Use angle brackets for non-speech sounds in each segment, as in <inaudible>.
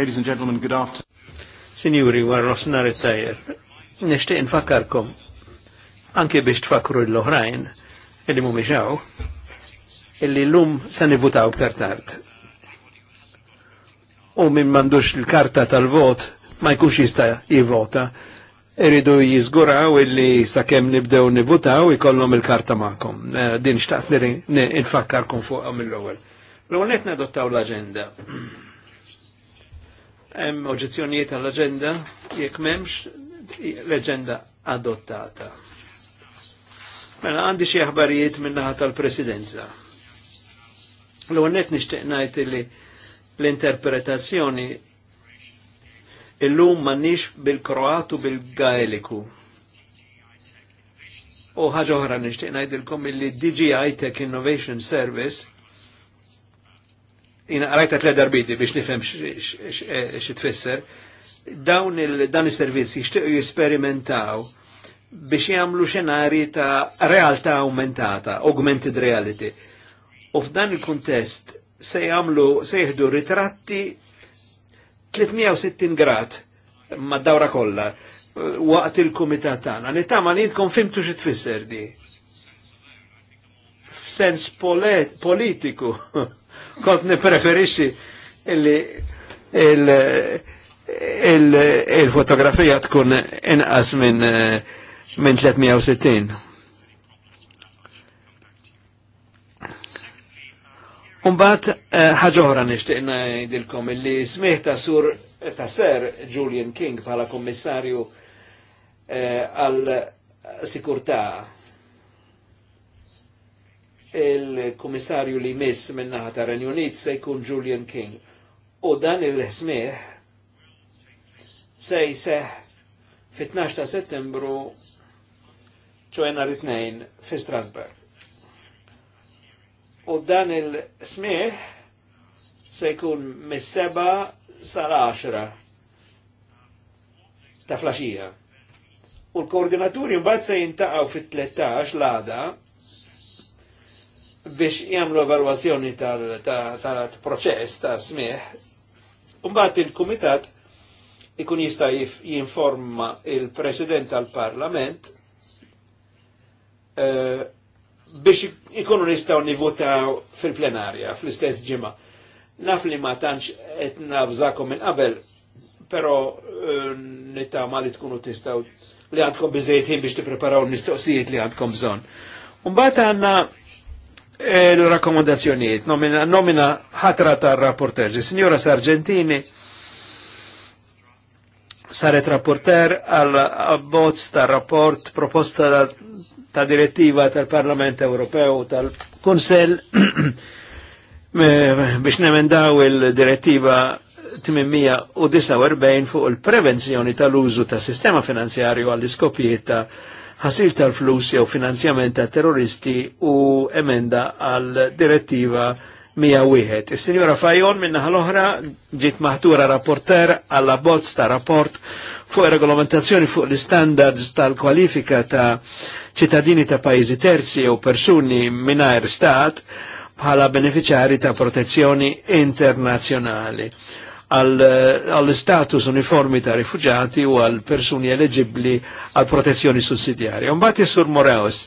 Ladies and gentlemen, good afternoon. Signori, war rosnar it-tajjer. Nishtiq nfakkarkom, anke biex tfakru l-oħrajn, illi mu miexaw, illi l-lum sanibutaw ktar tard. U minn mandux l-karta tal-vot, ma jkunx jista jivota, irridu jizguraw illi sakemm nibdew nivutaw ikollhom il-karta ma'kom. Eh, din xtaqt nfakkarkom fuqhom mill-ewwel. L-ewwel qed nadottaw l-aġenda. Hemm oġezzjonijiet għall-aġenda jekk m'hemmx l-aġenda adottata. Mela għandi xi aħbarijiet minn naħa tal-Presidenza. L-għonnet nixtieq ngħid li l-interpretazzjoni illum m'għandix bil-Kroatu bil-Gaeliku. U ħaġa oħra nixtieq ngħidilkom illi DGI Tech Innovation Service jina għarajta tle darbidi biex nifem xie e- tfisser, dawn dan il-servizzi xtiqju jisperimentaw biex jgħamlu xenari ta' realtà aumentata, augmented reality. U f'dan il-kontest se jgħamlu, se jihdu ritratti 360 grad ma' dawra kollha eh, waqt il-komitat tagħna. Nittama li jitkom fimtu xi tfisser di. F'sens politiku. <laughs> kont nipreferixxi illi il-fotografija tkun inqas minn eh, min 360. Umbat, eh, ħagħora nishtiq najdilkom illi smih ta' sur ta' ser Julian King pala kommissarju eh, għal sikurta' il-komissarju li miss minnaħa ta' Renjonit se jkun Julian King. U dan il-ħsmieħ se jseħ fit-12 ta' settembru ċojna ritnejn fi Strasburg. U dan il-smieħ se jkun mis-seba sal-10 ta' flasġija. U l-koordinaturi mbagħad se jintaqgħu fit-13 l-għada biex jagħmlu evaluazzjoni tal-proċess ta' smieħ. Mbagħad il-kumitat ikun jista' jinforma il-President tal-Parlament eh, biex ikunu nistgħu nivutaw fil-plenarja fl-istess ġimgħa. Naf li ma tantx qed fżakom minn qabel, però eh, ma li tkunu tistaw li għandkom bizzejtin biex tippreparaw l-mistoqsijiet li għandkom bżonn. Mbagħad għanna il e rakkomandazzjoniet nomina, nomina ħatra ta' rapporter Signora Sargentini saret rapporter għal bozz ta' rapport proposta ta' direttiva tal-Parlament Ewropew tal-Kunsel <clears throat> biex nemendaw il-direttiva 849 fuq il-prevenzjoni tal-użu ta' sistema finanzjarju għall iskopijiet ta' ħasil tal-flus jew finanzjament ta' terroristi u emenda għal direttiva 101. Is-Sinjora Fajon minna l-oħra ġiet maħtura rapporter għalla bozz ta' rapport fuq regolamentazzjoni fuq l-standards tal-kwalifika ta' ċittadini ta' pajjiżi terzi jew persuni mingħajr stat bħala beneficjari ta' protezzjoni internazzjonali għall-status eh, uniformi ta' rifugjati u għal persuni eleġibli għal protezzjoni sussidjarja. Mbagħad is-Sur Moraes,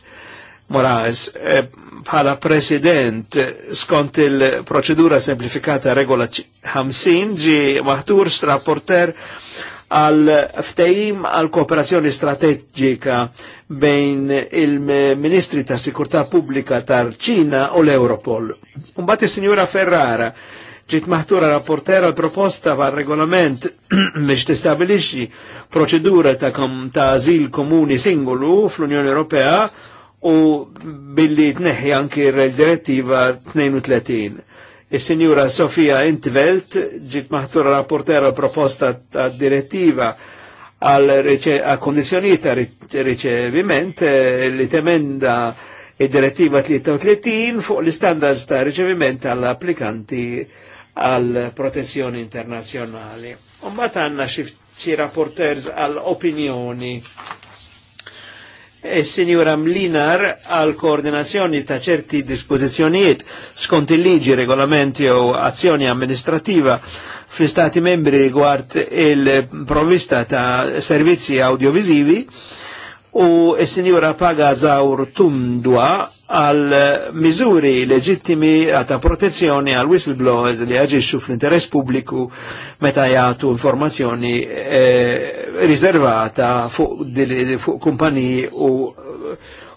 Moraes eh, bħala president skont il-proċedura semplifikata regola 50 ġi maħtur strapporter għal ftejim għal kooperazzjoni strategika bejn il-Ministri ta' Sikurtà Pubblika tar ċina u l-Europol. Mbagħad is-Sinjura Ferrara ġiet maħtura rapportera l-proposta għal regolament <clears throat> biex tistabilixxi proċedura ta' ta' azil komuni singolu fl-Unjoni Ewropea u billi tneħħi anki il direttiva 32. Is-Sinjura Sofia Intvelt ġiet maħtura rapportera l-proposta ta' direttiva għal kondizjoni ta' riċeviment eh, li temenda id-direttiva 33 fuq l-istandards ta' riċeviment tal-applikanti għal protezzjoni internazjonali. Umbat għanna xifċi rapporters għal opinjoni. E is Mlinar għal koordinazzjoni ta' ċerti dispożizzjonijiet skont il-liġi, regolamenti u azzjoni amministrativa fl-Stati membri rigward il-provvista ta' servizzi audiovisivi u il sinjura paga zaur tundwa għal miżuri leġittimi ta' protezzjoni għal whistleblowers li għagġiċu fl-interess pubbliku meta jgħatu informazzjoni eh, riservata fuq, fu kumpaniji u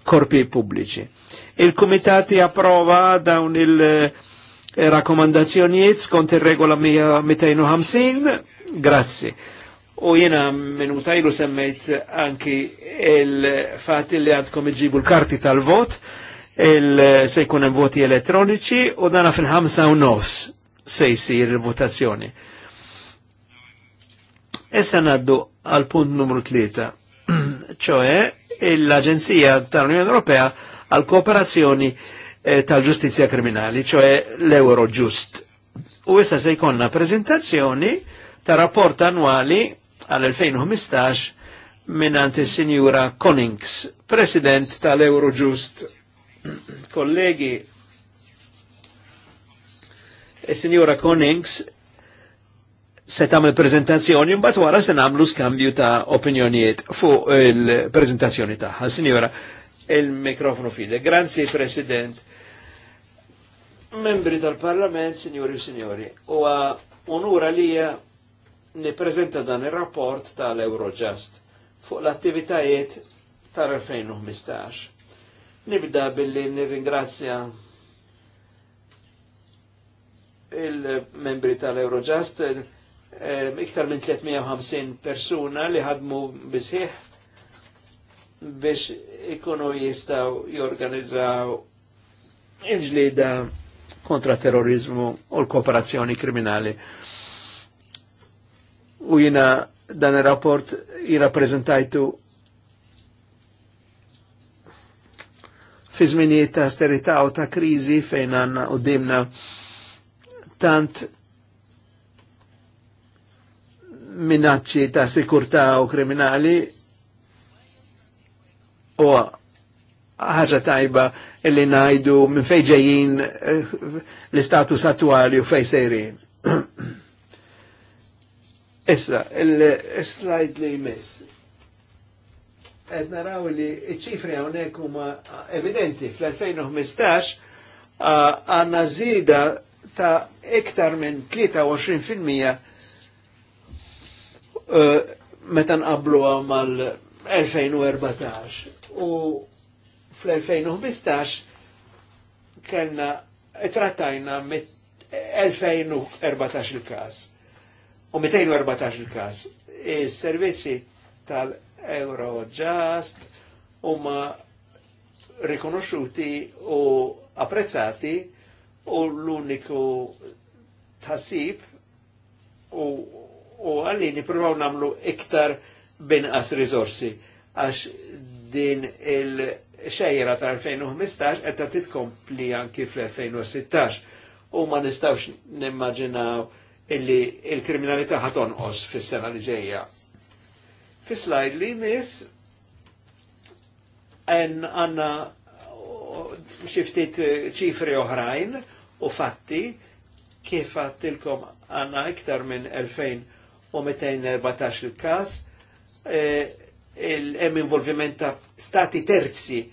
korpi pubbliċi. il komitati approva dawn il-rakkomandazzjonijiet eh, skont il-regola 250, Grazie. U jena minn mutajlu semmejt anki il-fat li għadkom iġibu l-karti tal-vot, se jkun hemm voti elettroniċi u dana fil-ħamsa u nofs se jsir votazzjoni. Issa naddu għal punt numru 3, <clears throat> ċoe l-Aġenzija tal-Unjoni Ewropea għal kooperazzjoni eh, tal-ġustizja kriminali, ċoe l-Eurojust. U issa se jkonna prezentazzjoni ta' rapport annwali għal-2015 minnant il-Sinjura Konings, President tal-Eurojust. Kollegi, il-Sinjura Konings se il prezentazzjoni mbagħad wara se namlu skambju ta' opinjoniet fuq il-preżentazzjoni ta' signora il-mikrofonu fide. Grazie, President. Membri tal-Parlament, signori u signori, u għonura lija niprezenta dan il-rapport tal-Eurojust fuq l-attivitajiet tal-2015. Nibda billi nirringrazzja il-membri tal-Eurojust, eh, iktar minn 350 persuna li ħadmu bisħiħ biex ikunu jistaw jorganizzaw il-ġlida kontra terrorizmu u l-kooperazzjoni kriminali u jina dan il-rapport jirrapprezentajtu fi ta' sterita u ta' krizi fejn għanna u dimna tant minacċi ta' sikurta u kriminali u ħaġa tajba illi najdu minn fejn eh, l-istatus attuali u fejn sejrin. <clears throat> Issa, il-slide li jmiss. Ed naraw li ċifri għonek huma evidenti fl-2015 għanna zida ta' iktar minn 23% meta nqablu mal-2014. U fl-2015 kellna trattajna mit 2014 il-kas u 214 il-kas. Is-servizzi tal-Eurojust huma rikonosciuti u apprezzati u l-uniku tasib u, u għalli niprofaw namlu iktar binqas rizorsi għax din il-xejra tal-2015 qed titkompli anki fl-2016 u ma nistawx nimmaġinaw illi il-kriminalità ħatonqos fis-sena li ġejja. Fis-slajd li miss en għanna xiftit eh, ċifri oħrajn u fatti kif għattilkom għanna iktar minn 2214 il-kas eh, il-em involviment ta' stati terzi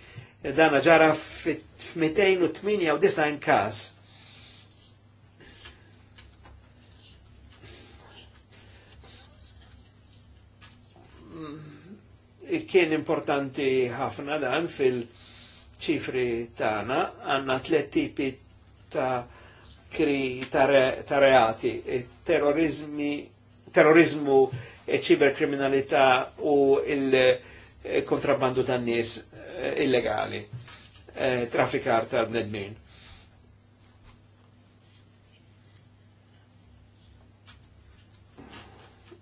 dana ġara f-298 kas kien importanti ħafna dan fil-ċifri tagħna għanna tliet tipi ta' kri ta', reati, terrorizmu, ċiberkriminalità e u il-kontrabbandu tan nies eh, illegali, e, eh, trafikar ta' bnedmin.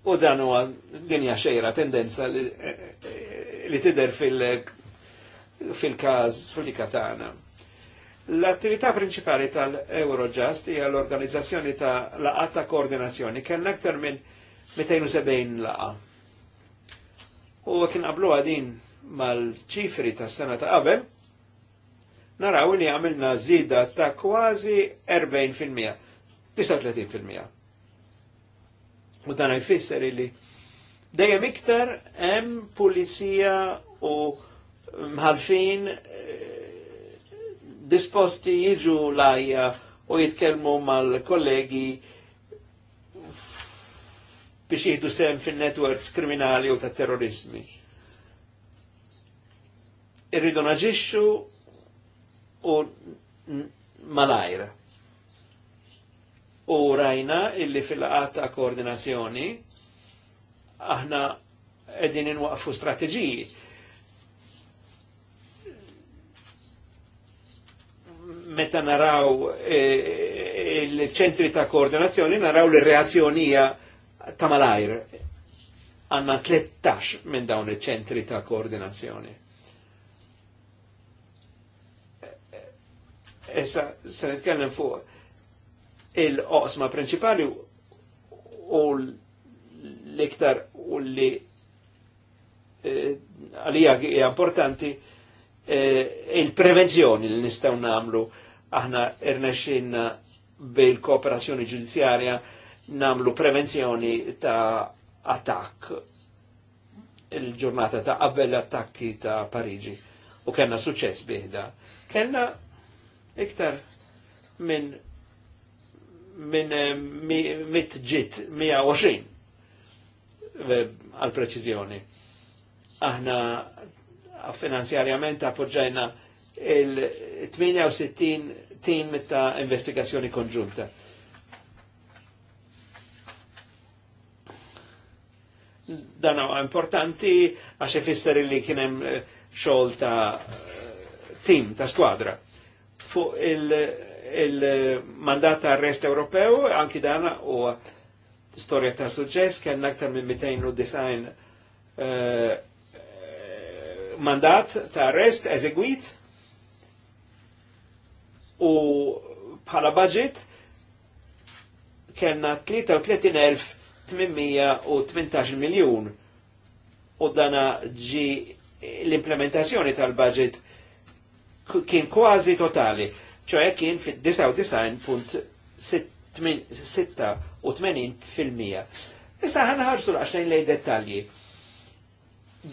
U dan huwa dinja xejra tendenza li, li tider fil-każ fil-dikatana. L-attività principali tal-Eurojust hija l-organizzazzjoni ta' laqa ta' koordinazzjoni kien aktar minn 270 laqa. U kien qablu għadin mal-ċifri ta' sena ta' qabel, naraw li għamilna zida ta' kważi 40%, 39%. U dan jfisser illi dejjem iktar hemm pulizija u mħalfin eh, disposti jiġu lajja u jitkellmu mal-kollegi biex jihdu sem fin-networks kriminali u ta' terrorizmi. Irridu naġixxu u malajra u rajna illi fil-qat ta' koordinazzjoni aħna edin inwaqfu strategiji. Meta naraw eh, il-ċentri ta' koordinazzjoni, naraw l-reazzjonija ta' malajr. Għanna 13 minn dawn il-ċentri ta' koordinazzjoni. Issa, e, e, se nitkellem fuq il-oqsma prinċipali u l-iktar u li eh, għalija hija importanti eh, il-prevenzjoni li nistaw namlu aħna irnexin bil-kooperazzjoni ġudizzjarja namlu prevenzjoni ta' attakk il-ġurnata ta' qabel attakki ta' Parigi u kena suċess biħda. Kena iktar minn minn eh, mit ġit 120 eh, għal preċizjoni. Aħna finanzjarjament appoġġajna il-68 tim ta' investigazzjoni konġunta. Dan huwa importanti għax ifisser li kien hemm eh, xogħol ta' tim ta' skwadra. Fuq il- il-mandat ta' arrest Ewropew, anki dana u storja ta' suċess, kellna aktar minn 290 design eh, mandat ta' arrest eżegwit u bħala budget kellna 33.818 miljon u dana ġi l-implementazzjoni tal-budget kien kważi totali ċoħe kien fil-89.86%. Issa ħana ħarsu l lej dettalji.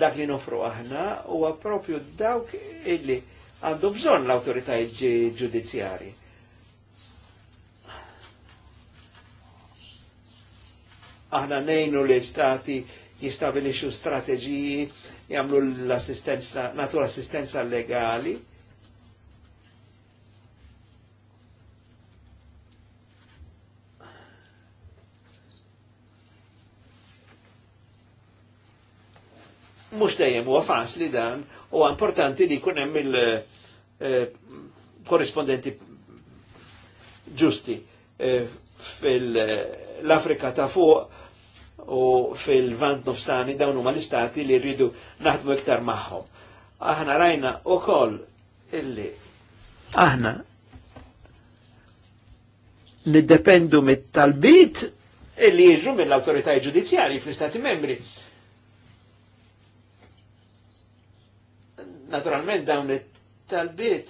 Dak li nofru aħna u għapropju dawk illi għandu bżon l-autoritajiet ġudizjari. Aħna nejnu li stati jistabilixu strategiji jamlu l-assistenza, natu l-assistenza legali, mux dejjem huwa faċli dan u importanti li jkun hemm il-korrispondenti eh, ġusti eh, fil-Afrika ta' fuq u fil-vant nofsani dawn huma l-istati li rridu naħdmu iktar magħhom. Aħna rajna u koll illi aħna niddependu mit-talbit illi jiġu mill-autoritajiet ġudizzjari fl-istati membri Naturalment dawn it-talbiet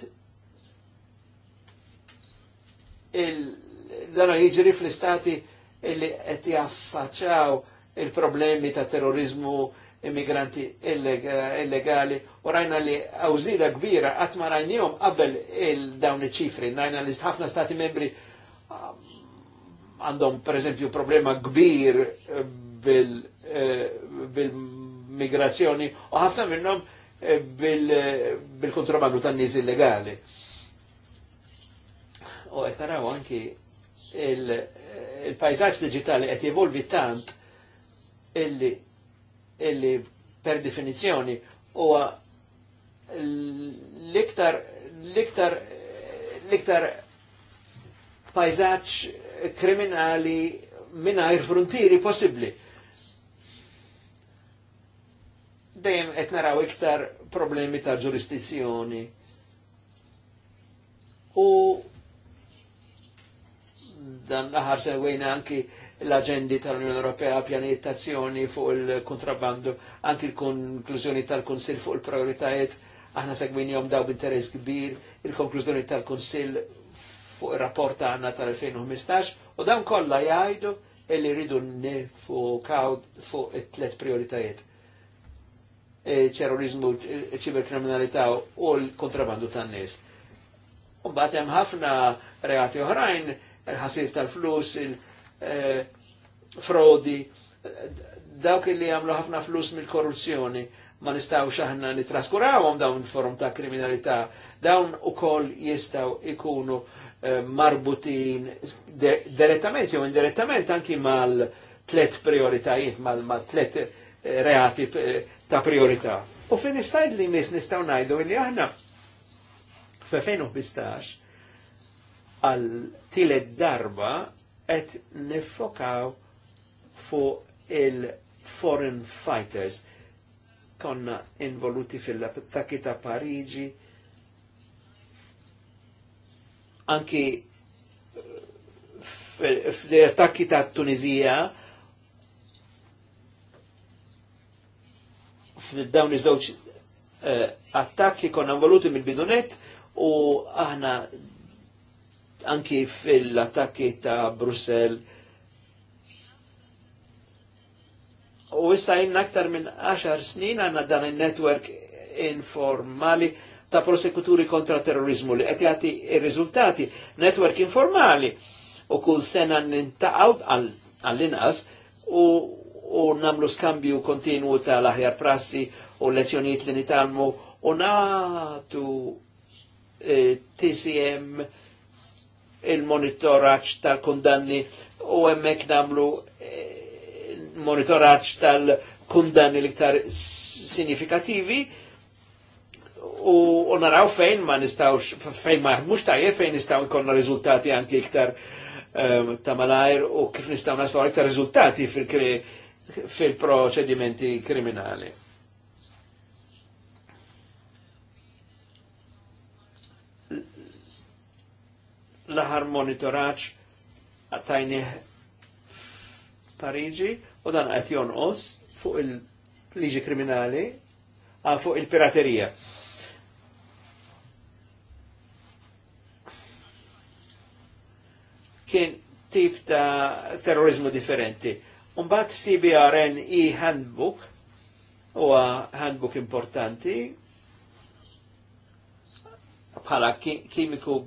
dan jiġri fl-istati illi qed jaffaċċaw il-problemi ta' terrorizmu immigranti illegali u rajna li għawżida kbira qatt ma rajnihom qabel il-dawn iċ-ċifri, rajna li ħafna stati membri um, għandhom pereżempju problema kbir eh, bil-migrazzjoni u ħafna minnhom Eh, bil-kontrabandu tan-nies illegali. U qed naraw anki eh, il-pajzaġġ diġitali qed jevolvi tant illi per definizzjoni huwa l-iktar l-iktar l-iktar pajzaġġ kriminali mingħajr fruntieri possibbli dejjem qed naraw iktar problemi ta' ġurisdizzjoni. U dan l-aħħar sewwejna anki l-aġendi tal-Unjoni Ewropea pjanitazzjoni fuq il-kontrabbandu, anki l-konklużjoni tal-Kunsill fuq il-prioritajiet, aħna segwinjom daw b'interess kbir, il-konklużjoni tal-Kunsill fuq il-rapport għanna tal-2015 u dan kollha jgħidu illi rridu nifukaw fuq it-tlet prioritajiet terrorizmu, eh, ċiberkriminalità u l-kontrabandu tan-nies. Umbat hemm ħafna reati oħrajn, il ħasir eh, tal-flus, il-frodi, dawk li jagħmlu ħafna flus mill-korruzzjoni ma nistawx aħna nitraskurawhom dawn forum ta' kriminalità, dawn ukoll jistgħu ikunu eh, marbutin direttament jew indirettament anki mal tlet prioritajiet, mal tlet reati ta' priorità. U fin istajd li nis nistaw najdu illi aħna f-2015 għal tilet darba et nifokaw fu il-foreign fighters konna involuti fil-attakki ta' Parigi anki fil-attakki ta' Tunizija f'dawn iż-żewġ eh, attakki konna involuti mill-bidunet u aħna anki fil-attakki ta' Brussel. U issa jinn aktar minn 10 snin għanna dan il-network informali ta' prosekuturi kontra terrorizmu li qed jagħti il riżultati Network informali u kull sena nintaqgħu għall-inqas u u namlu skambju kontinu tal-aħjar prassi u lezzjoniet li nitalmu u natu e, TCM il-monitoraċ tal-kundanni u emmek namlu e, monitoraċ tal-kundanni liktar signifikativi u, u naraw fejn ma nistawx, fejn ma mux tajje fejn nistaw ikonna rizultati anki iktar um, ta' u kif nistaw naslu iktar rizultati fil kri fil-proċedimenti kriminali. l monitoraċ għattajni Parigi u dan għat jonqos fuq il-liġi kriminali fuq il-piraterija. Kien tip ta' terrorizmu differenti Umbat CBRNE handbook, huwa handbook importanti, bħala kimiku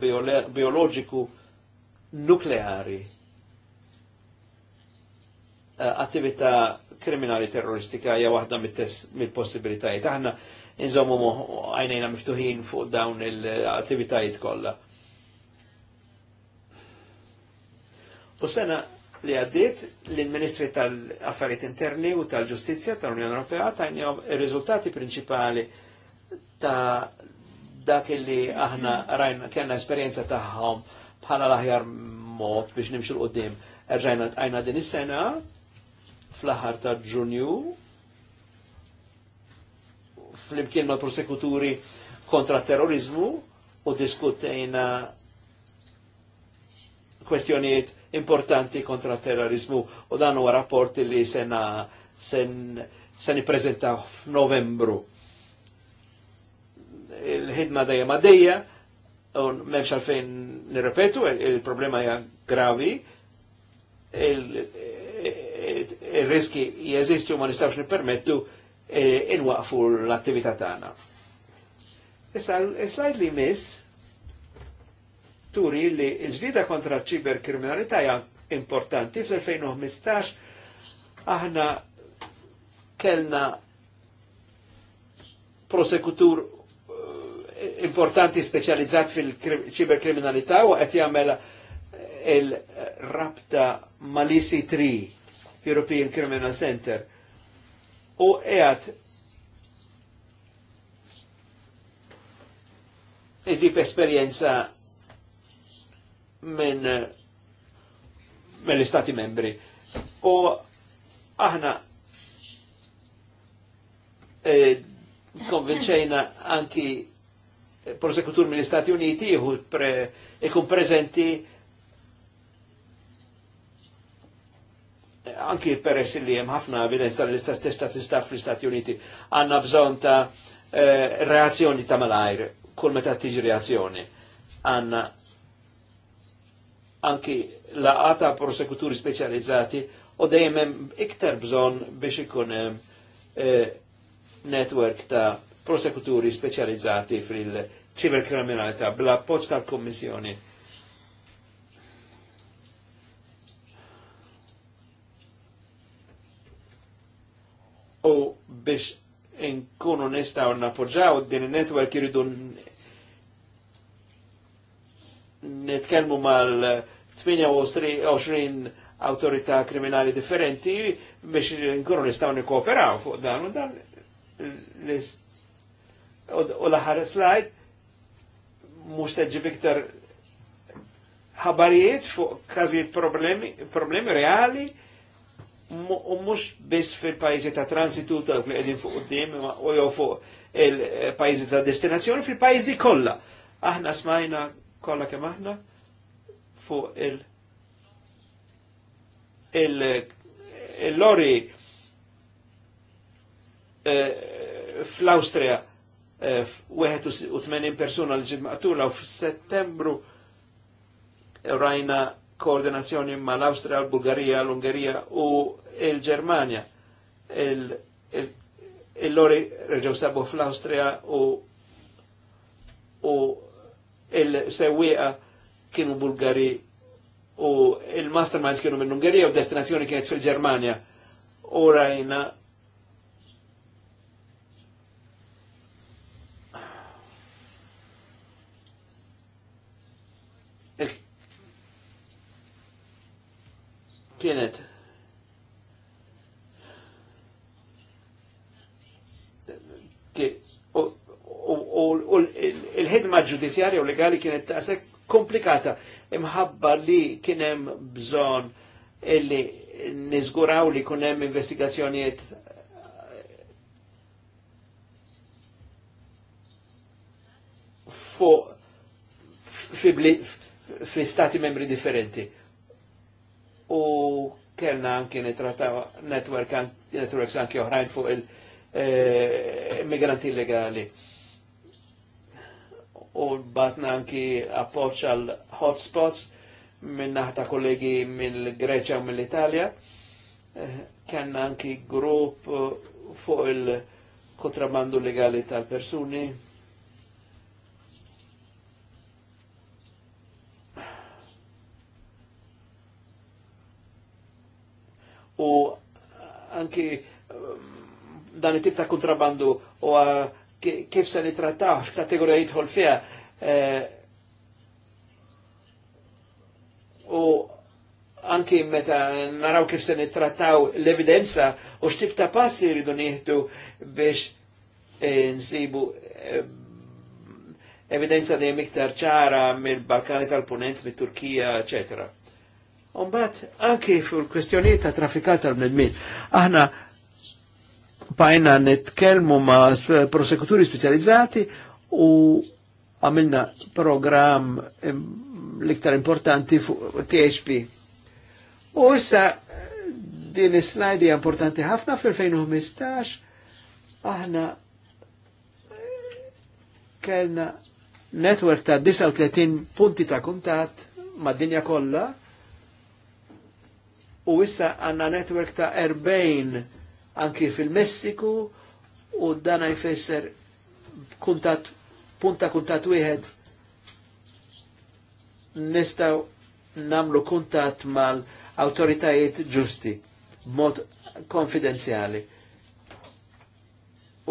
biologiku nukleari. Eh, attività kriminali terroristika hija waħda mill-possibilitajiet. Aħna inżommu għajnejna miftuħin fuq dawn il-attivitajiet kollha. U sena li għaddit l-Ministri tal-Affarijiet Interni u tal-Ġustizzja tal-Unjoni Ewropea tajnihom ir-riżultati prinċipali ta' dak li aħna rajna kena esperjenza tagħhom bħala l-aħjar mod biex nimxu l-qoddim. rajna tqajna din is-sena fl-aħħar ta' Ġunju fl-imkien ma' prosekuturi kontra terrorizmu u diskutejna kwestjonijiet importanti kontra terrorizmu u dan huwa rapport li sena sen, sen ippreżentaw f'Novembru. Il-ħidma dejjem għaddejja, un memx għalfejn nirrepetu, il-problema hija gravi, il-riski jeżistu ma nistawx nippermettu eh, il-waqfu l-attività tagħna. Issa, slide li miss, turi li l-ġdida kontra ċiberkriminalità hija importanti. Fl-2015 aħna kellna prosekutur eh, importanti specializzat fil-ċiberkriminalità u qed jagħmel eh, il rabta Malisi 3 European Criminal Center, u qiegħed idib esperjenza minn l istati membri. U aħna e, konvinċejna anki prosekutur mill-Istati Uniti jieħu pre, ikun prezenti anki peress li hemm ħafna evidenza li l-istess statista fl-Istati Uniti għanna bżon ta' e, reazzjoni ta' malajr kull meta tiġi reazzjoni għanna anki laqata prosekuturi specializzati u dejjem hemm iktar bżonn biex ikun hemm eh, network ta' prosekuturi specializzati fil-ċiberkriminalità bl-appoġġ tal-Kummissjoni. U biex nkunu nistgħu nappoġġaw din il-network iridu nitkellmu mal 28 autorità kriminali differenti biex nkunu nistgħu nikkooperaw fuq dan u dan u l-aħħar slide mhux teġġib iktar ħabarijiet fuq każijiet problemi, problemi reali u mhux biss fil-pajjiżi ta' transitu ta' li qegħdin fuq qudiem u jew fuq il-pajjiżi ta' destinazzjoni fil-pajjiżi kollha. Aħna smajna kollha kemm aħna fuq il- il-lori eh, fl-Austria eh, 81 persona li ġidmaqtula u f-settembru rajna koordinazzjoni ma l-Austria, l-Bulgarija, l-Ungerija u il-Germania. Il-lori il, il reġaw sabu fl-Austria u, u il-sewieqa kienu Bulgari u il-masterminds kienu minn Ungerija u destinazzjoni kienet fil-Germania. U rajna kienet u l-ħidma ġudizjarja u legali kienet ta' sekk komplikata imħabba li kienem bżon illi nizguraw li kunem investigazzjonijiet eh, fu fi stati membri differenti. U kellna anki nitrataw network networks anki oħrajn fuq il-migranti eh, illegali u batna anki appoċ għal hotspots minn naħta kollegi mill greċja u mill-Italja. Eh, Kenna anki grupp eh, fuq il-kontrabandu legali tal-persuni. U anki eh, dan it-tip ta' kontrabandu u kif se nitrattaw, x'kategorija jidħol fiha. Eh, u anki meta naraw kif se nittrattaw l-evidenza u x'tib ta' passi jridu nieħdu biex eh, nsibu eh, evidenza dejjem iktar ċara mill-Balkani tal-Punent, mit-Turkija, eċetera. Umbat, anki fil kwestjoniet ta' trafikat tal-bnedmin, aħna bajna nitkelmu ma prosekuturi specializzati u għamilna program l-iktar importanti fu THP. U issa din slajdi importanti ħafna fil 2015 aħna kellna network ta' 39 punti ta' kuntat ma' dinja kollha u issa għanna network ta' 40 anki fil-Messiku u dan jfisser kuntat, punta kuntat wieħed nistaw namlu kuntat mal-autoritajiet ġusti b'mod konfidenzjali.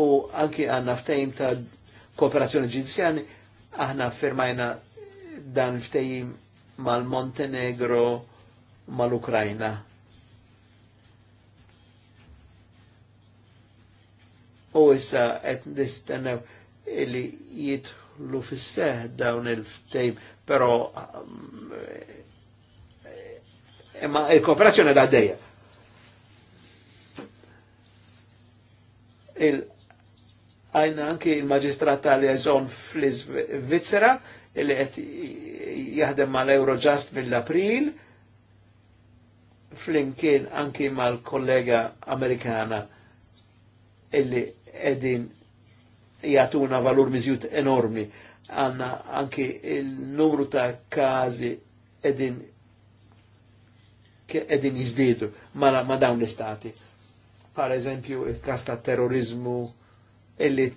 U anki għanna ftejim ta' kooperazzjoni ġudizjani, aħna firmajna dan ftejim mal-Montenegro mal-Ukrajna u issa qed nistennew li jitħlu fis-seħ dawn il-ftejm, però mm, imma il-kooperazzjoni da' dejja. Il għajna anki il-magistrat tal-jazon fl-Svizzera illi qed jaħdem mal-Eurojust mill-April fl-imkien anki mal-kollega Amerikana illi edin jatuna valur mizjut enormi. Għanna anki il-numru ta' kazi edin edin jizdidu ma, ma dawn l-istati. Par eżempju, il-kas ta' terrorizmu illi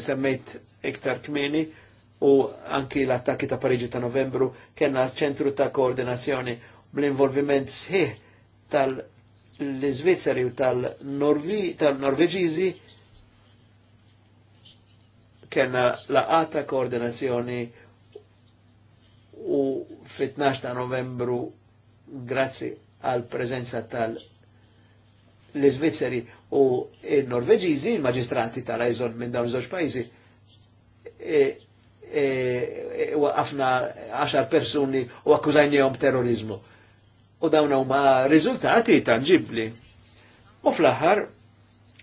semmejt iktar kmini u anki l-attakki ta' Parigi ta' novembru kena ċentru ta' koordinazzjoni bl-involviment sħiħ tal-Svizzeri u tal-Norveġiżi tal norveġiżi tal kena laqata koordinazzjoni u fit-12 ta' novembru grazzi għal prezenza tal l-Svizzeri u il-Norveġiżi, il-maġistrati tal-ajżon minn dawn żewġ pajjiżi, e, e, e, waqafna għaxar persuni u akkużajnihom terrorizmu. U dawn huma riżultati tangibbli. U fl-aħħar,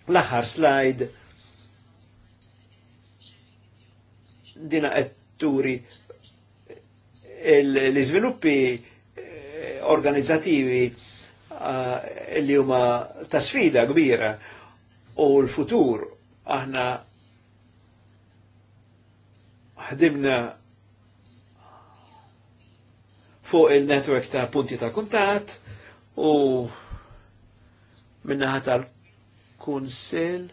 l-aħħar slide dina turi l sviluppi eh, organizzativi eh, li huma ta' sfida kbira u l-futur aħna ħdimna fuq il-network ta' punti ta' kuntat u minnaħat tal-kunsil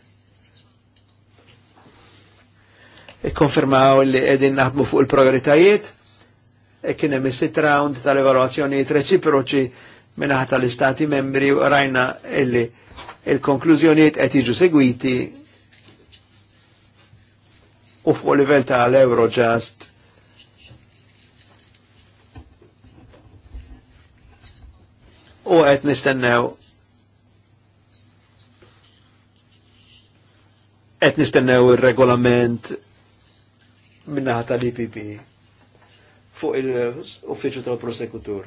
konfermaw li edin naħdmu fuq il-prioritajiet, e kien hemm is-sit round tal-evaluazzjonijiet reċiproċi minnaħ tal-istati membri u rajna illi il-konklużjonijiet qed jiġu segwiti u fuq livell tal-Eurojust u qed nistennew qed nistennew ir-regolament minnaħa tal-IPP fuq il uffiċu tal-Prosekutur.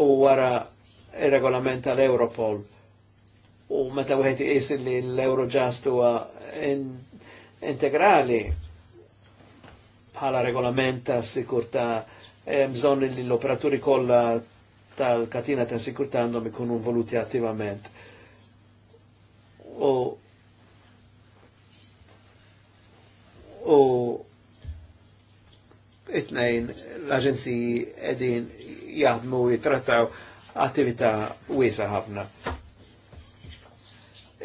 U wara il-regolament tal-Europol u meta wieħed iqis li l-Eurojust huwa integrali bħala regolament ta' sikurta bżonn li l-operaturi kollha tal-katina ta' sikurta għandhom ikunu voluti attivament. U u it-nejn l-aġenziji edin jaħdmu jitrattaw attività wiesa ħafna.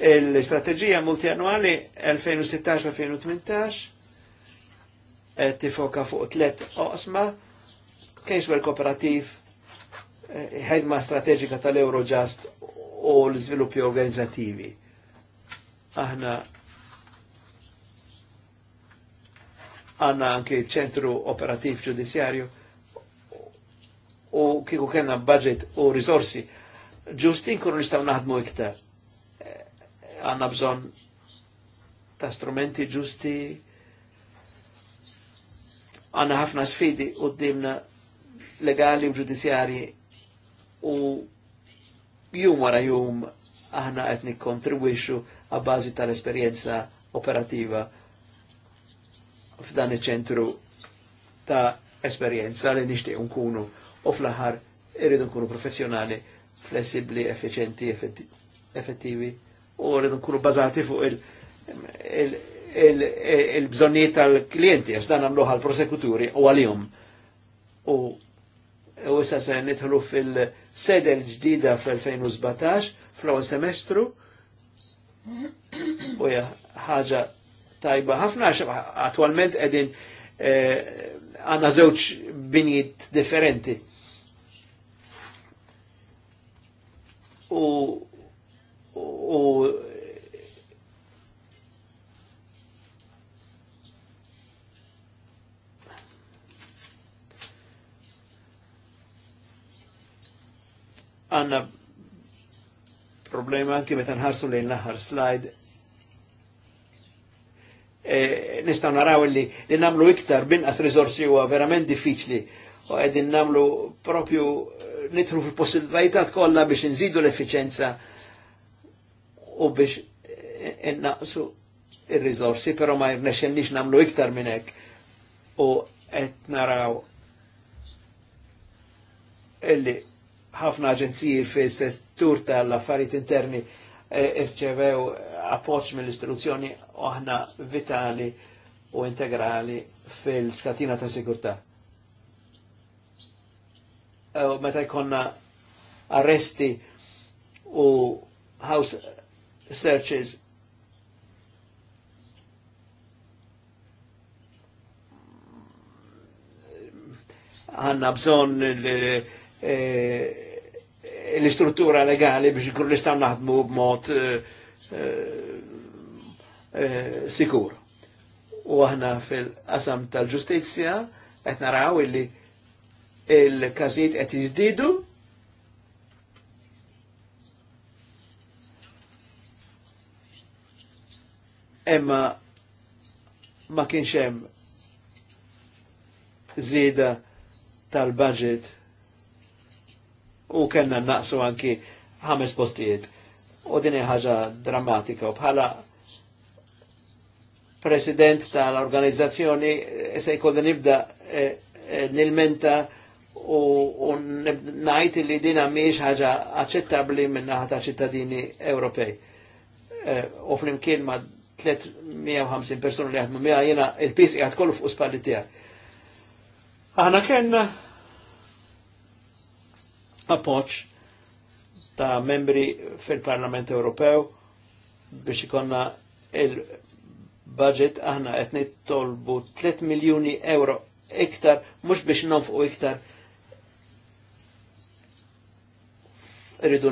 Il-strategija multianwali 2016-2018 tifoka fuq tlet oqsma, caseware kooperativ, eh, ħedma strategika tal-Eurojust u l izviluppi organizzativi. Aħna għanna anki ċentru operativ ġudizjarju u kiku kena budget u risorsi ġustin kunu nistaw naħdmu iktar. Għanna bżon ta' strumenti ġusti, għanna ħafna sfidi u d-dimna legali u ġudizjari u jum wara jum aħna għetni kontribuixu għabbażi tal esperienza operativa f'dan iċ-ċentru ta' esperjenza li nixtieq nkunu u fl-aħħar irridu nkunu professjonali, flessibli, effiċenti, effettivi u rridu nkunu bażati fuq il-bżonnijiet tal-klienti għax dan għamluħ għal-prosekuturi u għalihom. U issa se nitħlu fil-sede l-ġdida fl-2017 fl-ewwel semestru u ħaġa tajba ħafna għax attualment edin eh, għanna eh, zewċ binjiet differenti. U, u għanna problema anki meta nħarsu lejn l-aħħar slide Eh, nistaw naraw li li namlu iktar binqas rizorsi huwa verament diffiċli u għedin namlu propju eh, nitru fil-possibilitajat kollha biex nżidu l-efficienza u biex eh, innaqsu il-rizorsi, pero ma jirnexennix namlu iktar minnek U għed naraw illi ħafna aġenziji fis settur tal-affarijiet interni irċevew appoċ mill-istruzzjoni oħna vitali u integrali fil tkatina ta' sigurtà. Meta jkonna arresti u house searches għanna bżon e, e, l-istruttura legali biex kur nistaw naħdmu b'mod e, Eh, sikur. U aħna fil-qasam tal-ġustizja qed naraw illi il-każijiet qed jiżdiedu emma ma kienx hemm żieda tal-budget u kellna naqsu anki ħames postijiet. U din ħaġa drammatika u bħala president tal-organizzazzjoni eh, se jkollu nibda eh, eh, nilmenta u najt li dina miex ħaġa aċċettabbli aċċettabli naħa ta' ċittadini Ewropej. U flimkien ma' 350 persona li għadmu mija jena il-pis jgħat kollu fuq spalli tijak. Aħna kena appoċ ta' membri fil-Parlament Ewropew biex ikonna il- budget aħna qed nittolbu 3 miljuni euro iktar mhux biex nonfqu iktar irridu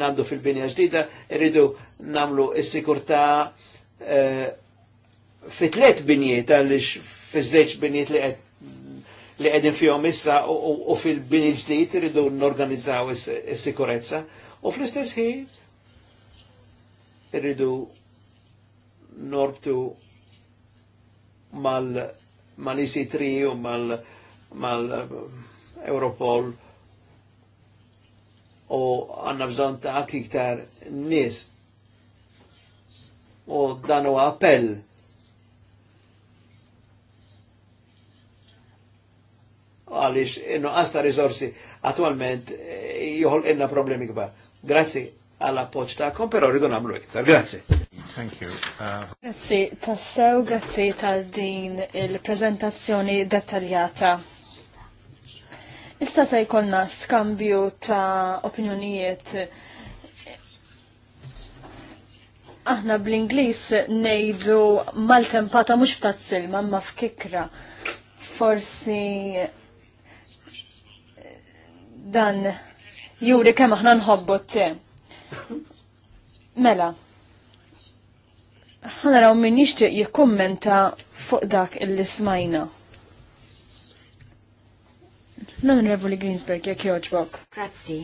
namlu fil-binja ġdida, irridu namlu s sikurtà eh, fi tliet binjiet għaliex fi żewġ binjiet li qed li qegħdin fihom issa u fil-bini ġdid irridu n-organizzaw is-sikurezza u fl-istess ħin irridu norbtu mal mal EC3 u mal mal eh, Europol u għanna bżon ta' iktar nis u dan u appell għalix innu għasta rizorsi attualment eh, joħol inna problemi kbar. Grazie għall appoċ ta'kom, pero rridu namlu iktar. Grazie. Thank you. Grazie, uh, Grazzi tassew, grazzi tal din il-prezentazzjoni dettaljata. Issa se jkollna skambju ta' opinjonijiet aħna bl-Inglis nejdu mal-tempata mux ftat silma ma f'kikra. Forsi dan juri kemm aħna nħobbu te. Mela, Ħana raw min jixtieq jikkummenta fuq dak illi smajna. L-Onorevoli Greensberg, jek joġbok. Grazzi.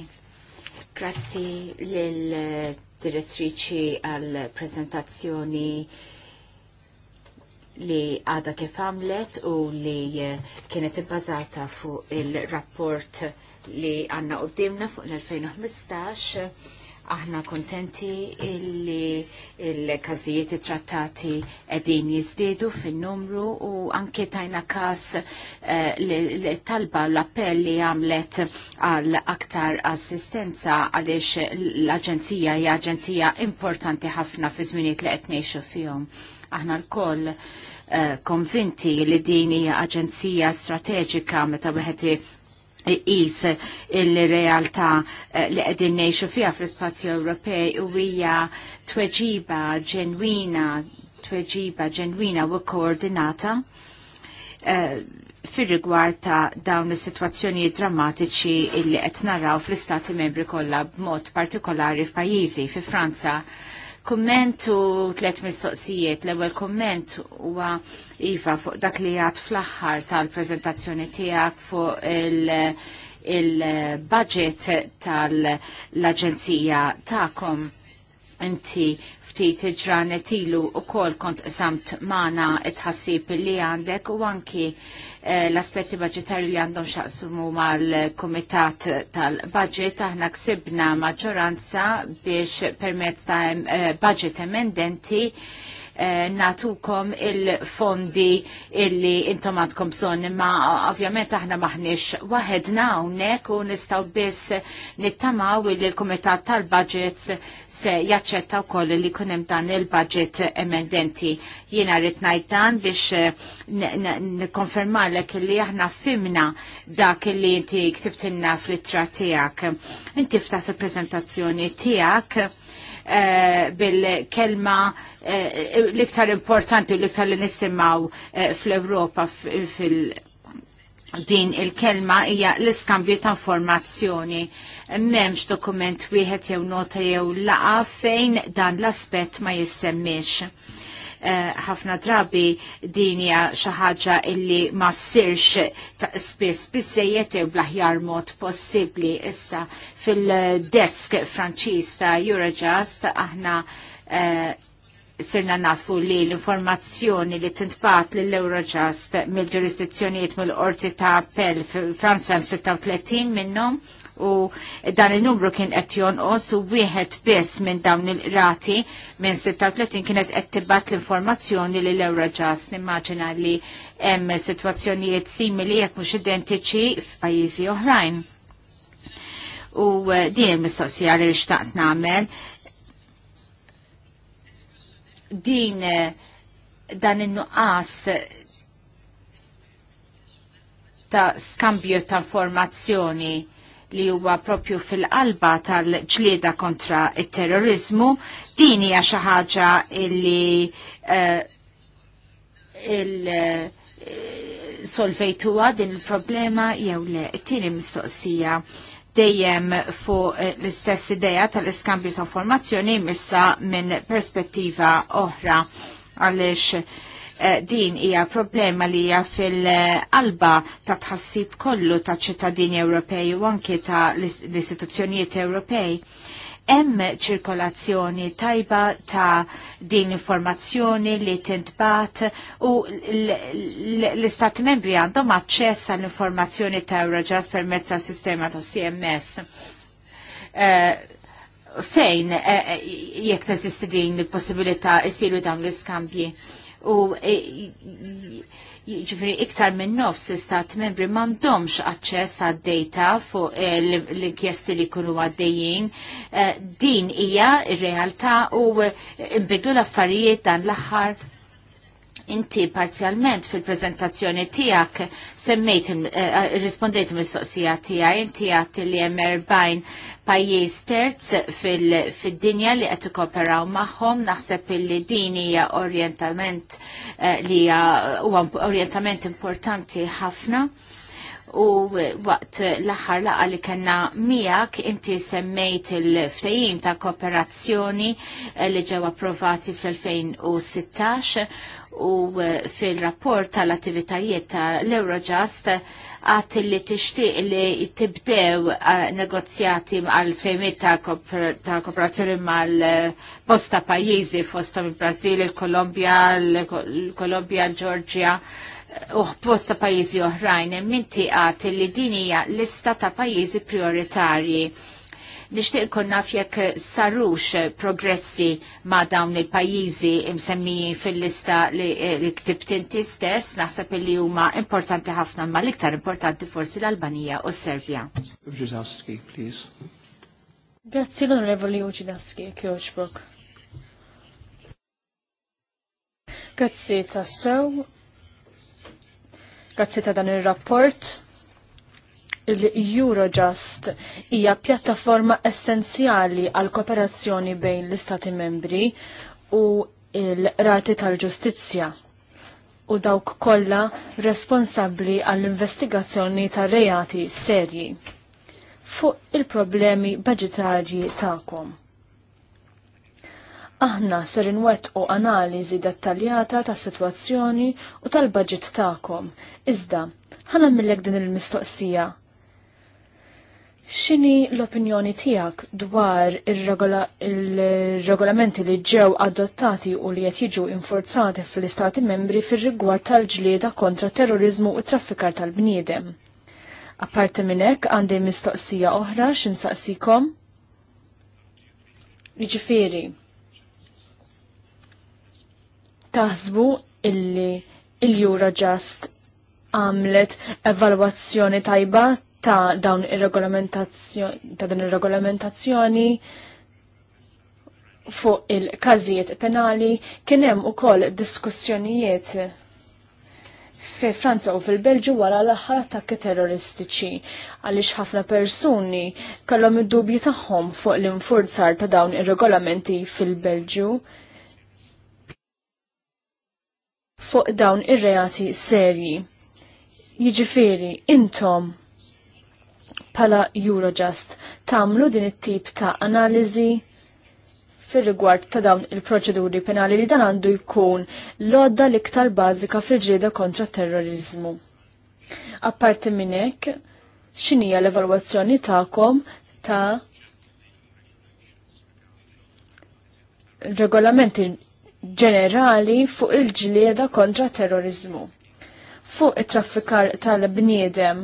Grazzi lill-direttriċi għal-prezentazzjoni li għada kif għamlet u li eh, kienet ibbażata fuq il-rapport li għanna u fuq l-2015 Aħna kontenti illi il-kazijiet trattati edin jizdidu fin-numru u anke tajna kas eh, l-talba l-appell li għamlet għal aktar assistenza għaliex l-aġenzija hija aġenzija importanti ħafna fi żminijiet li qed ngħixu fihom. Aħna l-koll eh, konvinti li din hija aġenzija strateġika meta wieħed iqis il-realtà eh, li qegħdin ngħixu fiha fl-ispazju Ewropej u hija tweġiba ġenwina, tweġiba ġenwina u koordinata eh, fir-rigward ta' dawn is-sitwazzjoni drammatiċi li qed naraw fl-istati membri kollha b'mod partikolari f'pajjiżi fi Franza kumment u tlet mistoqsijiet. L-ewwel kumment huwa iva fuq dak li għad fl-aħħar tal-preżentazzjoni tiegħek fuq il-budget il budget tal aġenzija tagħkom inti ftit ġranet ilu u kol kont samt mana tħassib li għandek u anki eh, l-aspetti budgetari li għandhom xaqsumu mal-komitat tal-budget aħna ksibna maġġoranza biex permezz ta' eh, budget emendenti Eh, natukom il-fondi illi intom għandkom bżonn imma ovvjament aħna maħniex waħedna hawnhekk u nistgħu biss nittamaw illi l-Kumitat tal-Budgets se jaċċetta wkoll li jkun hemm dan il-budget emendenti. Jiena rrid ngħid dan biex nikkonfermalek illi aħna fimna dak illi inti ktibtilna fl-ittra tiegħek. Inti ftaħ fil-preżentazzjoni tiegħek Eh, bil-kelma eh, l-iktar importanti u l-iktar li nisimaw eh, fl-Europa fil- din il-kelma hija l-iskambju ta' informazzjoni. M'hemmx dokument wieħed jew nota jew laqa fejn dan l-aspett ma jissemmix Eh, ħafna uh, drabi dinja xaħġa illi ma ssirx ta' spiss bizzejiet u blaħjar mod possibli issa fil-desk franċiż ta' Eurojust aħna uh, sirna nafu li l-informazzjoni li tintbat l eurojust mill-ġurisdizzjonijiet mill-Qorti ta' Appell Franza 36 minnhom u dan il-numru kien qed jonqos u wieħed biss minn dawn il-rati minn 36 kienet qed tibgħat l-informazzjoni li l l-ewra ġas Nimmaġina li hemm sitwazzjonijiet simili jekk mhux identiċi f'pajjiżi oħrajn. U eh, din il-mistoqsija li xtaqt nagħmel din eh, dan in-nuqqas ta' skambju ta' informazzjoni li huwa propju fil-qalba tal-ġlieda kontra il-terrorizmu, din hija xi ħaġa li uh, eh, il eh, solvejtuha din il-problema jew le tieni mistoqsija dejjem fuq eh, l-istess idea tal-iskambju ta' informazzjoni missa minn perspettiva oħra għaliex Eh, din hija problema li hija fil-qalba ta' tħassib kollu ta' ċittadini Ewropej u anke ta' l-istituzzjonijiet Ewropej. Hemm ċirkolazzjoni tajba ta' din informazzjoni li tintbat u l-Istat membri għandhom aċċess għall-informazzjoni ta' Eurojust permezz ta' sistema ta' CMS. Uh, eh, fejn eh, jekk teżisti din il-possibilità jsiru dawn l-iskambji u e, ġifri iktar minn nofs l-istat membri mandomx aċċess għad data fuq e, l-inkjesti li kunu għaddejjin. E, din hija r realtà u imbidlu l-affarijiet dan l-aħħar Inti parzjalment fil-prezentazzjoni tijak semmejt, uh, rispondejt mis-soqsija tija, inti għat li jem 40 pajjiż terz fil-dinja li qed ikoperaw magħhom, naħseb li din hija orientament eh, li huwa orientament importanti ħafna u waqt l-axar laqa li kena miegħek inti semmejt il-ftejim ta' kooperazzjoni li ġew approvati fl-2016 u eh, fil-rapport tal-attivitajiet tal-Eurojust għat li tixtieq li tibdew eh, negozjati għal fejmiet ta' kooperazzjoni mal-posta pajjiżi fostom il-Brazil, il kolombia il kolombia il-Ġorġja u posta pajjiżi oħrajn. Minti għat li din hija lista ta' pajjiżi prioritarji nishtiq ikun naf jekk sarux progressi ma' dawn il-pajjiżi imsemmi fil-lista li, eh, li ktibt stess, naħseb li huma importanti ħafna ma' liktar iktar importanti forsi l-Albanija u s-Serbja. Grazzi l-Onorevoli Uġidaski, Kjoċbok. Grazzi tassew. Grazzi ta' dan il-rapport il-Eurojust hija pjattaforma essenzjali għal kooperazzjoni bejn l-Istati membri u il-rati tal-ġustizzja u dawk kollha responsabbli għall-investigazzjoni ta' rejati serji fuq il-problemi budgetarji tagħkom. Aħna ser u analiżi dettaljata ta' sitwazzjoni u tal-budget tagħkom. Iżda, ħana millek din il-mistoqsija X'inhi l-opinjoni tiegħek dwar ir-regolamenti li ġew adottati u li qed jiġu infurzati fl-Istati membri fir-rigward tal-ġlieda kontra terrorizmu u traffikar tal-bniedem? Apparti minn hekk għandi mistoqsija oħra x'insaqsikom. Jiġifieri. Taħsbu illi il-Jura ġast għamlet evalwazzjoni tajbat? ta' dawn ir-regolamentazzjoni ta' dan ir-regolamentazzjoni fuq il-każijiet penali kien hemm ukoll diskussjonijiet fi Franza u fil-Belġu wara l-aħħar attakki terroristiċi għaliex ħafna persuni kellhom id-dubji tagħhom fuq l-infurzar ta' dawn ir-regolamenti fil-Belġu fuq dawn ir-reati serji. Jiġifieri intom pala Eurojust tamlu din it-tip ta' analizi fil-rigward ta' dawn il-proċeduri penali li dan għandu jkun l-odda l-iktar bażika fil-ġieda kontra terrorizmu. Apparti minn hekk, x'inhija l-evalwazzjoni tagħkom ta' regolamenti ġenerali fuq il-ġlieda kontra terrorizmu. Fuq it-traffikar tal-bniedem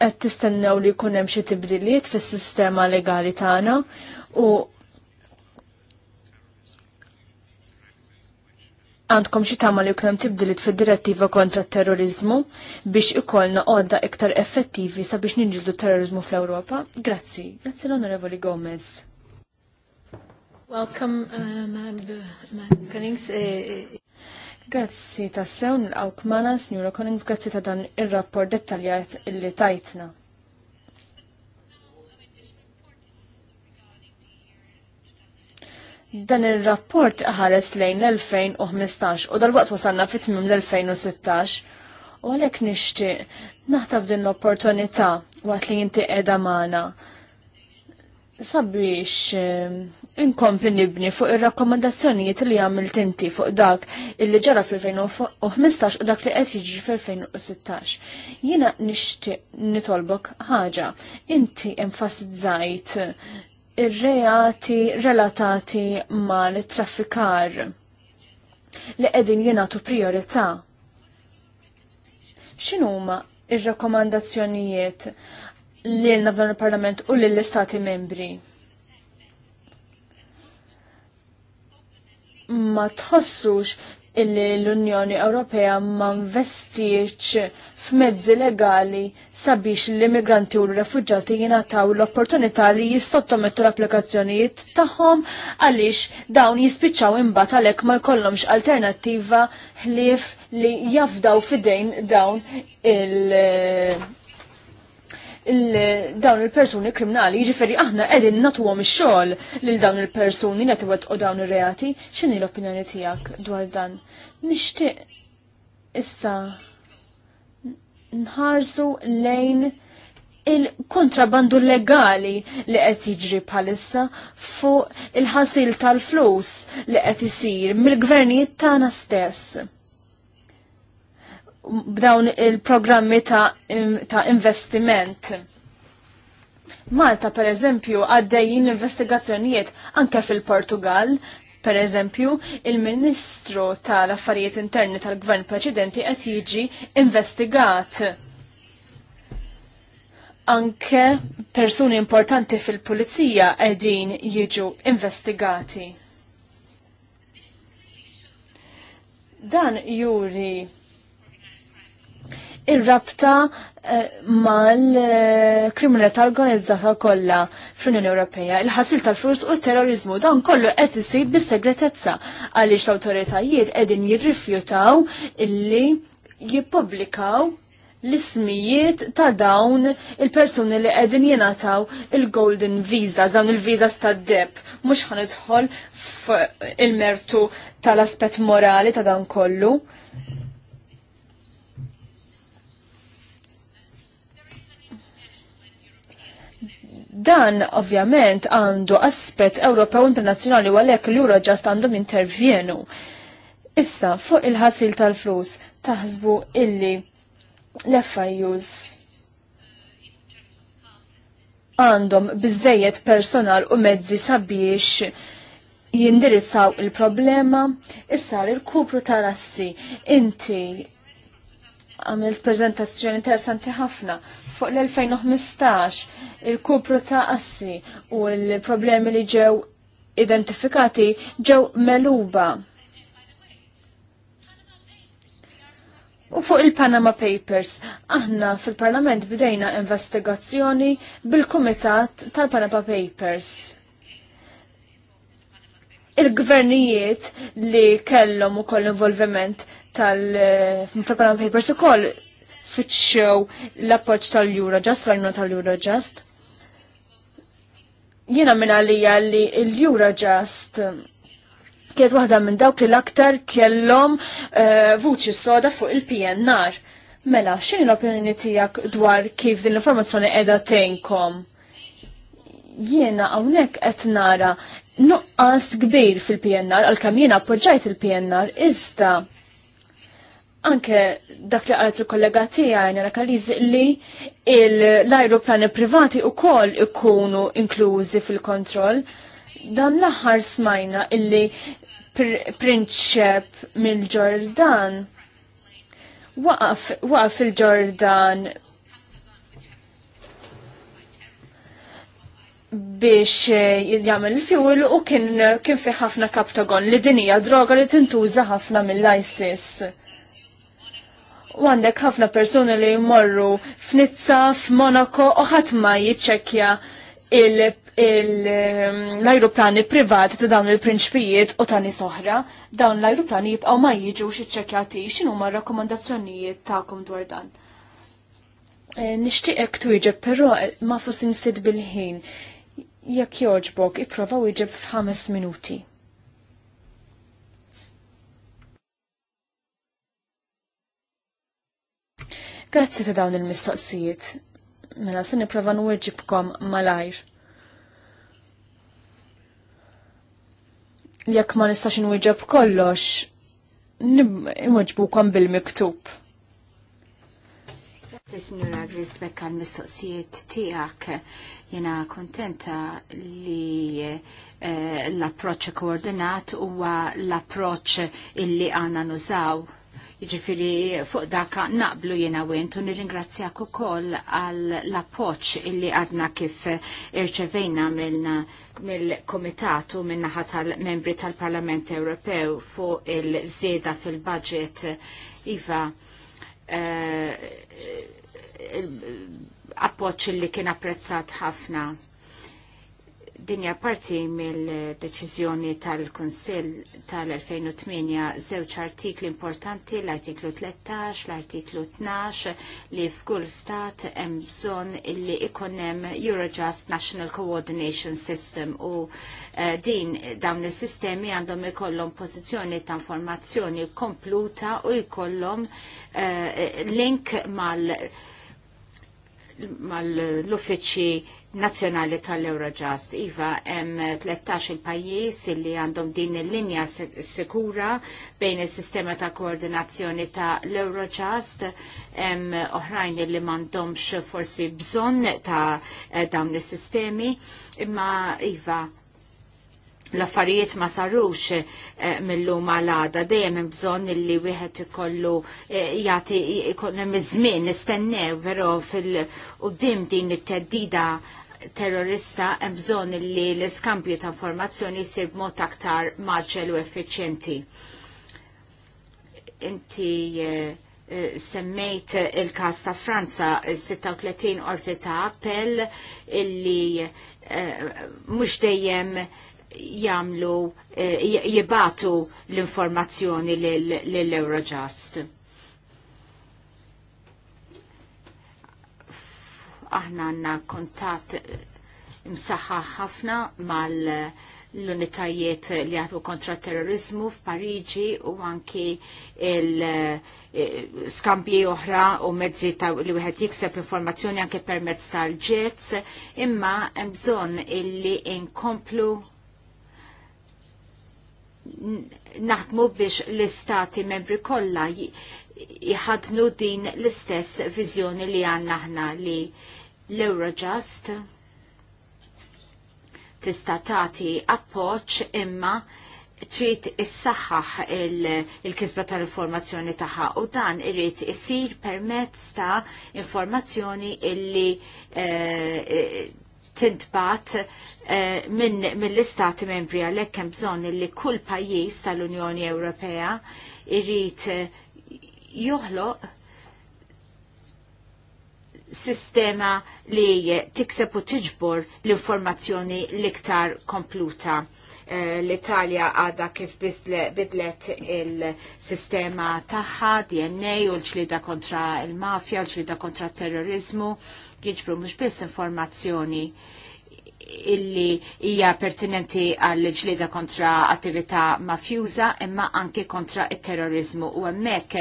qed tistennew li jkun hemm xi tibdiliet fis-sistema legali tagħna u għandkom xi tagħmel li jkun hemm tibdiliet fid-direttiva kontra t-terrorizmu biex ikollna għodda iktar effettivi sabiex ninġildu terrorizmu fl-Ewropa. Grazzi, grazzi l-Onorevoli Gomez. Welcome, uh, Madam Cunnings. Uh, Grazzi ta' sewn nil-għawk mana, Signora Collins, grazzi ta' dan il-rapport dettaljat illi tajtna. Dan il-rapport ħares lejn l-2015 u dal-waqt wasanna fit l-2016 u għalek nixtieq naħtaf din l-opportunità waqt li jinti edha magħna sabiex inkompli nibni fuq ir-rakkomandazzjonijiet li għamilt tinti fuq dak illi ġara fil-2015 u dak li qed jiġi fil-2016. Jiena nixtieq nitolbok ħaġa. Inti enfasizzajt ir-reati relatati mal-traffikar li qegħdin jingħatu priorità. X'inhuma ir-rakkomandazzjonijiet lilna f'dan il-Parlament u lill-Istati membri? ma tħossux illi l-Unjoni Ewropea ma investiċ f'mezzi legali sabiex l-immigranti u l-refugġati jingħataw l-opportunità li jistottomettu l-applikazzjonijiet tagħhom għaliex dawn jispiċċaw imbagħad għalhekk ma jkollhomx alternattiva ħlief li jafdaw fidejn dawn il- dawn il-persuni kriminali, jiġifieri aħna qegħdin nagħtuhom ix-xogħol lil dawn il-persuni li u dawn ir-reati, x'inhi l-opinjoni tiegħek dwar dan? Nixtieq issa nħarsu lejn il-kontrabandu legali li qed jiġri bħalissa fuq il-ħasil tal-flus li qed isir mill-gvernijiet tagħna stess b'dawn il-programmi ta', ta investiment. Malta, per eżempju, għaddejjin investigazzjonijiet anke fil-Portugal, per eżempju, il-Ministru tal-Affarijiet Interni tal-Gvern preċedenti qed jiġi investigat. Anke persuni importanti fil-Pulizija qegħdin jiġu investigati. Dan juri ir-rabta eh, mal-kriminalità organizzata kollha fl-Unjoni Ewropea, il-ħasil tal-flus u terrorizmu dan kollu qed isir bis-segretezza għaliex l-awtoritajiet qegħdin jirrifjutaw illi jippubblikaw l-ismijiet ta' dawn il-persuni li qegħdin jingħataw il-Golden visa, dawn il viza tad deb, mhux ħanidħol f'il-mertu tal-aspett morali ta' dawn kollu. Dan ovvjament għandu aspett Ewropew internazzjonali u għalhekk l-Euro ġast għandhom intervjenu. Issa fuq il-ħasil tal-flus taħsbu illi l-FIUs għandhom biżejjed personal u mezzi sabiex jindirizzaw il-problema, issa l-kupru tal-assi, inti għamil prezentazzjoni interessanti ħafna fuq l-2015 il-kupru ta' assi u l-problemi li ġew identifikati ġew meluba. U fuq il-Panama Papers, aħna fil-Parlament bidejna investigazzjoni bil-Kumitat tal-Panama Papers. Il-gvernijiet li kellhom ukoll involviment tal-Preparant Papers ukoll fitxew l-appoġġ tal-Eurojust, l-għajnuna tal-Eurojust. Jiena minn għalija li l-Eurojust kienet waħda minn dawk li l-aktar kellhom eh, vuċi soda fuq il-PNR. Mela, x'inhi l-opinjoni tiegħek dwar kif din l-informazzjoni qiegħda tenkom? Jiena hawnhekk qed nara nuqqas kbir fil-PNR għalkemm jiena appoġġajt il-PNR iżda anke dak li għalet il-kollega tijaj nara li l-aeroplani privati u kol ikunu inklużi fil-kontroll. Dan l-aħħar smajna illi prinċep mill-ġordan waqaf waqaf il-ġordan biex jagħmel il fjul u kien kien fi ħafna kaptagon li dinija droga li tintuża ħafna mill-ISIS u għandek ħafna persuni li jmorru f'Nizza, f'Monaco u ħadd ma jiċċekkja ehm, l-ajruplani privat ta' dawn il-prinċpijiet u ta' nies oħra, dawn l-ajruplani jibqgħu ma jiġux iċċekkjati x'inhuma r-rakkomandazzjonijiet tagħkom dwar dan. Eh, Nishtiqek twieġeb, però eh, ma fossin ftit bil-ħin. Jekk joġbok, ipprova wieġeb f'ħames minuti. Grazzi ta' dawn il-mistoqsijiet. Mela se nipprova nwieġibkom malajr. Jekk ma nistax nwieġeb kollox, nwieġbukom bil-miktub. Grazzi Signora Grisbek, għal mistoqsijiet tiegħek. Jena kontenta li eh, l-approċċ koordinat huwa l-approċċ illi għana nużaw Jiġifieri fuq dak naqblu jiena wint u nirringrazzjak ukoll għall appoġġ illi għadna kif irċevejna milna mill-Komitatu minnaħa tal-Membri tal-Parlament Ewropew fuq il-żieda fil-budget iva eh, appoċ li kien apprezzat ħafna dinja parti mill-deċizjoni tal-Konsil tal-2008 żewġ artikli importanti, l-artiklu 13, l-artiklu 12, li f'kull stat hemm bżonn li ikun hemm Eurojust National Coordination System u eh, din dawn is-sistemi għandhom ikollhom pożizzjoni ta' informazzjoni kompluta u jkollhom uh, link mal- mal uffiċi nazzjonali tal-Eurojust. Iva, hemm 13 il-pajjiż li għandhom din il-linja sikura bejn is-sistema ta' koordinazzjoni ta' l-Eurojust, hemm oħrajn li m'għandhomx forsi bżonn ta' eh, dawn is-sistemi, imma iva l-affarijiet ma sarux eh, mill-lum għal-għada, dejjem hemm bżonn li wieħed ikollu eh, jagħti ikun hemm iż-żmien nistennew vero fil-qudiem din it-teddida terrorista hemm bżonn li l-iskambju ta' informazzjoni jsir b'mod aktar maġġel u effiċjenti. Inti eh, eh, semmejt il-kas ta' Franza, 36 orti ta' appell illi mhux dejjem jamlu eh, jibatu l-informazzjoni l-Eurojust. Aħna għanna kontat msaħħa ħafna mal l-unitajiet li għadu kontra terrorizmu f'Pariġi u anki il-skambji eh, oħra u mezzi ta' li wieħed jikseb informazzjoni anke permezz tal-ġets, imma hemm bżonn illi inkomplu naħdmu biex l-istati membri kollha jħadnu din l-istess viżjoni li għandna aħna li l-Eurojust tista' tagħti appoġġ imma trid issaħħaħ il-kisba il tal-informazzjoni tagħha u dan irid isir permezz ta' informazzjoni illi eh, tintbat eh, mill-istati membri għalhekk hemm bżonn li kull pajjiż tal-Unjoni Ewropea irrid eh, joħloq sistema li tikseb u tiġbor l-informazzjoni l-iktar kompluta. Eh, L-Italja għada kif bidlet il-sistema taħħa, DNA u l-ġlida kontra il-mafja, l-ġlida kontra terrorizmu. terrorizmu jiġbru mhux biss informazzjoni illi hija pertinenti għall ġlieda kontra attività mafjuża imma anki kontra it-terrorizmu u hemmhekk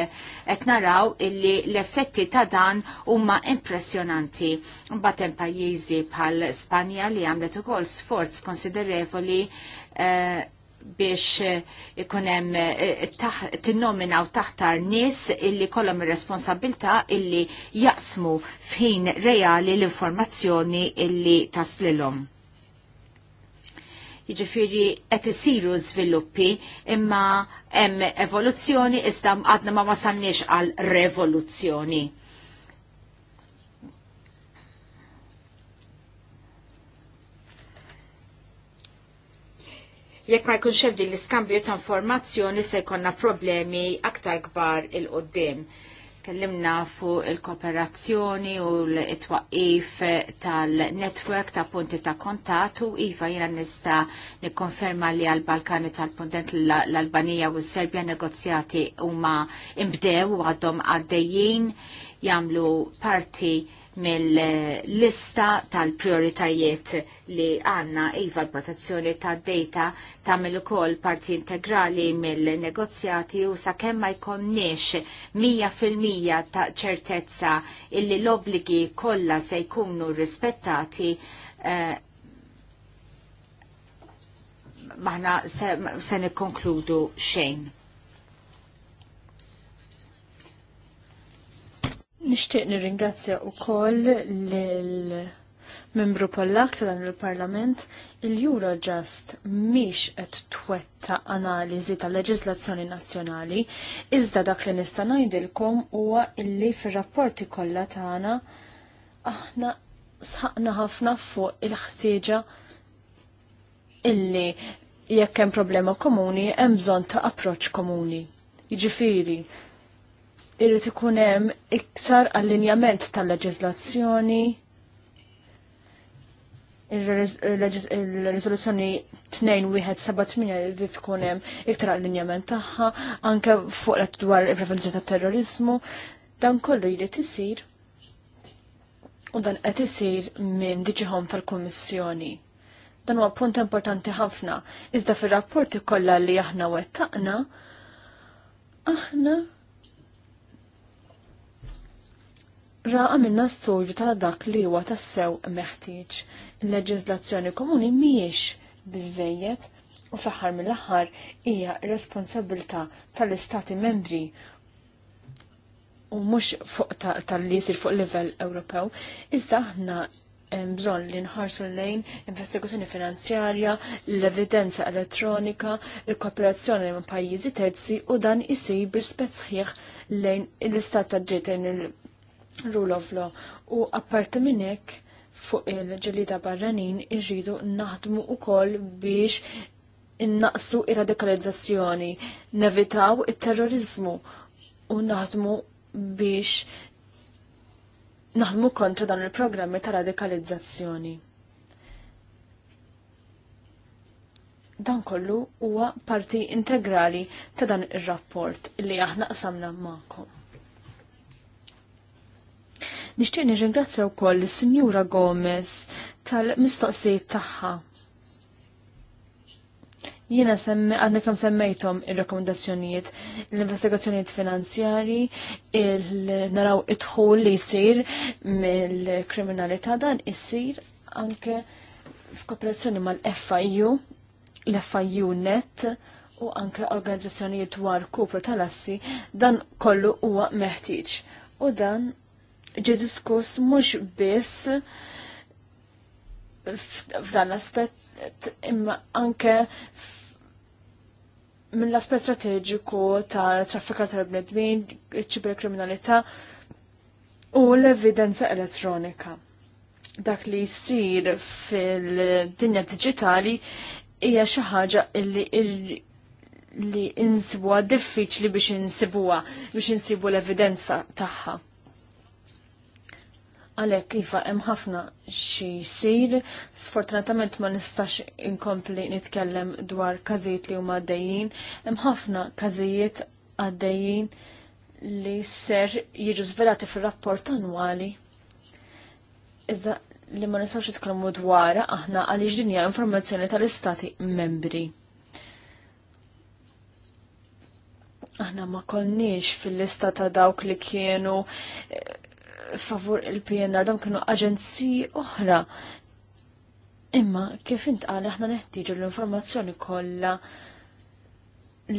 qed naraw illi l-effetti ta' dan huma impressjonanti. Mbagħad hemm pajjiżi bħal Spanja li għamlet ukoll sforz konsiderevoli eh, biex eh, ikunem eh, eh, t-nomina u taħtar nis illi kollom il-responsabilta illi jaqsmu fħin reali l-informazzjoni illi taslilom. Jiġifieri qed isiru żviluppi imma hemm evoluzzjoni iżda għadna ma wasalniex għal revoluzzjoni. Jekk ma jkunx hemm din l-iskambju ta' informazzjoni se jkollna problemi aktar kbar il qudiem Kellimna fuq il-kooperazzjoni u l-itwaqif tal-netwerk ta' punti ta' kontatu. Iva jiena nista nikkonferma li għal-Balkani tal-Pundent l-Albanija u s-Serbja negozjati huma imbdew u għadhom għaddejjin jagħmlu parti mill-lista tal-prioritajiet li għanna iva l-protezzjoni ta' data ta' mill-kol parti integrali mill-negozjati u sa' kemma jkonniex 100% ta' ċertezza illi l-obligi kollha se jkunu rispettati eh, maħna se nikkonkludu xejn. Nishtiq nirringrazzja u koll l-membru Pollak ta' dan il-Parlament il eurojust Just miex qed twetta analiżi ta' leġislazzjoni nazzjonali, iżda dak li nista' ngħidilkom huwa illi fir-rapporti kollha tagħna aħna sħaqna ħafna fuq il-ħtieġa illi jekk hemm problema komuni hemm bżonn ta' approċċ komuni. Jiġifieri, irrid ikun hemm iktar allinjament tal-leġiżlazzjoni il-rezoluzzjoni 2178 li tkun hemm iktar allinjament tagħha anke fuq qed dwar il-prevenzjoni tat-terrorizmu dan kollu jrid isir u dan qed isir minn diġihom tal-Kummissjoni. Dan huwa punt importanti ħafna iżda fir-rapporti kollha li aħna wettaqna aħna Ra għamilna studju ta' dak li huwa tassew meħtieġ. il leġislazzjoni komuni miex bizzejiet u fl-aħħar mill-aħħar hija responsabilità tal-Istati membri u mhux fuq tal-li jsir fuq livell Ewropew. Iżda aħna bżonn li nħarsu lejn investigazzjoni finanzjarja, l-evidenza elettronika, il-kooperazzjoni minn pajjiżi terzi u dan isir b'rispett sħiħ lejn l-istat ta' ġejt il il rule of law u apparti minn hekk fuq il-ġelida barranin irridu naħdmu wkoll biex innaqsu ir-radikalizzazzjoni, nevitaw it-terrorizmu u naħdmu biex naħdmu kontra dan il-programmi ta' radikalizzazzjoni. Dan kollu huwa parti integrali ta' dan ir-rapport li aħna qsamna magħkom. Nixtieq nirringrazzja wkoll is-Sinjura Gomez tal-mistoqsijiet tagħha. Jiena semmi għandek kemm semmejthom ir-rekomendazzjonijiet, l-investigazzjonijiet finanzjari, naraw id-dħul li jsir mill-kriminalità dan isir anke f'kooperazzjoni mal-FIU, l-FIU net, u anke organizzazzjonijiet dwar kupru tal-assi, dan kollu huwa meħtieġ. U dan ġi diskuss mhux biss f'dan l-aspett imma anke minn l-aspett strateġiku ta' traffika tal-bnedmin, ċiberkriminalità u l-evidenza elettronika. Dak li jsir fil-dinja digitali hija xi ħaġa li li insibuha diffiċli biex insibuha biex insibu l-evidenza tagħha. Għalek, iva, hemm ħafna xi jsir, sfortunatament ma nistax inkompli nitkellem dwar każijiet li huma għaddejjin, hemm ħafna każijiet għaddejjin li ser jiġu żvelati fir-rapport annwali. Iżda li ma nistax nitkellmu dwar aħna għaliex din hija informazzjoni tal-istati membri. Aħna ma konniex fil-lista ta' dawk li kienu eh, favur il-PNR dawn kienu aġenziji oħra. Imma kif intqal aħna neħtieġu l-informazzjoni kollha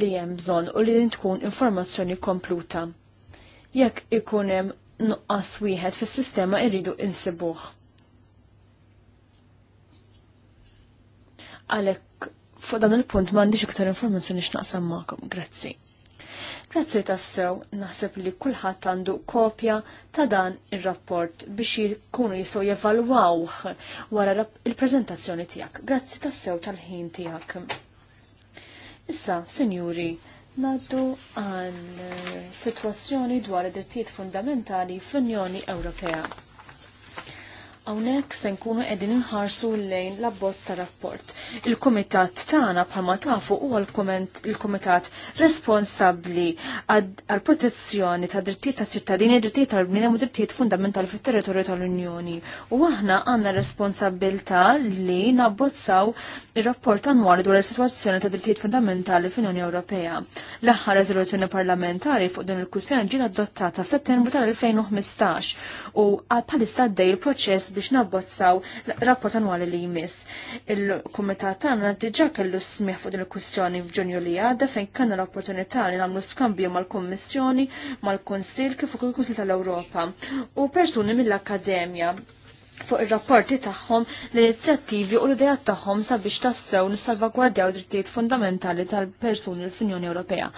li hemm bżonn u li tkun informazzjoni kompluta. Jekk ikun hemm nuqqas wieħed fis-sistema irridu insibuh. Għalhekk fuq dan il-punt m'għandix iktar informazzjoni x'naqsam magħkom. Grazzi. Grazzi tassew, naħseb li kulħadd għandu kopja ta' dan ir-rapport biex jkunu jistgħu jevalwawh wara il-preżentazzjoni tiegħek. Grazzi tassew tal-ħin tiegħek. Issa, sinjuri, naddu għal eh, situazzjoni dwar id-drittijiet fundamentali fl-Unjoni Ewropea. Hawnhekk se nkunu qegħdin inħarsu lejn l abbozza rapport. Il-kumitat tagħna bħalma tafu huwa l-kumitat responsabbli għal protezzjoni ta' drittijiet ta' ċittadini, drittijiet tal-bniedem u drittijiet fundamentali fit-territorju tal-Unjoni. U aħna għandna responsabilità li nabbozzaw ir-rapport annwali dwar is-sitwazzjoni ta' drittijiet fundamentali fl-Unjoni Ewropea. L-aħħar riżoluzzjoni parlamentari fuq din il kustjoni ġiet adottata f'Settembru tal-2015 u għal bħalissa dej il-proċess biex nabbozzaw rapport annwali li jmiss. Il-Kumitat tagħna diġà kellu smieħ fuq din il-kwistjoni f'Ġunju li għadda fejn kellna l-opportunità li nagħmlu skambju mal-Kummissjoni, mal kunsil kif ukoll il-Kunsill tal-Ewropa u persuni mill-Akkademja fuq ir-rapporti tagħhom l-inizjattivi u l-idejat tagħhom sabiex tassew nissalvagwardjaw drittijiet fundamentali tal-persuni l-Unjoni Ewropea.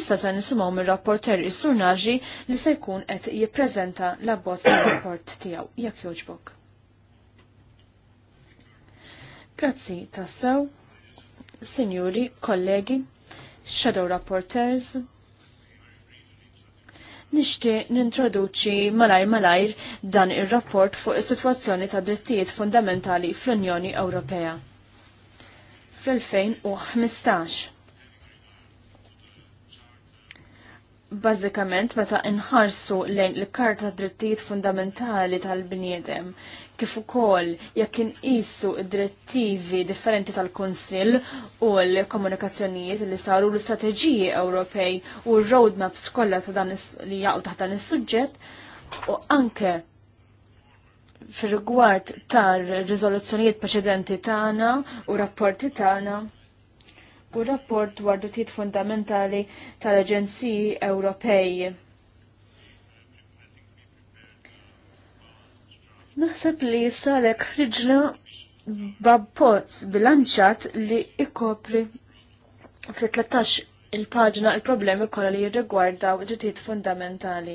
Issa se nisimgħu mir-rapporter is-surnaġi li se jkun qed jippreżenta l-abbozz tar-rapport tiegħu jekk jogħġbok. Grazzi tassew, sinjuri, kollegi, shadow rapporteurs, nixtieq nintroduċi malaj malajr dan ir-rapport fuq is-sitwazzjoni ta' drittijiet fundamentali fl-Unjoni Ewropea. Fl-2015. Bażikament meta inħarsu lejn l-Karta Drittijiet Fundamentali tal-Bniedem kif ukoll jekk inqisu id-direttivi differenti tal-Kunsill u l-komunikazzjonijiet li saru l-istrateġiji Ewropej u r-roadmaps kollha ta' dan li jaqgħu taħt dan is-suġġett u anke fir-rigward tar-riżoluzzjonijiet preċedenti tagħna u rapporti tagħna u rapport dwar drittijiet fundamentali tal-Aġenziji Ewropej Naħseb li jissalek ħriġna babbozz bilanċat li ikopri fi 13 il-paġna il-problemi kollha li u ġitiet fundamentali.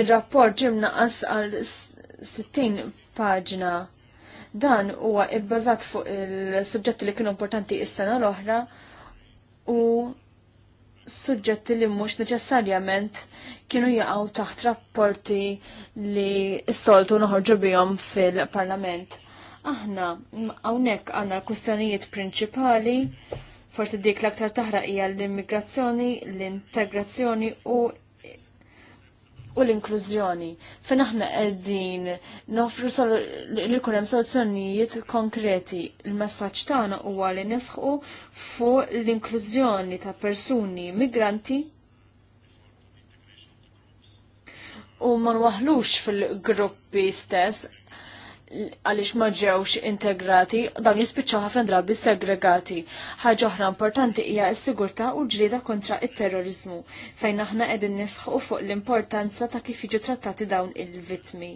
il-rapport ġimna qas għal 60 paġna. Dan huwa ibbażat fuq il-subġetti li kienu importanti is-sena l-oħra suġġetti li mhux neċessarjament kienu jaqgħu taħt rapporti li s-soltu noħorġu bihom fil-Parlament. Aħna hawnhekk għandna l-kwistjonijiet prinċipali forsi dik l-aktar taħraq hija l-immigrazzjoni, l-integrazzjoni u u l-inklużjoni. Fejn aħna qegħdin nofru li jkun hemm soluzzjonijiet konkreti. Il-messaġġ tagħna huwa li nisħu fuq l-inklużjoni ta' persuni migranti u ma nwaħlux fil-gruppi stess għaliex ma ġewx integrati, dawn jispiċċa ħafna drabi segregati. Ħaġa oħra importanti hija s-sigurtà u ġlieda kontra it-terrorizmu fejn aħna qegħdin nisħu fuq l-importanza ta' kif jiġu trattati dawn il-vitmi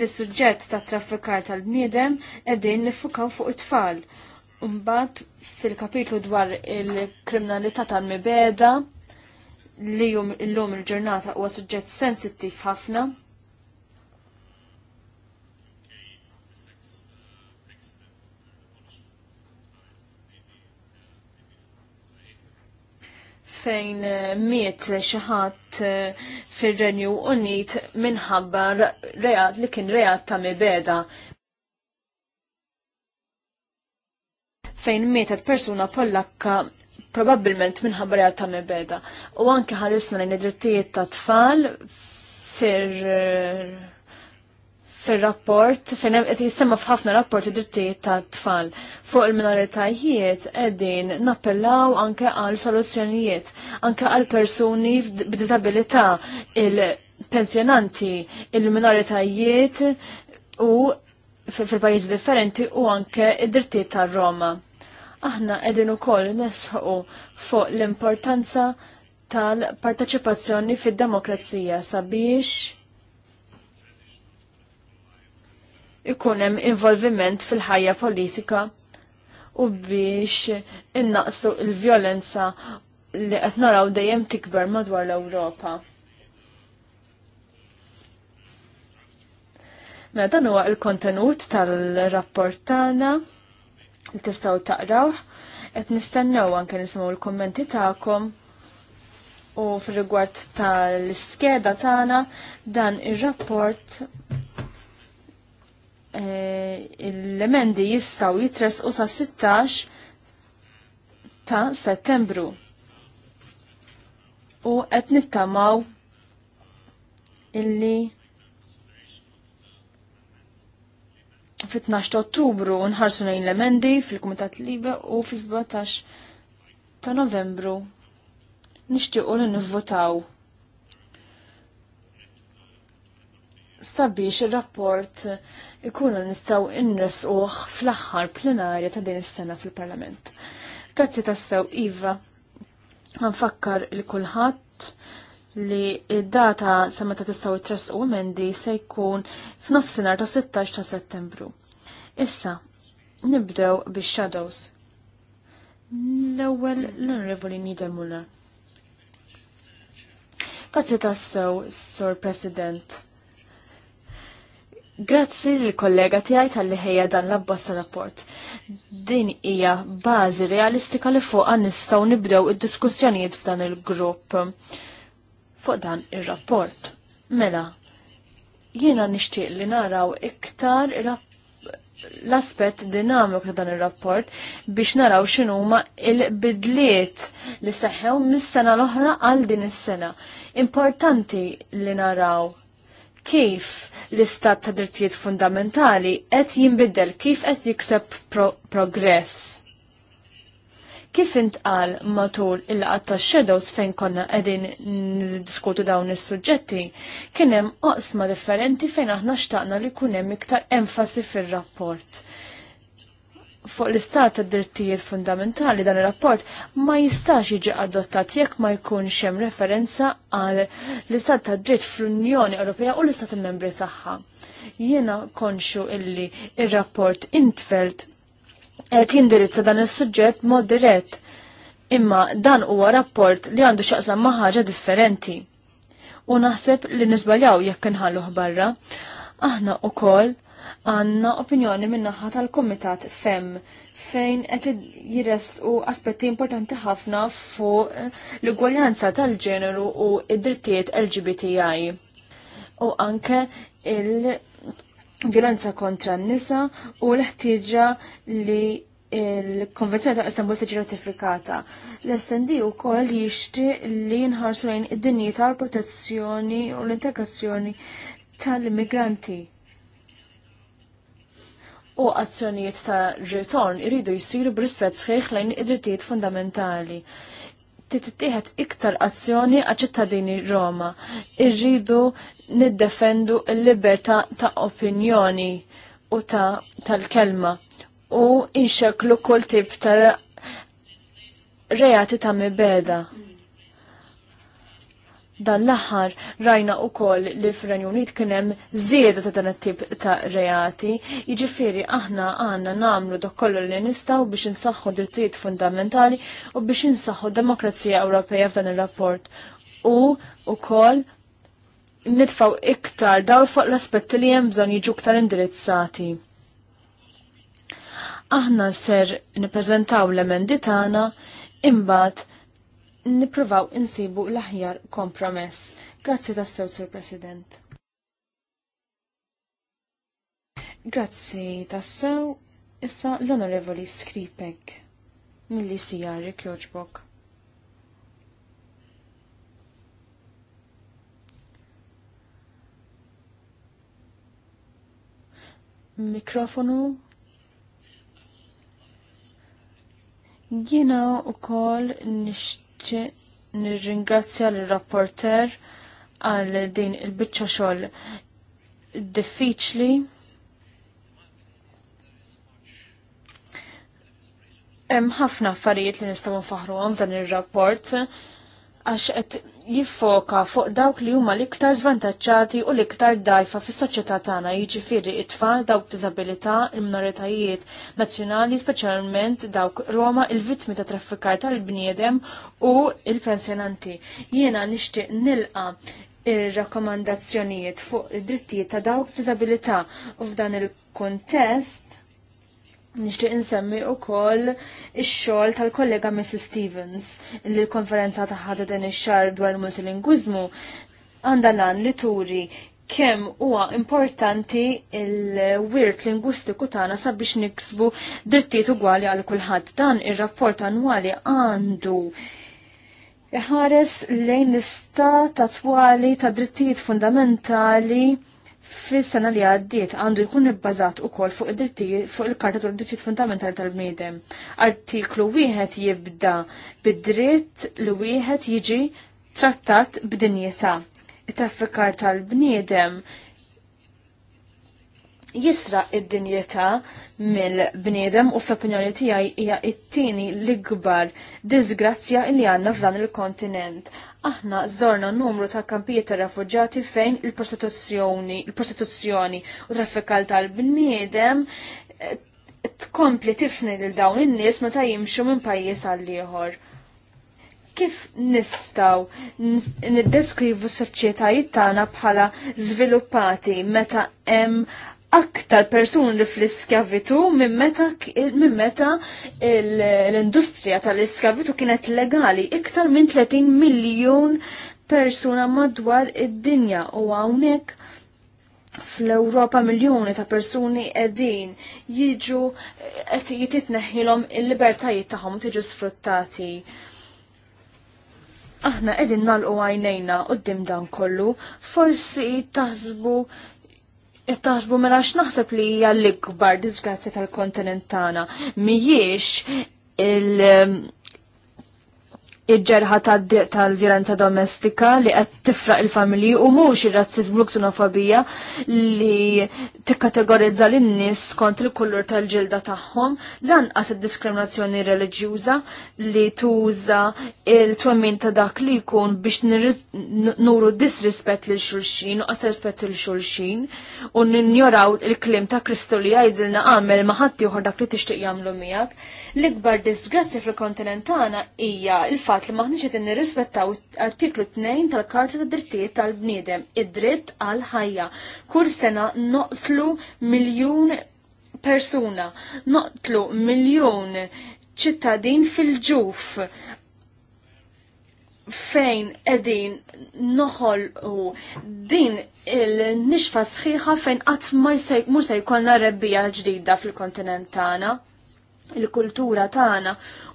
fis-suġġett ta' traffikar tal-bniedem qegħdin nifukaw fuq it-tfal. Mbagħad fil-kapitlu dwar il-kriminalità tal-mibeda li jum lum il-ġurnata huwa suġġett sensittiv ħafna. fejn eh, miet xi ħadd eh, fir-Renju Unit minħabba reat li kien reat ta' mibeda. Fejn mietet persuna pollakka probabbilment minħabba reat ta' mibeda. U anke ħarisna lejn id-drittijiet ta' tfal fir fil-rapport, fejn qed jissemma f'ħafna rapport id drittijiet ta' tfal fuq il-minoritajiet qegħdin nappellaw anke għal soluzzjonijiet, anke għal persuni b'disabilità il-pensjonanti, il-minoritajiet u fil-pajjiżi differenti u anke id-drittijiet tar-Roma. Aħna qegħdin ukoll nesħu fuq l-importanza tal-parteċipazzjoni fid-demokrazija sabiex ikun hemm involviment fil-ħajja politika u biex innaqsu il-vjolenza li qed naraw dejjem tikber madwar l-Ewropa. Mela dan huwa l-kontenut tal-rapport tagħna li tistgħu taqraw. Qed nistennew anke nisimgħu l-kummenti tagħkom u fir-rigward tal-iskeda tagħna dan ir-rapport Eh, l-emendi jistaw jitres u sa 16 ta' settembru. U qed nittamaw illi fit-12 ottubru nħarsu nejn l-emendi fil-Kumitat Libe u fis-17 ta' novembru nixtiequ li nivvotaw. Sabiex ir-rapport ikunu nistaw uħ fl-aħħar plenarja ta' din is-sena fil-Parlament. Grazzi tassew Iva, għanfakkar li kulħadd li id-data sa meta tistgħu u mendi se jkun f'nofsinhar ta' 16 ta' Settembru. Issa, nibdew bix-shadows. L-ewwel l-Onorevoli Nida Muller. Grazzi tassew, Sor President. Grazzi l-kollega tiegħi tal liħeja ħejja dan l-abbassa rapport. Din hija bażi realistika li fuqha nistgħu nibdew id-diskussjonijiet f'dan il-grupp fuq dan ir-rapport. Mela, jiena nixtieq li naraw iktar l-aspett dinamiku ta' dan ir-rapport biex naraw x'inhuma il-bidliet li seħħew mis-sena l-oħra għal din is-sena. Importanti li naraw kif l-istat ta' drittijiet fundamentali qed jinbidel kif qed jikseb pro progress. Kif intqal matul il-qatt ta' shadows fejn konna qegħdin niddiskutu dawn is-suġġetti, kien hemm oqsma differenti fejn aħna xtaqna li jkun hemm iktar enfasi fir-rapport fuq l-istat tad drittijiet fundamentali dan ir-rapport ma jistax jiġi adottat jekk ma jkunx hemm referenza għal l-istat tad dritt fl-Unjoni Ewropea u l-istat membri tagħha. Jiena konxu illi il rapport intfeld qed jindirizza dan is-suġġett mod dirett imma dan huwa rapport li għandu x'aqsam ma' ħaġa differenti. U naħseb li nisbaljaw jekk inħalluh barra, aħna wkoll għanna opinjoni minnaħa tal-Komitat FEM fejn qed jiresqu aspetti importanti ħafna fuq l-ugwaljanza tal-ġeneru u id-drittijiet LGBTI. U anke il-violenza kontra n-nisa u l-ħtieġa li il-konvenzjoni ta' Istanbul tiġi ratifikata. L-SND u koll jixti li nħarsu lejn id-dinjita l-protezzjoni u l-integrazzjoni tal-immigranti u azzjonijiet ta' ritorn iridu jisiru b'rispett sħiħ lejn id-drittijiet fundamentali. Tittieħed iktar azzjoni għaċ-ċittadini Roma. Irridu niddefendu l-libertà ta' opinjoni u ta' tal-kelma u inxeklu kull tip ta' reati ta' mibeda dan l-aħħar rajna u koll li fil-Renju kienem zieda ta' dan it-tip ta' reati, jiġifieri aħna għanna namlu dak kollu li nistgħu biex insaħħu drittijiet fundamentali u biex insaħħu demokrazija Ewropea f'dan ir-rapport. U ukoll nitfaw iktar daw fuq l-aspetti li hemm bżonn jiġu iktar indirizzati. Aħna ser nippreżentaw l-emendi tagħna imbagħad nippruvaw insibu l-aħjar kompromess. Grazzi tas-sew, Sur President. Grazzi tassew, issa l-Onorevoli Skripek mill-li sijar Kjoġbok. mikrofonu. Gina u kol nisht nirringrazzja l-rapporter għal din il-bicċa xogħol diffiċli. Hemm ħafna affarijiet li nistgħu nfaħruhom dan ir-rapport għax qed jiffoka fuq dawk li huma l-iktar zvantaġġati u l-iktar dajfa fis soċjetà tagħna, jiġifieri it-tfal dawk diżabilità il-minoritajiet nazzjonali, speċjalment dawk Roma, il-vittmi ta' traffikar tal-bniedem u il-pensjonanti. Jiena nixtieq nilqa ir-rakkomandazzjonijiet fuq id-drittijiet ta' dawk l-diżabilità u f'dan il-kontest Nishtiq insemmi u koll il-xol tal-kollega Mrs. Stevens li l-konferenza taħħadet din ix-xar dwar multilingwizmu għandha lan li turi kemm huwa importanti il-wirt lingwistiku tagħna sabiex niksbu drittijiet ugwali għal kulħadd. Dan ir-rapport annwali għandu ħares lejn l ta' twali ta' drittijiet fundamentali fis-sena li għaddiet għandu jkun ibbażat ukoll fuq id-drittijiet fuq il-Karta tal drittijiet Fundamentali tal-Bniedem. Artiklu wieħed jibda bid-dritt li wieħed jiġi trattat b'dinjeta. It-traffikar tal-bniedem jisra id-dinjeta mill-bniedem u fl-opinjoni tiegħi hija t-tieni l-ikbar disgrazzja li għandna f'dan il-kontinent aħna zorna numru ta' kampijiet ta' rafuġati fejn il-prostituzzjoni, il u traffikal tal-bniedem tkompli tifni lil dawn in-nies meta jimxu minn pajjiż għal ieħor. Kif nistaw niddeskrivu s-soċjetajiet tagħna bħala żviluppati meta hemm aktar persuni li fl-iskavitu minn meta l-industrija tal-iskavitu kienet legali iktar minn 30 miljon persuna madwar id-dinja u hawnhekk fl-Europa miljoni ta' persuni edin jiġu qed jitneħħilhom il-libertajiet tagħhom tiġu sfruttati. Aħna qegħdin nagħlqu għajnejna qudiem dan kollu, forsi taħsbu Ittaħsbu taħsbu mela x'naħseb li hija l-ikbar disgrazja tal-kontinent tagħna mhijiex il- iġġerħa tal-violenza domestika li qed tifraq il-familji u mhux ir-razziżmu l-ksenofobija li tikkategorizza lin-nies kont il-kullur tal-ġilda tagħhom lanqas id-diskriminazzjoni reliġjuża li tuża il-twemmin ta' dak li jkun biex nuru disrispett lil xulxin u qas rispett lil xulxin u ninjoraw il-klim ta' Kristu li jgħidilna għamel ma ħadd ieħor dak li tixtieq jagħmlu miegħek L-ikbar disgrazja fil-kontinent hija l-fatt li maħniex qed nirrispettaw artiklu 2 tal-Karta tad Drittijiet tal-Bniedem, id-dritt għal ħajja. Kull sena noqtlu miljun persuna, noqtlu miljun ċittadin fil-ġuf fejn edin noħol u din il-nixfa sħiħa fejn qatt ma jkollna rebbija ġdida fil kontinentana il-kultura tagħna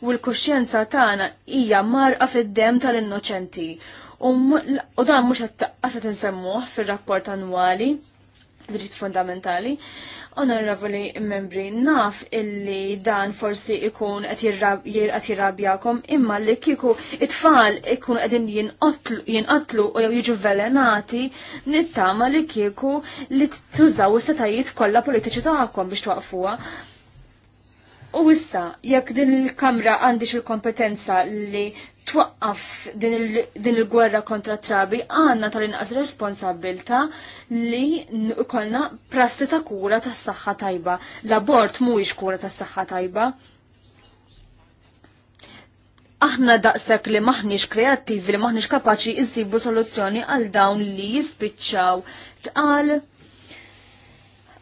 u l-kuxjenza tagħna hija marqa fid-dem tal-innoċenti. U dan mhux qed insemmuh fir-rapport annwali dritt fundamentali. Onorevoli membri, naf illi dan forsi ikun qed jirrabjakom imma li kieku it-tfal ikun qegħdin jinqatlu u jew jiġu velenati nittama li kieku li tużaw is-setajiet kollha politiċi tagħkom biex twaqfuha U issa, jekk din il-Kamra għandi il-kompetenza li twaqqaf din il-gwerra kontra trabi, għanna tal-inqas responsabilta li kolna prassi ta' kura ta' s-saxħa tajba. L-abort mhuwiex kura ta' s-saxħa tajba. Aħna daqsek li maħniġ kreattivi, li maħniġ kapaċi iżibu soluzzjoni għal dawn li jispiċċaw tqal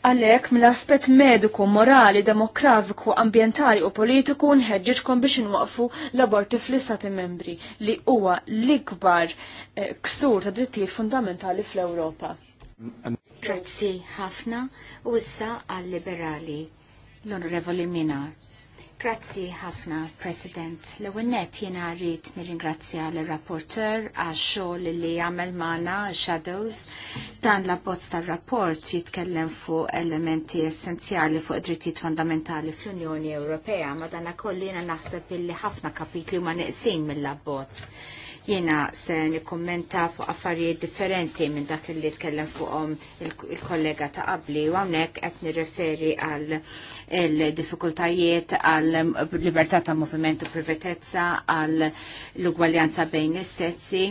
Għalek mill-aspet mediku, morali, demokratiku, ambientali u politiku nħedġiġkom biex nwaqfu l-aborti fl-istati membri li huwa l-ikbar eh, ksur ta' drittijiet fundamentali fl-Ewropa. Grazzi ħafna u issa għal-liberali l-Onorevoli Minar. Grazzi ħafna, President. L-ewwel nett jiena rrid nirringrazzja l-rapporteur għax xogħol li jagħmel magħna Shadows. Dan l-abbozz tar-rapport jitkellem fuq elementi essenzjali fuq drittijiet fondamentali fl-Unjoni Ewropea, ma dan kollu jiena naħseb illi ħafna kapitli huma neqsin mill-abbozz Jena se nikkommenta fuq affarijiet differenti minn dak li tkellem fuqhom il-kollega ta' qabli u hawnhekk qed nirreferi għal il-diffikultajiet għal libertà ta' moviment u privatezza għal l-ugwaljanza bejn is-sessi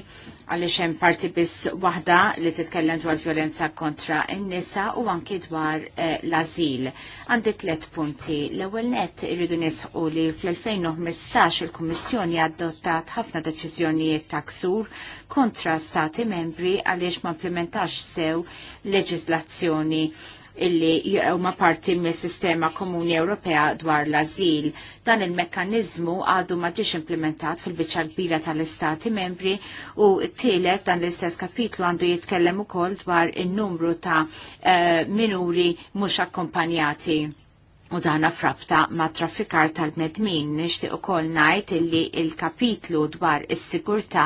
għaliex hemm parti biss waħda li titkellem dwar violenza kontra n-nisa u anki dwar eh, l-azil. Għandi tliet punti. L-ewwel nett irridu nisħu li fl-2015 il-Kummissjoni adottat ħafna deċiżjonijiet ta' ksur kontra stati membri għaliex ma implementax sew leġislazzjoni illi huma parti mis sistema komuni Ewropea dwar l-azil. Dan il-mekkanizmu għadu ma ġiex implementat fil-biċċa kbira tal-istati membri u t-tielet dan l-istess kapitlu għandu jitkellem ukoll dwar in-numru ta' uh, minuri mhux akkompanjati U daħna frabta ma traffikar tal-medmin nishtiq u kol najt illi il-kapitlu dwar is-sigurta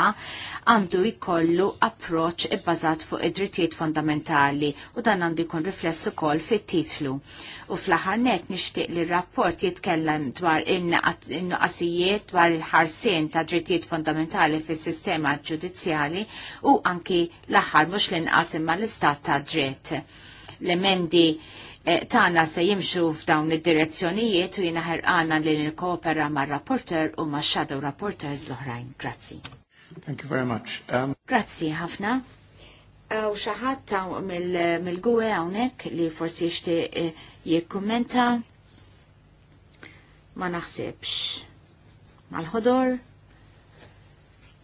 għandu jkollu approċ ibbażat fuq id-drittijiet fondamentali u dan għandu jkun rifless ukoll fit-titlu. U fl-aħħar net nixtieq li r-rapport jitkellem dwar in-nuqqasijiet dwar il-ħarsien ta' drittijiet fondamentali fis-sistema ġudizzjali u anki l-aħħar mhux l-inqas imma l-istat ta' dritt. L-emendi E, tana se jimxu f'dawn id-direzzjonijiet u jinaħer ħerqana li nirkopera mar-rapporter u ma' shadow rapporters l-oħrajn. Grazzi. Thank you very much. Um... Grazzi ħafna. U xaħat mill-gwe għawnek li forsi xti e, jikkumenta ma naħsibx. Mal-ħodor,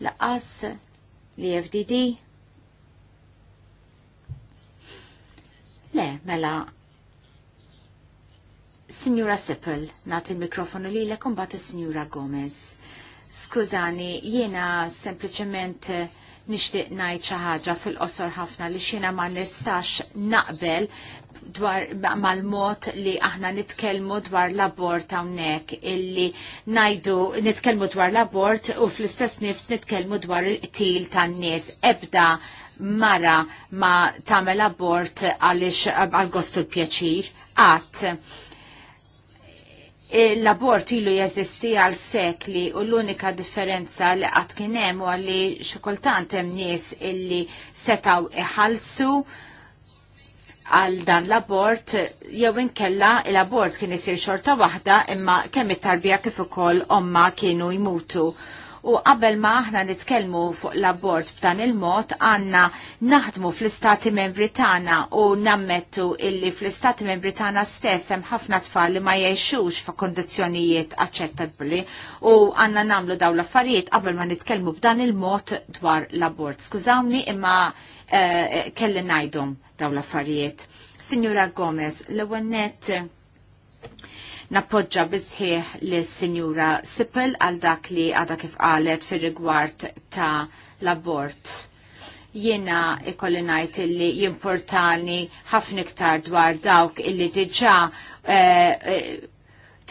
laqas li FDD, Le, mela, Signora Seppel nati il-mikrofonu li l bat signora Gomez. Skużani, jiena sempliciment nishtiq najt ħaġa fil-qosor ħafna li xina ma nistax naqbel dwar mal-mod li aħna nitkelmu dwar l-abort hawnhekk illi najdu nitkelmu dwar l-abort u fl-istess nifs nitkelmu dwar il-qtil tan-nies ebda mara ma tagħmel abort għaliex għal gostu l-pjaċir qatt l-abort ilu jeżisti għal sekli u l-unika differenza li għat kienem u għalli xikultant hemm nies illi setaw iħalsu għal dan l-abort jew inkella l-abort kien isir xorta waħda imma kemm it-tarbija kif ukoll omma kienu jmutu U qabel ma aħna nitkellmu fuq l-abort b'dan il-mod għanna naħdmu fl-istati membri tagħna u nammettu illi fl-istati membri tagħna stess hemm ħafna tfal li ma jgħixux fa' kondizzjonijiet aċċettabbli u għanna namlu daw l-affarijiet qabel ma nitkellmu b'dan il-mod dwar l-abort. Skużawni imma eh, eh, kelli ngħidhom daw l-affarijiet. Signora Gomez, l-ewwel Nappoġġa bizħieħ li sinjura Sippel għal dak li għada kif qalet fir rigward ta' l-abort. Jiena ikolli ngħid li jimportani ħafna iktar dwar dawk illi diġà eh, eh,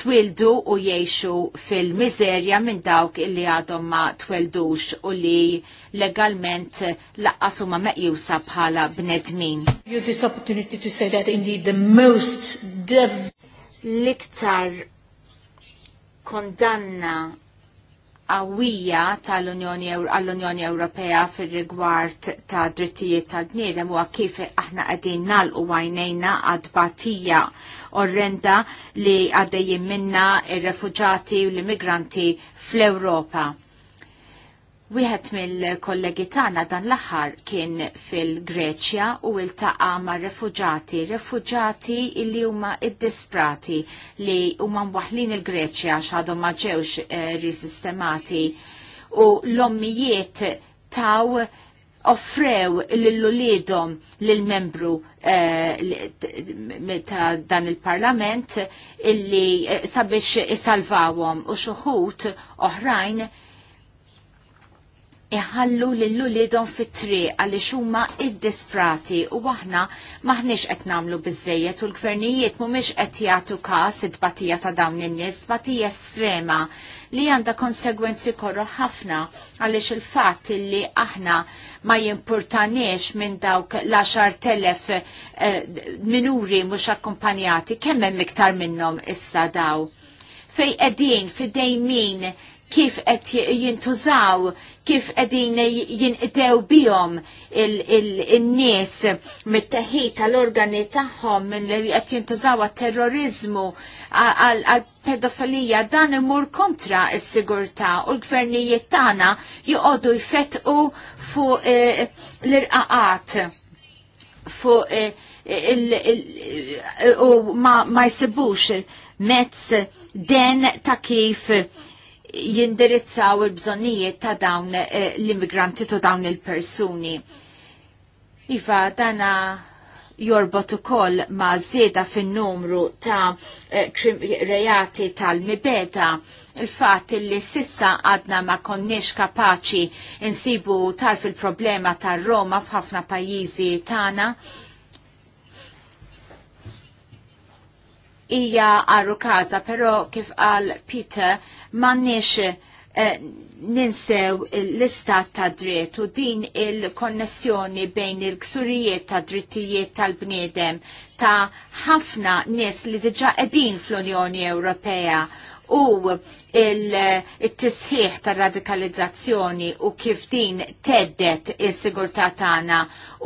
twildu u jiexu fil-mizerja minn dawk illi għadhom ma twildux u li legalment laqqas huma meqjusa bħala bnedmin. Use this opportunity to say that indeed the most l-iktar kondanna qawwija tal-Unjoni Ewropea fir-rigward ta' drittijiet tal-bniedem huwa kif aħna qegħdin nagħlqu għajnejna għad batija orrenda li għaddejjim minna ir-refuġati u l-immigranti fl-Ewropa Wieħed mill-kollegi tagħna dan l-aħħar kien fil-Greċja u iltaqa' ma' refuġati, refuġati li huma id-disprati li huma mwaħlin il-Greċja x'għadhom ma ġewx eh, risistemati u l-ommijiet taw offrew l-lulidom l-membru eh, ta' dan il-parlament illi eh, sabiex isalvawom u xuħut oħrajn iħallu l-lulidon fit-tri għalli xumma id-disprati u aħna maħnix qed namlu bizzejiet u l-gvernijiet mumiex qed jagħtu każ id-batija ta' dawn in-nies batija estrema li għandha konsegwenzi korro ħafna għaliex il-fatt li aħna ma jimpurtanix minn dawk l-10,000 eh, minuri mhux akkumpanjati kemm hemm iktar minnhom issa daw fej qegħdin fidejmin dejmin kif qed jintużaw, kif qegħdin jinqdew bihom in-nies mit-teħid tal-organi tagħhom li qed jintużaw għat-terrorizmu għal-pedofilija dan imur kontra s-sigurtà u l-gvernijiet tagħna joqogħdu jfetqu fuq e, l-irqaqat fuq e, u ma jsibux mezz den ta' kif jindirizzaw il-bżonijiet ta' dawn eh, l-immigranti ta' dawn il-persuni. Iva, dana jorbot ukoll ma' zeda fin-numru ta' eh, reati tal-mibeda il-fat li sissa għadna ma konniex kapaċi insibu tarf il-problema tar Roma f'ħafna pajjiżi tagħna hija għarru kaza, pero kif għal Peter mannix eh, ninsew l-istat ta' dritt u din il-konnessjoni bejn il-ksurijiet ta' drittijiet tal-bniedem ta' ħafna nis li diġa edin fl-Unjoni Ewropea u il-tisħiħ tar radikalizzazzjoni u kif din teddet is-sigurtà tagħna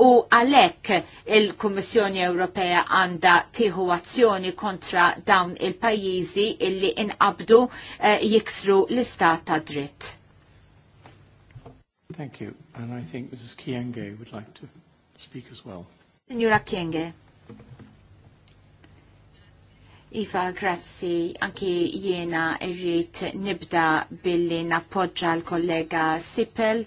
u għalhekk il-Kummissjoni Ewropea għandha tieħu azzjoni kontra dawn il-pajjiżi illi inqabdu uh, jiksru l-istat ta' dritt. Thank you. And I think Mrs. Kienge would like to speak as well. Signora Kienge. Iva, grazzi. Anki jiena irrit nibda billi nappoġġa l-kollega Sipel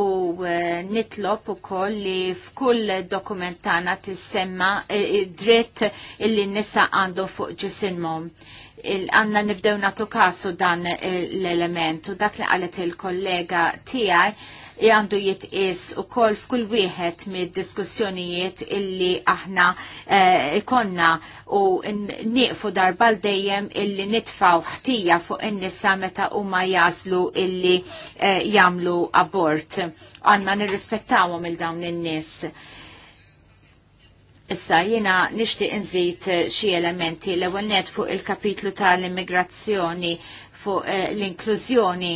u eh, nitlob u koll li f'kull dokumentana tissemma eh, dritt illi nisa għandu fuq ġisimom. Għanna nibdew natu kasu dan eh, l-element u dak li għalet il-kollega tijaj għandu jitqis ukoll f'kull wieħed mid-diskussjonijiet illi aħna eh, ikonna u nieqfu darba dejjem illi nitfaw ħtija fuq in-nisa meta huma jazlu illi eh, jagħmlu abort. Għandna nirrispettawhom il-dawn in-nies. Issa jina nishti nżid eh, xi elementi l ewwel fuq il-kapitlu tal-immigrazzjoni fuq l-inklużjoni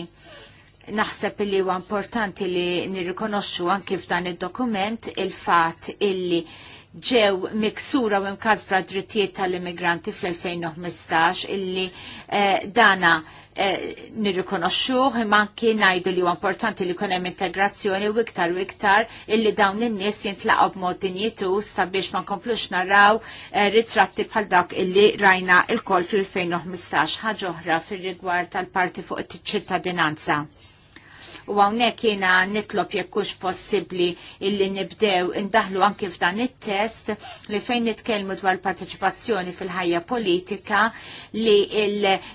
naħseb li huwa importanti li nirrikonoxxu anki f'dan id-dokument il-fatt illi ġew miksura u mkasbra drittijiet tal-immigranti fl-2015 illi eh, dana eh, nirrikonoxxuh imma anki ngħidu li huwa importanti li jkun hemm integrazzjoni u iktar u iktar illi dawn in-nies jintlaqgħu b'mod dinjitus sabiex ma nkomplux naraw eh, ritratti bħal dak illi rajna l-kol fl-2015 ħaġa oħra fir-rigward tal-parti fuq it-ċittadinanza u għawnek jena nitlob jekkux possibli illi nibdew indaħlu anki f'dan it-test li fejn nitkelmu dwar partecipazzjoni fil-ħajja politika li,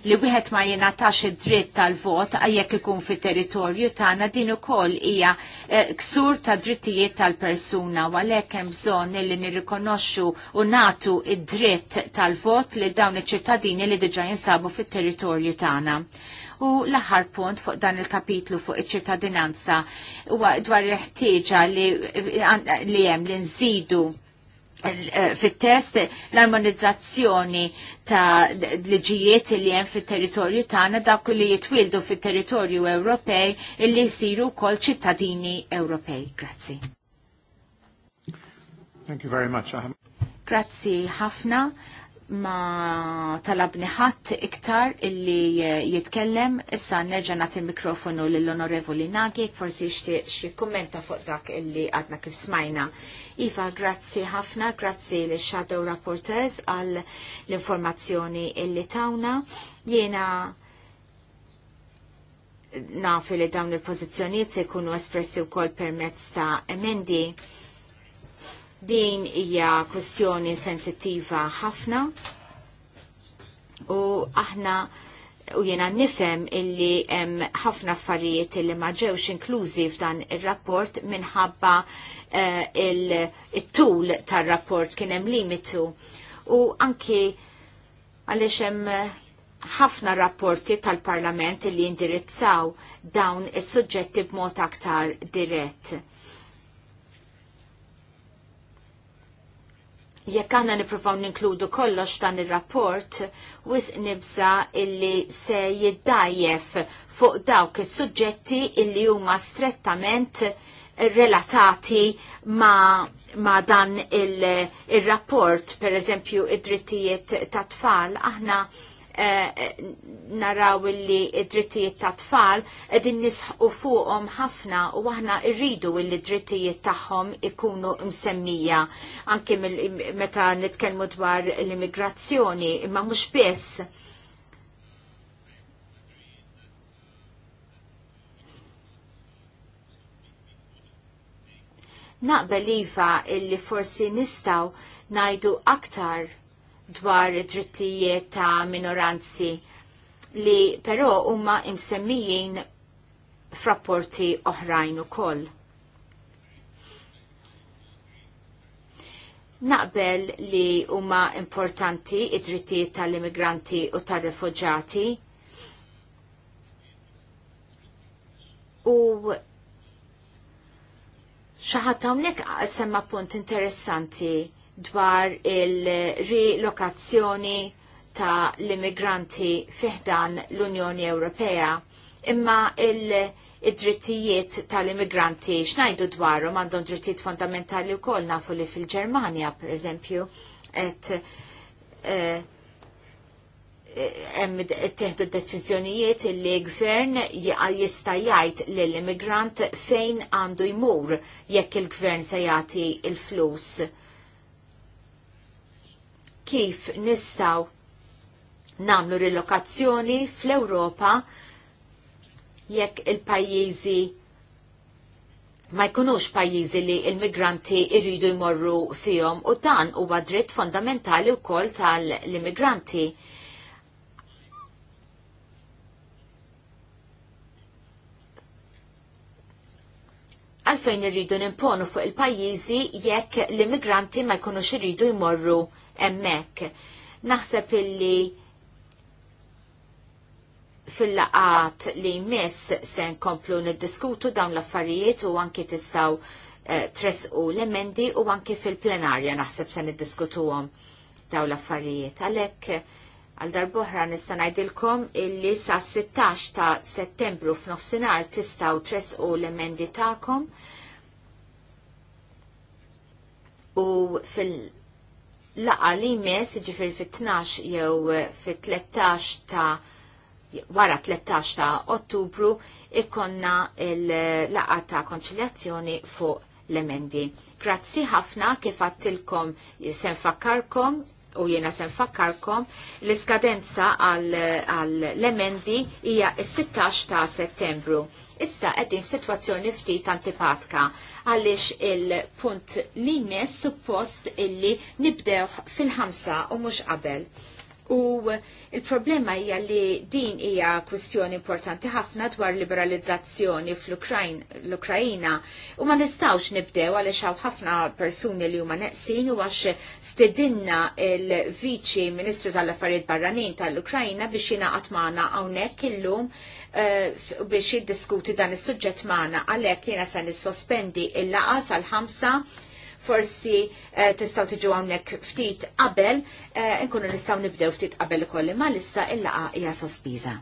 li wieħed ma tax id-dritt tal-vot għajek ikun fit territorju tagħna din ukoll hija eh, ksur ta' drittijiet tal-persuna u għalhekk hemm bżonn li nirrikonoxxu u natu id-dritt tal-vot li dawn iċ-ċittadini li diġà jinsabu fit-territorju tagħna. U l-aħħar punt fuq dan il-kapitlu fuq iċ-ċittadinanza huwa dwar il-ħtieġa li hemm li nżidu eh, fit-test l-armonizzazzjoni ta' liġijiet li hemm fit-territorju tagħna dak li jitwildu fit-territorju Ewropej li jsiru wkoll ċittadini Ewropej. Grazzi. Thank you very much. Grazzi ħafna ma talabni ħadd iktar illi eh, jitkellem, issa nerġa' nagħti l mikrofonu lill-Onorevoli Nagik, forsi jixtieq xi kummenta fuq dak illi għadna kif smajna. Iva, grazzi ħafna, grazzi l shadow Rapporteurs għal l-informazzjoni illi tawna. Jiena nafu li dawn il-pożizzjonijiet se jkunu espressi wkoll permezz ta' emendi Din hija kwestjoni sensittiva ħafna u aħna u jena nifem illi hemm ħafna affarijiet illi ma ġewx inklużi f'dan ir-rapport minħabba uh, eh, il-tul il tul tar rapport kien hemm limitu. U anki għaliex hemm ħafna rapporti tal-Parlament li jindirizzaw dawn is-suġġetti b'mod aktar dirett jekk għanna niprofaw ninkludu kollox dan il-rapport, wis nibza illi se jiddajjef fuq dawk is-suġġetti illi huma strettament relatati ma, ma dan il-rapport, il per eżempju, id-drittijiet ta' tfal, aħna Eh, naraw illi id-drittijiet ta' tfal qegħdin nisħu fuqhom ħafna u aħna rridu illi drittijiet tagħhom ikunu msemmija anki meta nitkellmu dwar l-immigrazzjoni imma mhux biss. Naqbel iva illi forsi nistaw najdu aktar dwar drittijiet ta' minoranzi li però huma imsemmijin frapporti oħrajn ukoll. Naqbel li huma importanti id-drittijiet tal-immigranti u tar-refuġati u xaħat hawnhekk semma punt interessanti dwar il-rilokazzjoni ta' l-immigranti fiħdan l-Unjoni Ewropea. Imma il- id-drittijiet tal-immigranti xnajdu dwarhom għandhom drittijiet fondamentali wkoll nafu li fil-Ġermanja, pereżempju eżempju, et eh, eh, teħdu deċiżjonijiet li gvern jista' jgħid lill immigrant fejn għandu jmur jekk il-gvern se jagħti l-flus kif nistaw namlu rilokazzjoni fl-Europa jekk il-pajjiżi ma jkunux pajjiżi li il-migranti irridu jmorru fihom u dan huwa dritt fondamentali wkoll tal-immigranti. għalfejn irridu nimponu fuq il-pajjiżi jekk l-immigranti ma jkunux irridu jmorru emmek. Naħseb illi fil-laqat li jmiss se nkomplu niddiskutu dawn l-affarijiet u anki tistaw eh, u l-emendi u anki fil-plenarja naħseb se niddiskutuhom dawn l-affarijiet. Għalhekk għal darbohra nista' ngħidilkom illi sa 16 ta' Settembru f'nofsinhar tistgħu u l-emendi tagħkom u fil laqa li mes ġifir fit-12 jew fit-13 ta' wara 13 ta' ottubru ikonna il-laqa ta' konċiljazzjoni fuq l-emendi. Grazzi ħafna kif għattilkom fakkarkom u jiena sen fakkarkom l-iskadenza għall-emendi hija s-16 ta' settembru. Issa qegħdin f'sitwazzjoni ftit antipatka għaliex il-punt li mess suppost illi nibdew fil-ħamsa u mhux qabel. U il-problema hija li din hija kwistjoni importanti ħafna dwar liberalizzazzjoni fl-Ukrajina u ma nistawx nibdew għaliex hawn ħafna persuni li huma neqsin u għax stedinna il-Viċi Ministru tal-Affarijiet Barranin tal-Ukrajina biex jingħaqad magħna hawnhekk illum uh, biex jiddiskuti dan is-suġġett magħna għalhekk jiena se nissospendi il-laqas għal ħamsa forsi eh, tistaw tiġu hawnhekk ftit qabel, eh, nkunu nistgħu nibdew ftit qabel ukoll, ma issa il-laqa hija sospiża.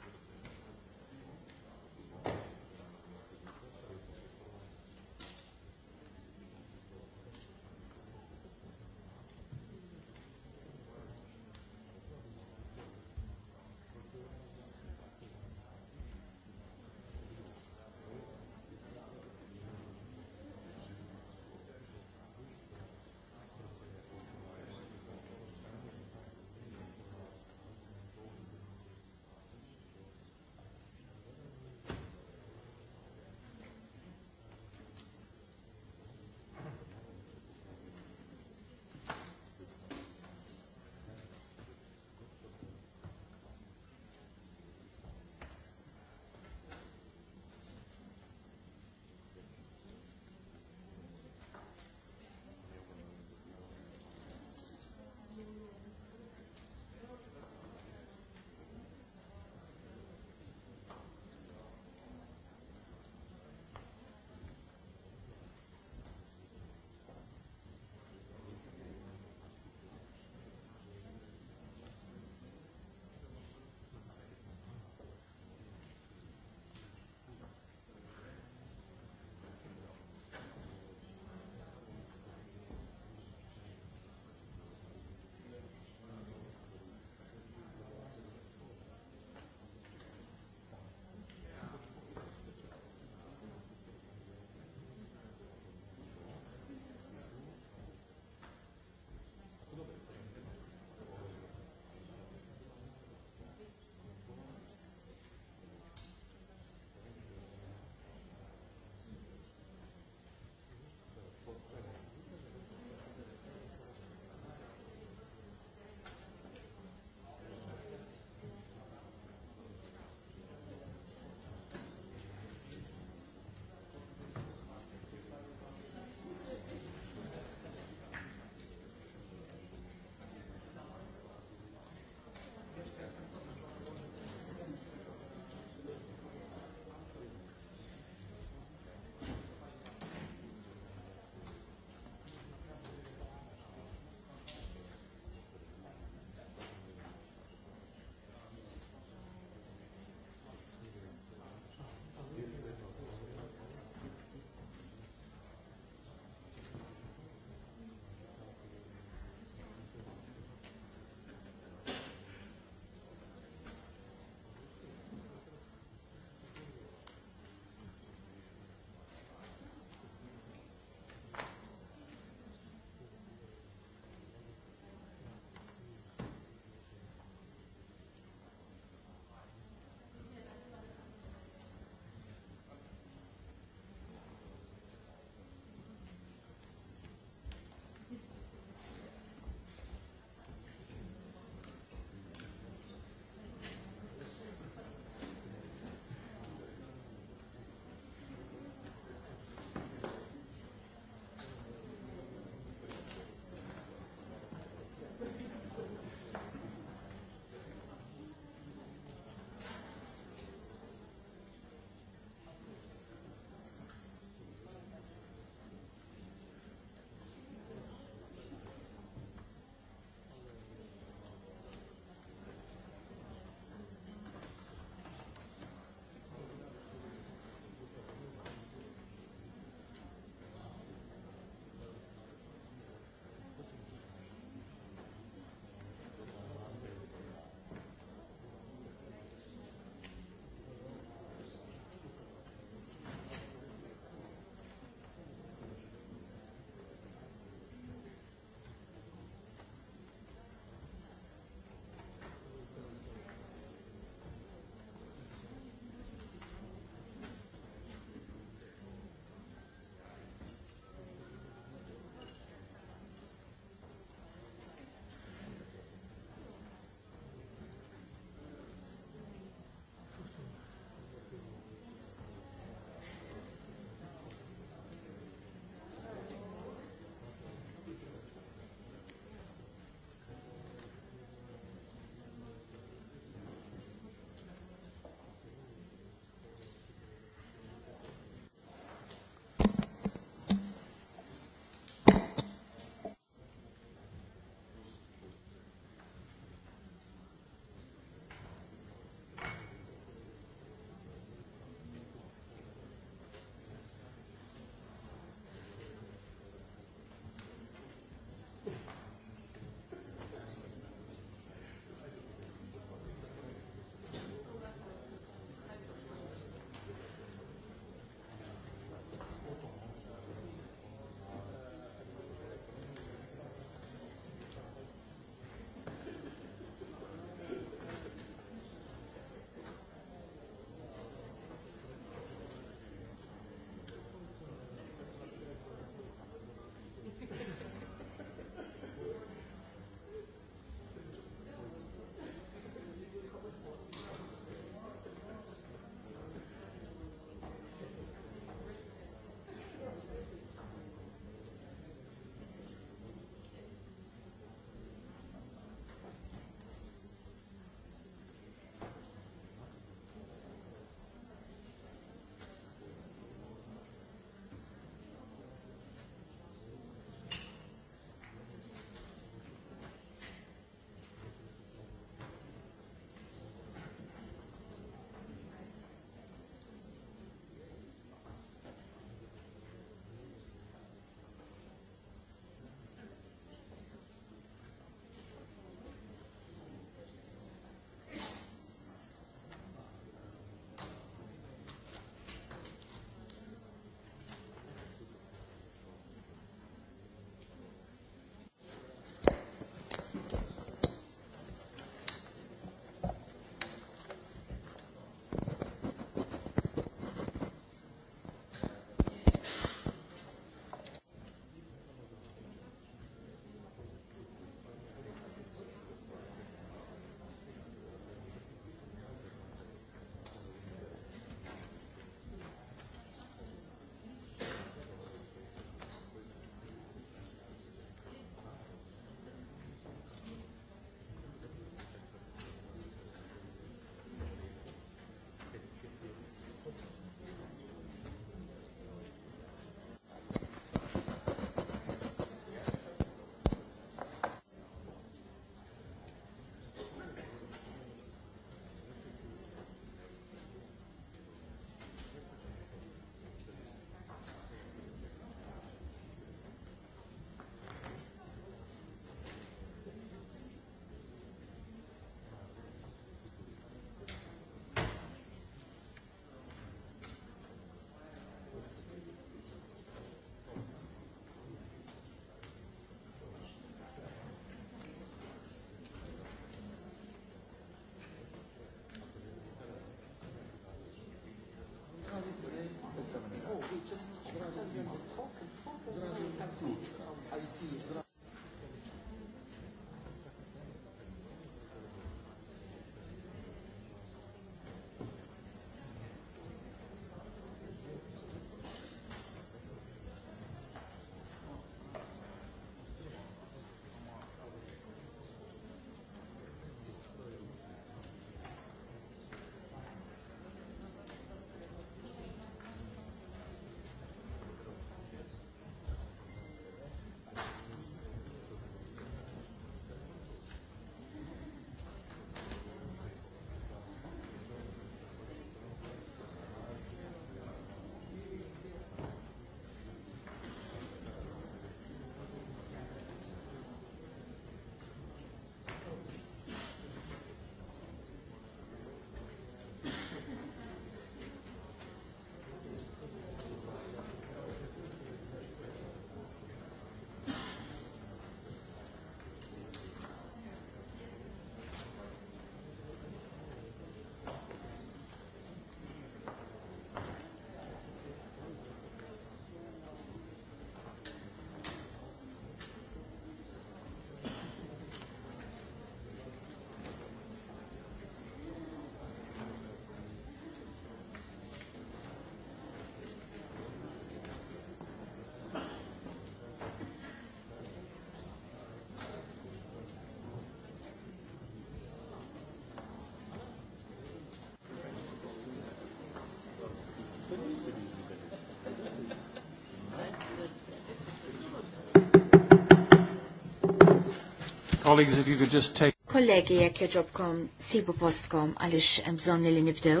Colleagues, if you could just take... Kollegi, jekk joġobkom, sibu postkom għalix mżon li nibdew.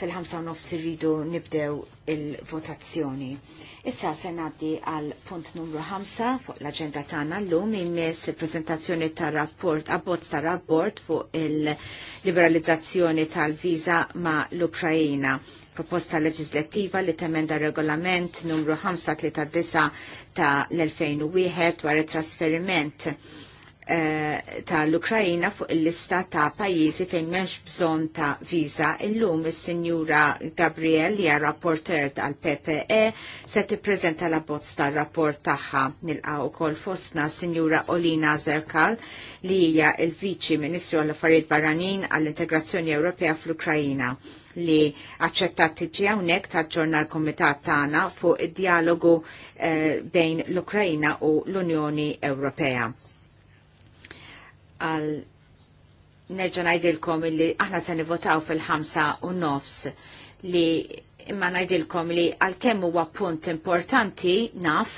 Fil-ħamsa u nofs rridu nibdew il-votazzjoni. Issa se ngħaddi għal punt numru 5 fuq l-aġenda tagħna llum immess il-preżentazzjoni tar-rapport abbozz tar-rapport fuq il-liberalizzazzjoni tal-viża ma' l-Ukrajina proposta leġislattiva li temenda regolament numru 539 ta' l-2001 dwar trasferiment eh, ta' l-Ukrajina fuq il-lista ta' pajjiżi fejn m'hemmx bżonn ta' viża. Illum is-Sinjura Gabriel li rapporter tal PPE se tippreżenta la bozz tar-rapport tagħha. Nilqa' ukoll fostna Sinjura Olina Zerkal li hija l-Viċi Ministru għall affarijiet Barranin għall-Integrazzjoni Ewropea fl-Ukrajina li aċċettat tiġi hawnhekk taġġorna l-Kumitat tagħna fuq id-dialogu eh, bejn l-Ukrajna u l-Unjoni Ewropea. Għal nerġa' ngħidilkom li aħna se nivotaw fil-ħamsa u nofs li imma najdilkom li għal kemmu huwa punt importanti naf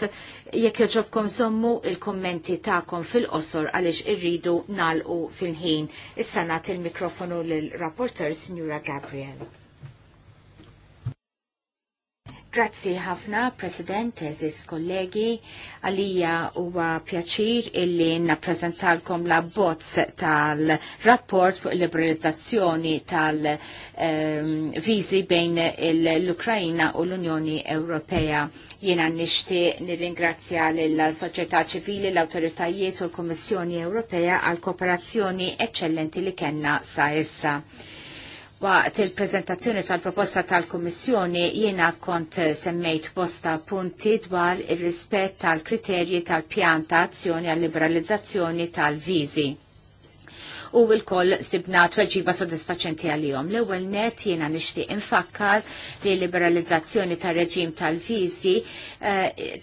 jekk joġobkom sommu il-kommenti ta'kom fil-qosor għaliex irridu nalqu fil-ħin. Issa nagħti il-mikrofonu l rapporter Signora Gabriel. Grazzi ħafna, President, eżis kollegi, għalija huwa pjaċir illi napprezentalkom la bozz tal-rapport fuq liberalizzazzjoni tal-vizi ehm, bejn l ukrajina u l-Unjoni Ewropea. Jiena nixti nirringrazzja l-Soċjetà Ċivili, l-Awtoritajiet u l kommissjoni Ewropea għal kooperazzjoni eccellenti li kenna sa issa Waqt il-prezentazzjoni tal-proposta tal-Kummissjoni jiena kont semmejt bosta punti dwar ir-rispett tal-kriterji tal-pjan ta' azzjoni għall-liberalizzazzjoni tal-viżi u il-koll sibna tweġiba soddisfaċenti għal-jom. L-ewel net jiena nishtiq infakkar li liberalizzazzjoni tal reġim tal-vizi eh,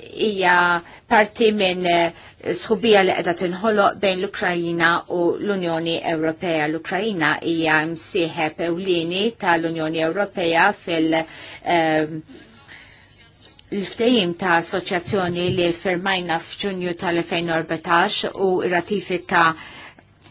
hija parti minn eh, sħubija li qiegħda tinħoloq bejn l-Ukrajina u l-Unjoni Ewropea. L-Ukrajina hija msieħeb ewlieni tal-Unjoni Ewropea fil- ehm, l-ftejim ta' assoċjazzjoni li firmajna f'Ġunju tal-2014 u ratifika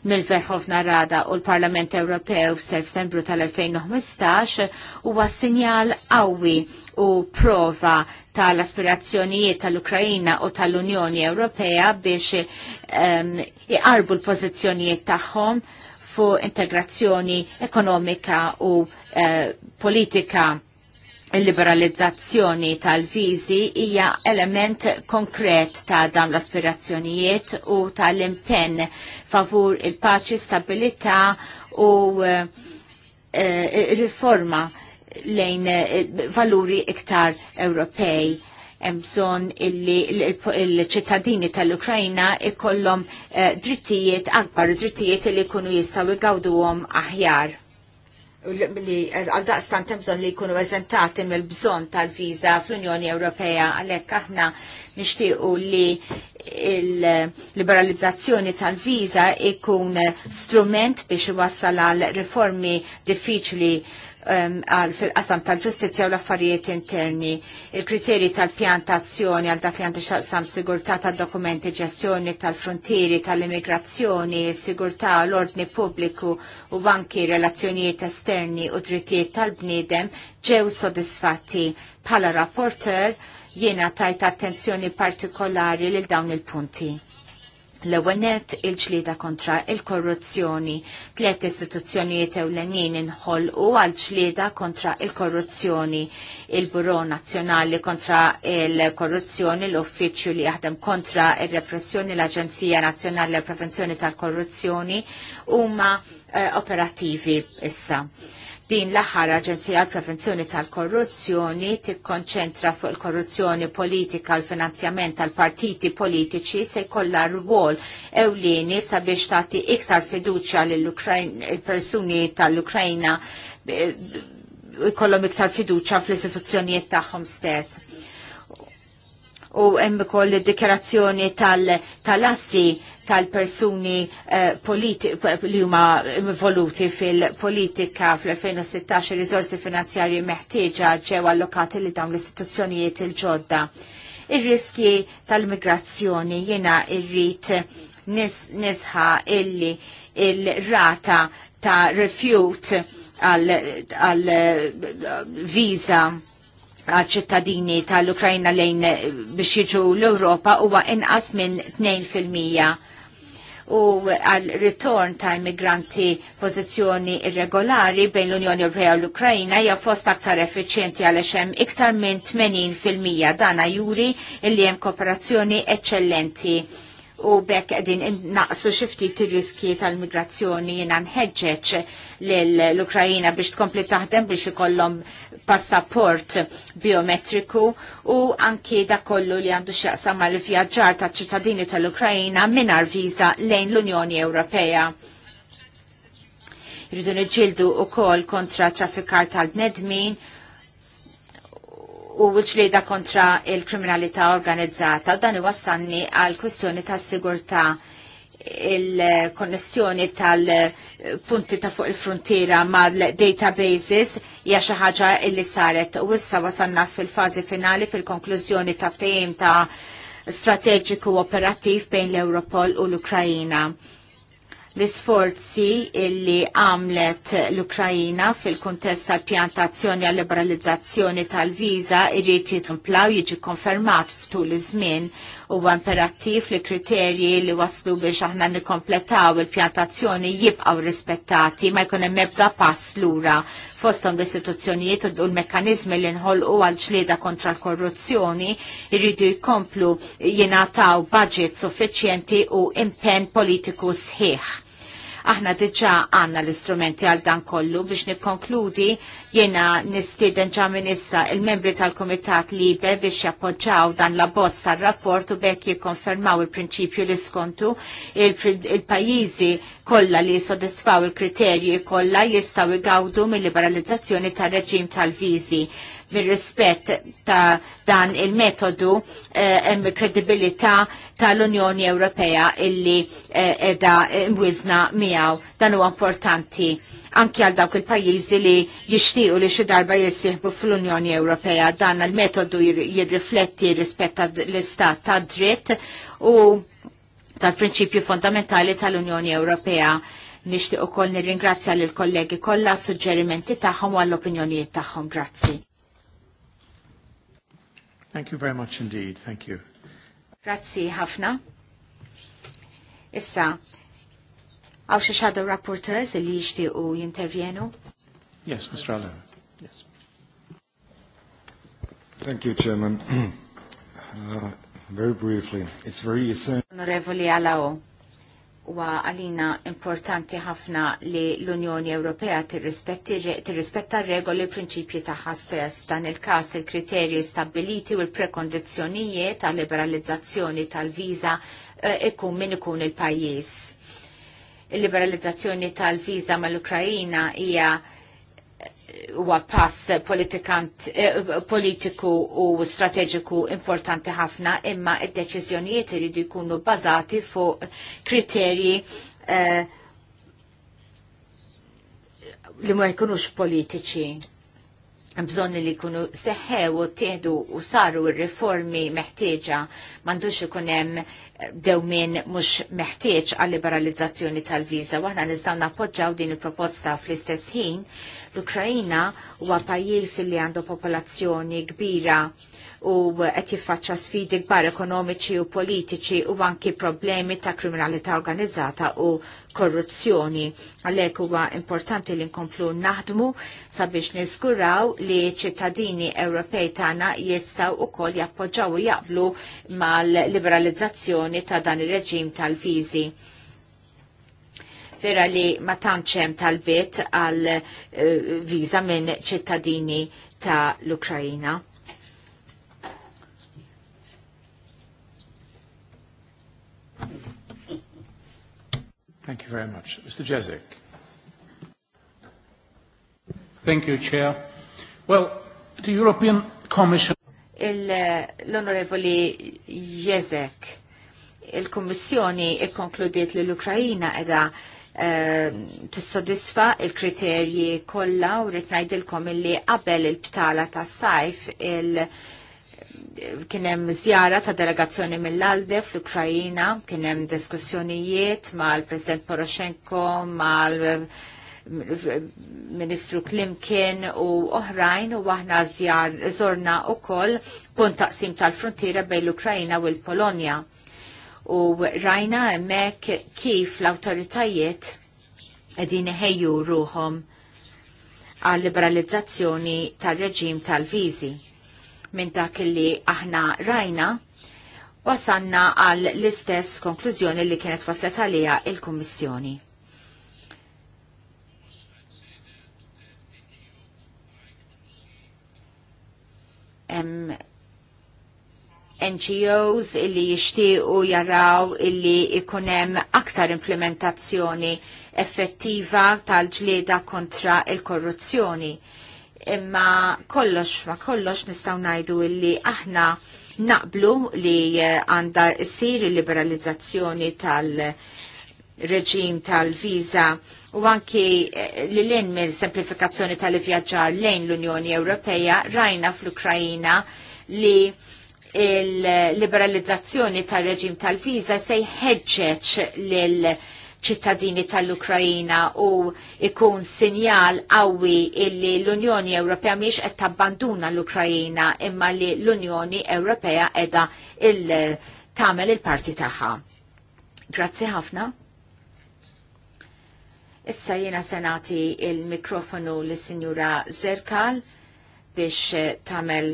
mill-Verħovna Rada u l-Parlament Ewropew f'Settembru tal-2015 huwa sinjal qawwi u prova tal-aspirazzjonijiet tal-Ukrajina u tal-Unjoni Ewropea biex ehm, iqarbu l-pożizzjonijiet tagħhom fuq integrazzjoni ekonomika u eh, politika il-liberalizzazzjoni tal-viżi hija element konkret ta' dawn l-aspirazzjonijiet u tal-impenn favur il-paċi, stabilità u eh, eh, riforma lejn eh, valuri iktar Ewropej bżonn illi l-ċittadini tal-Ukrajna ikollhom eh, drittijiet akbar, drittijiet li jkunu jistgħu jgawduhom aħjar Għaldaqstant hemm bżonn li jkunu eżentati mill bżon tal-viza fl-Unjoni Ewropea għalhekk aħna nixtiequ li l-liberalizzazzjoni tal-viza ikun strument biex iwassal għal riformi diffiċli Um, għal fil-qasam tal-ġustizja u l-affarijiet interni, il-kriteri tal-pjantazzjoni għal dak li għandu xaqsam sigurtà tal-dokumenti ġestjoni tal-frontieri tal-immigrazzjoni, sigurtà l-ordni pubbliku u banki relazzjonijiet esterni u drittijiet tal-bniedem ġew sodisfatti bħala rapporter jiena tajt attenzjoni partikolari lil dawn il-punti. L-ewwel nett il-ġlieda kontra il-korruzzjoni. Tliet istituzzjonijiet ewlenin inħolqu għal ġlieda kontra il-korruzzjoni. Il-Buro Nazzjonali kontra il-korruzzjoni, l-Uffiċċju li jaħdem kontra il-repressjoni, l-Aġenzija Nazzjonali għal Prevenzjoni tal-Korruzzjoni huma eh, operattivi issa Din l-aħħar Aġenzija għal Prevenzjoni tal-Korruzzjoni tikkonċentra fuq il-korruzzjoni politika l finanzjament tal-partiti politiċi se jkollha rwol ewlieni sabiex tagħti iktar fiduċja lill-persuni tal-Ukrajna jkollhom eh, iktar fiduċja fl-istituzzjonijiet tagħhom stess u hemm ukoll id-dikjarazzjoni tal-assi tal-persuni eh, li huma involuti fil-politika fl-2016 riżorsi finanzjarji meħtieġa ġew allokati li dawn l-istituzzjonijiet il-ġodda. ir riski tal-migrazzjoni jiena irrid nisħa illi il-rata ta' refute għal-viza eh, għal ċittadini tal-Ukrajna lejn eh, biex jiġu l-Europa huwa inqas minn 2% u għal ritorn ta' immigranti pozizjoni irregolari bejn l-Unjoni Ewropea u l-Ukrajna hija fost aktar effiċjenti għaliex hemm iktar minn 80% dana juri li hemm kooperazzjoni eċċellenti u bekk edin naqsu xifti t riski tal-migrazzjoni jina nħedġeċ l-Ukrajina biex tkompli taħdem biex ikollhom passaport biometriku u anki da kollu li għandu xaqsam mal vjaġġar ta' ċittadini tal-Ukrajina minar viza lejn l-Unjoni Ewropea. Irridu nġildu u kol kontra traffikar tal-bnedmin u ġlieda kontra il-kriminalità organizzata u dan iwassanni għal kwistjoni ta' sigurtà il-konnessjoni tal-punti ta' fuq il-frontiera mal-databases hija xi ħaġa li saret u issa wasanna fil-fażi finali fil-konklużjoni ta' ftehim ta' strateġiku operattiv bejn l-Europol u l-Ukrajina l-isforzi illi għamlet l-Ukrajina fil-kontest tal-pjantazzjoni għal liberalizzazzjoni tal-viza irrit jitumplaw jiġi konfermat ftul iż-żmien huwa imperattiv li kriterji li waslu biex aħna nikkompletaw il-pjantazzjoni jibqgħu rispettati ma jkun hemm ebda pass lura fosthom l-istituzzjonijiet u l-mekkaniżmi li nħolqu għal ġlieda kontra l-korruzzjoni irridu jkomplu jingħataw budget suffiċjenti u impenn politiku sħiħ Aħna diġà għandna l-istrumenti għal dan kollu biex nikkonkludi jiena nistiden ġa minn issa il-membri tal-Kumitat Libe biex jappoġġaw dan la abbozz tar-rapport u bekk jikkonfermaw il-prinċipju li skontu il-pajjiżi kollha li jissodisfaw il-kriterji kollha jistgħu igawdu mill-liberalizzazzjoni tar-reġim tal-viżi mir-rispett ta' dan il-metodu eh, hemm eh, kredibilità tal-Unjoni Ewropea illi eh, edha imwizna miegħu dan huwa importanti anki għal dawk il-pajjiżi li jixtiequ li xi darba jissieħbu fl-Unjoni Ewropea dan il-metodu jirrifletti jir rispetta l-istat ta' dritt u tal-prinċipju fondamentali tal-Unjoni Ewropea. Nixtieq ukoll nirringrazzja lill kollegi kollha suġġerimenti tagħhom u għall-opinjonijiet tagħhom. Grazzi. Thank you very much indeed. Thank you. Grazzi ħafna. Issa, għaw xi shadow rapporteurs li u jintervjenu? Yes, Mr. Allen. Yes. Thank you, Chairman. <clears throat> uh, very briefly, it's very essential. Onorevoli Alao huwa għalina importanti ħafna li l-Unjoni Ewropea tirrispetta regoli prinċipji tagħha stess dan il-każ il-kriterji stabiliti u l-prekondizzjonijiet tal liberalizzazzjoni tal viza eh, ikun min ikun il-pajjiż. Il-liberalizzazzjoni tal viza mal-Ukrajina hija huwa pass politikant, eh, politiku u strateġiku importanti ħafna imma id-deċiżjonijiet iridu jkunu bbażati fuq kriterji eh, li ma jkunux politiċi bżonni li kunu seħħew u tieħdu u saru r-riformi meħtieġa mandux ikun hemm dewmin mhux meħtieġ għal liberalizzazzjoni tal-viża. Waħna nistgħu nappoġġaw din il-proposta fl-istess ħin l-Ukrajina huwa pajjiż li għandu popolazzjoni kbira u qed jiffaċċa sfidi kbar ekonomiċi u politiċi u anki problemi ta' kriminalità organizzata u korruzzjoni. Għalhekk huwa importanti li nkomplu naħdmu sabiex niżguraw li ċittadini Ewropej tagħna jistgħu wkoll jappoġġaw u jaqblu mal-liberalizzazzjoni ta' dan ir-reġim tal-viżi vera li ma tantxem tal-bit għal eh, viża minn ċittadini ta' l-Ukrajina. Thank you very much. Mr. Jezik. Thank you, Chair. Well, the European Commission... L-Onorevoli Jezek, il-Kommissjoni ikkonkludiet li l-Ukrajina edha ehm, tissodisfa il-kriterji kollha u rritnajdilkom ngħidilkom li qabel il-btala tas-sajf il-, -il kien hemm żjara ta' delegazzjoni mill-Alde fl-Ukrajina, kien hemm diskussjonijiet mal-President Poroshenko, mal- Ministru Klimkin u oħrajn u aħna żjar żorna wkoll punt taqsim tal-frontiera bejn l-Ukrajina u l-Polonja. U rajna hemmhekk kif l-awtoritajiet qegħdin iħejju ruhom għal liberalizzazzjoni tal-reġim tal-viżi minn dak li aħna rajna, wasanna għal l-istess konklużjoni li kienet waslet għalija il-Kummissjoni. Em, NGOs illi jishtiqu jaraw illi ikunem aktar implementazzjoni effettiva tal-ġlieda kontra il-korruzzjoni imma kollox ma kollox nistaw najdu illi aħna naqblu li għanda sir liberalizzazzjoni tal-reġim tal-viza u anki eh, li l-in minn semplifikazzjoni tal-vjaġġar lejn l-Unjoni Ewropeja rajna fl-Ukrajina li il-liberalizzazzjoni tal-reġim tal-viza se jħeġġeġ lil ċittadini tal-Ukrajina u ikun sinjal qawwi illi l-Unjoni Ewropea miex qed tabbanduna l-Ukrajina imma li l-Unjoni Ewropea qiegħda il tagħmel il-parti tagħha. Grazzi ħafna. Issa jiena senati il-mikrofonu l sinjura Zerkal biex tagħmel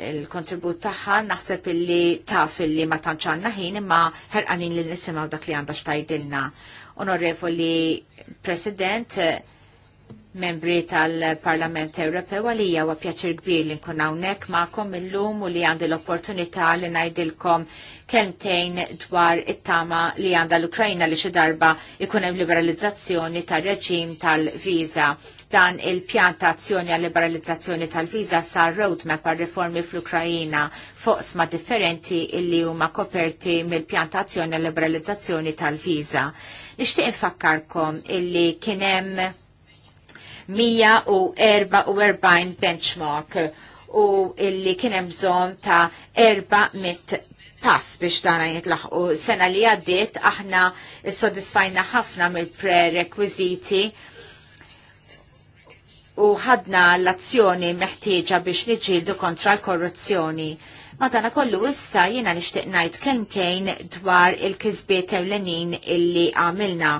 il-kontribut taħħa naħseb illi taf illi ma tanċanna ħin imma ħerqanin li nisimaw dak li għandha xtajdilna. Onorevoli President, membri tal-Parlament Ewropew għalija huwa pjaċir kbir li nkun hawnhekk magħkom illum u li għandi l-opportunità li ngħidilkom kelmtejn dwar it-tama li għandha l-Ukrajna li xi darba ikun hemm liberalizzazzjoni tar-reġim tal-viża dan il pjan ta' azzjoni għal liberalizzazzjoni tal-viza sar roadmap għal riformi fl-Ukrajina fuq ma' differenti illi huma koperti mill azzjoni għal liberalizzazzjoni tal-viza. Nixtieq infakkarkom illi kienem 144 benchmark u illi kienem bżon ta' 400 pass biex dana jitlaħu. Sena li għaddit aħna s-sodisfajna ħafna mill-prerekwiziti u ħadna l-azzjoni meħtieġa biex niġildu kontra l-korruzzjoni. Madana kollu issa jina nishtiq najt kemtejn dwar il-kizbiet ewlenin illi għamilna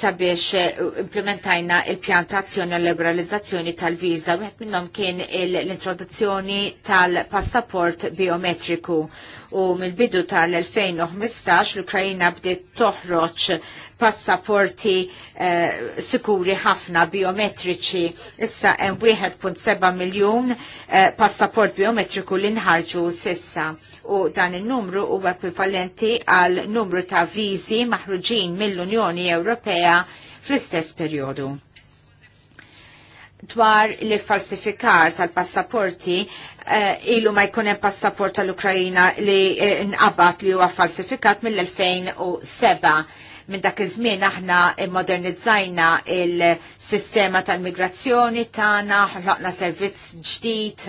sabiex uh, implementajna il-pjantazzjoni u liberalizzazzjoni tal-viza. Wieħed minnhom kien l-introduzzjoni tal-passaport biometriku u mill-bidu tal-2015 l-Ukrajina bdiet toħroġ passaporti eh, sikuri ħafna biometriċi. Issa hemm 1.7 miljun eh, passaport biometriku li nħarġu sissa u dan il-numru u ekvivalenti għal numru ta' viżi maħruġin mill-Unjoni Ewropea fl-istess perjodu dwar li falsifikar tal-passaporti eh, ilu ma jkunem passaport tal-Ukrajina li eh, nqabat li huwa falsifikat mill-2007 Minn dak iż-żmien aħna immodernizzajna il-sistema tal-migrazzjoni tagħna, ħloqna servizz ġdid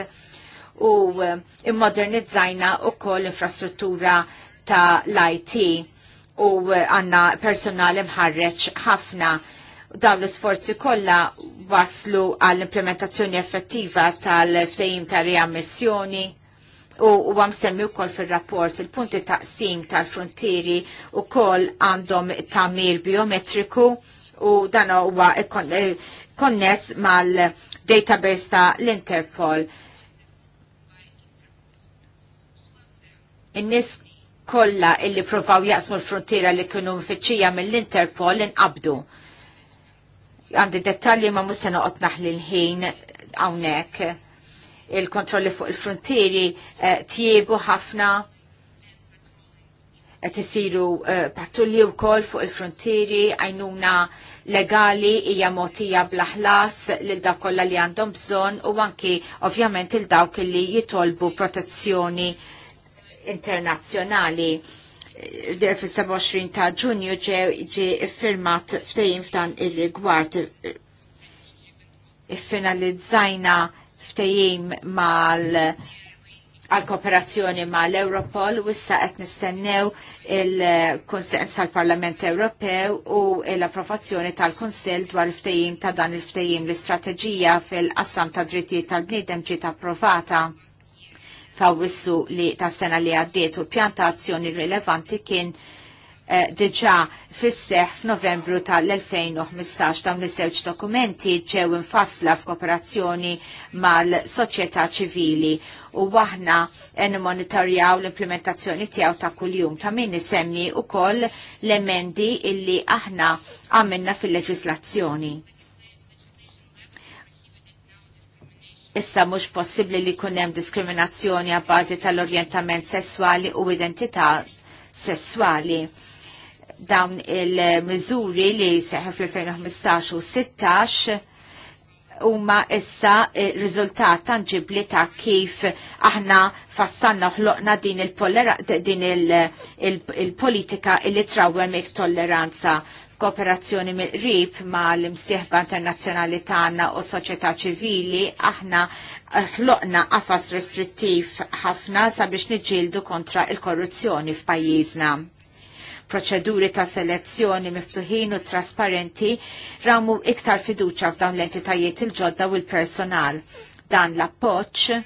u eh, immodernizzajna wkoll infrastruttura ta' l-IT u eh, għanna personal imħarreċ ħafna dawn l-sforzi kollha waslu għall-implementazzjoni effettiva tal-ftehim ta' riammissjoni u għam semmi u koll fil-rapport il-punti taqsim tal-frontieri u koll għandhom tamir biometriku u dan huwa eh, konness mal-database ta' l-Interpol. in kolla kollha illi provaw jaqsmu l-frontiera li kienu mfittxija mill-Interpol inqabdu. Għandi dettalji ma mhux se naħli l-ħin hawnhekk il-kontrolli fuq il-frontieri eh, tjiebu ħafna qed isiru eh, pattulli wkoll fuq il-frontieri għajnuna legali hija motija blaħlas lil dak kollha li għandhom bżonn u anki ovvjament il dawk li jitolbu protezzjoni internazzjonali fil-27 ta' ġunju ġi firmat ftejn f'dan ir-rigward. finalizzajna ftejim mal għal kooperazzjoni ma' l-Europol u issa qed nistennew il-Konsens tal-Parlament Ewropew u l-approvazzjoni tal-Kunsill dwar il-ftehim ta' dan il-ftehim l-istrateġija fil-qassam ta' drittijiet tal-bniedem ġiet approvata fawissu li ta' sena li għaddiet u pjanta azzjoni rilevanti kien Eh, diġa fisseħ f'Novembru tal-2015 dawn iż-żewġ dokumenti ġew infassla f'kooperazzjoni mal-soċjetà ċivili u waħna eh, monitorjaw l-implementazzjoni tiegħu ta' kuljum ta' min isemmi ukoll l-emendi illi aħna għamilna fil-leġislazzjoni. Issa mhux possibbli li jkun hemm diskriminazzjoni għabbażi tal-orjentament sesswali u identità sesswali dawn il-mizuri li seħħu fl-2015 u 16 huma issa riżultat tangibli ta' kif aħna fassanna ħloqna din il-politika il, li trawem trawwem il-tolleranza kooperazzjoni mill-qrib ma' l-imsieħba internazzjonali tagħna u soċjetà ċivili aħna ħloqna qafas restrittiv ħafna sabiex niġġieldu kontra il-korruzzjoni f'pajjiżna proċeduri ta' selezzjoni miftuħin u trasparenti ramu iktar fiduċa f'dawn l-entitajiet il-ġodda u l-personal. Dan l-appoċ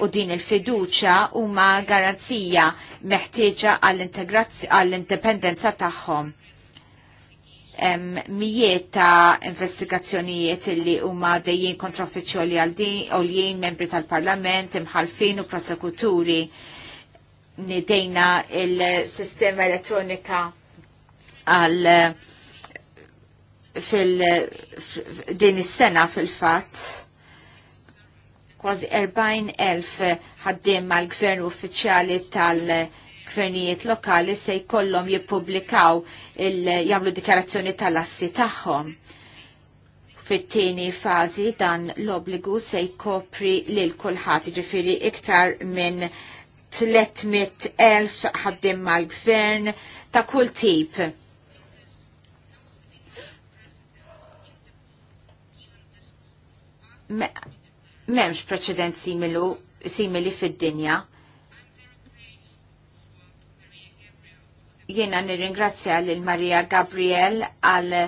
u din il-fiduċa huma garanzija meħtieġa għall-indipendenza tagħhom. Mijiet ta' investigazzjonijiet illi huma dejjin kontrofiċjoli għal din membri tal-Parlament, imħalfin u prosekuturi nidejna il-sistema elettronika għal fil din is-sena fil-fatt kważi 40,000 ħaddiem mal-gvern uffiċjali tal- gvernijiet lokali se jkollhom jippubblikaw jagħmlu dikjarazzjoni tal-assi tagħhom. Fit-tieni fażi dan l-obbligu se jkopri lil kulħadd, ġifieri iktar minn 300.000 ħaddim mal-gvern ta' kull tip. Memx preċedent simili fid-dinja. Jiena nirringrazzja lil Maria Gabriel għal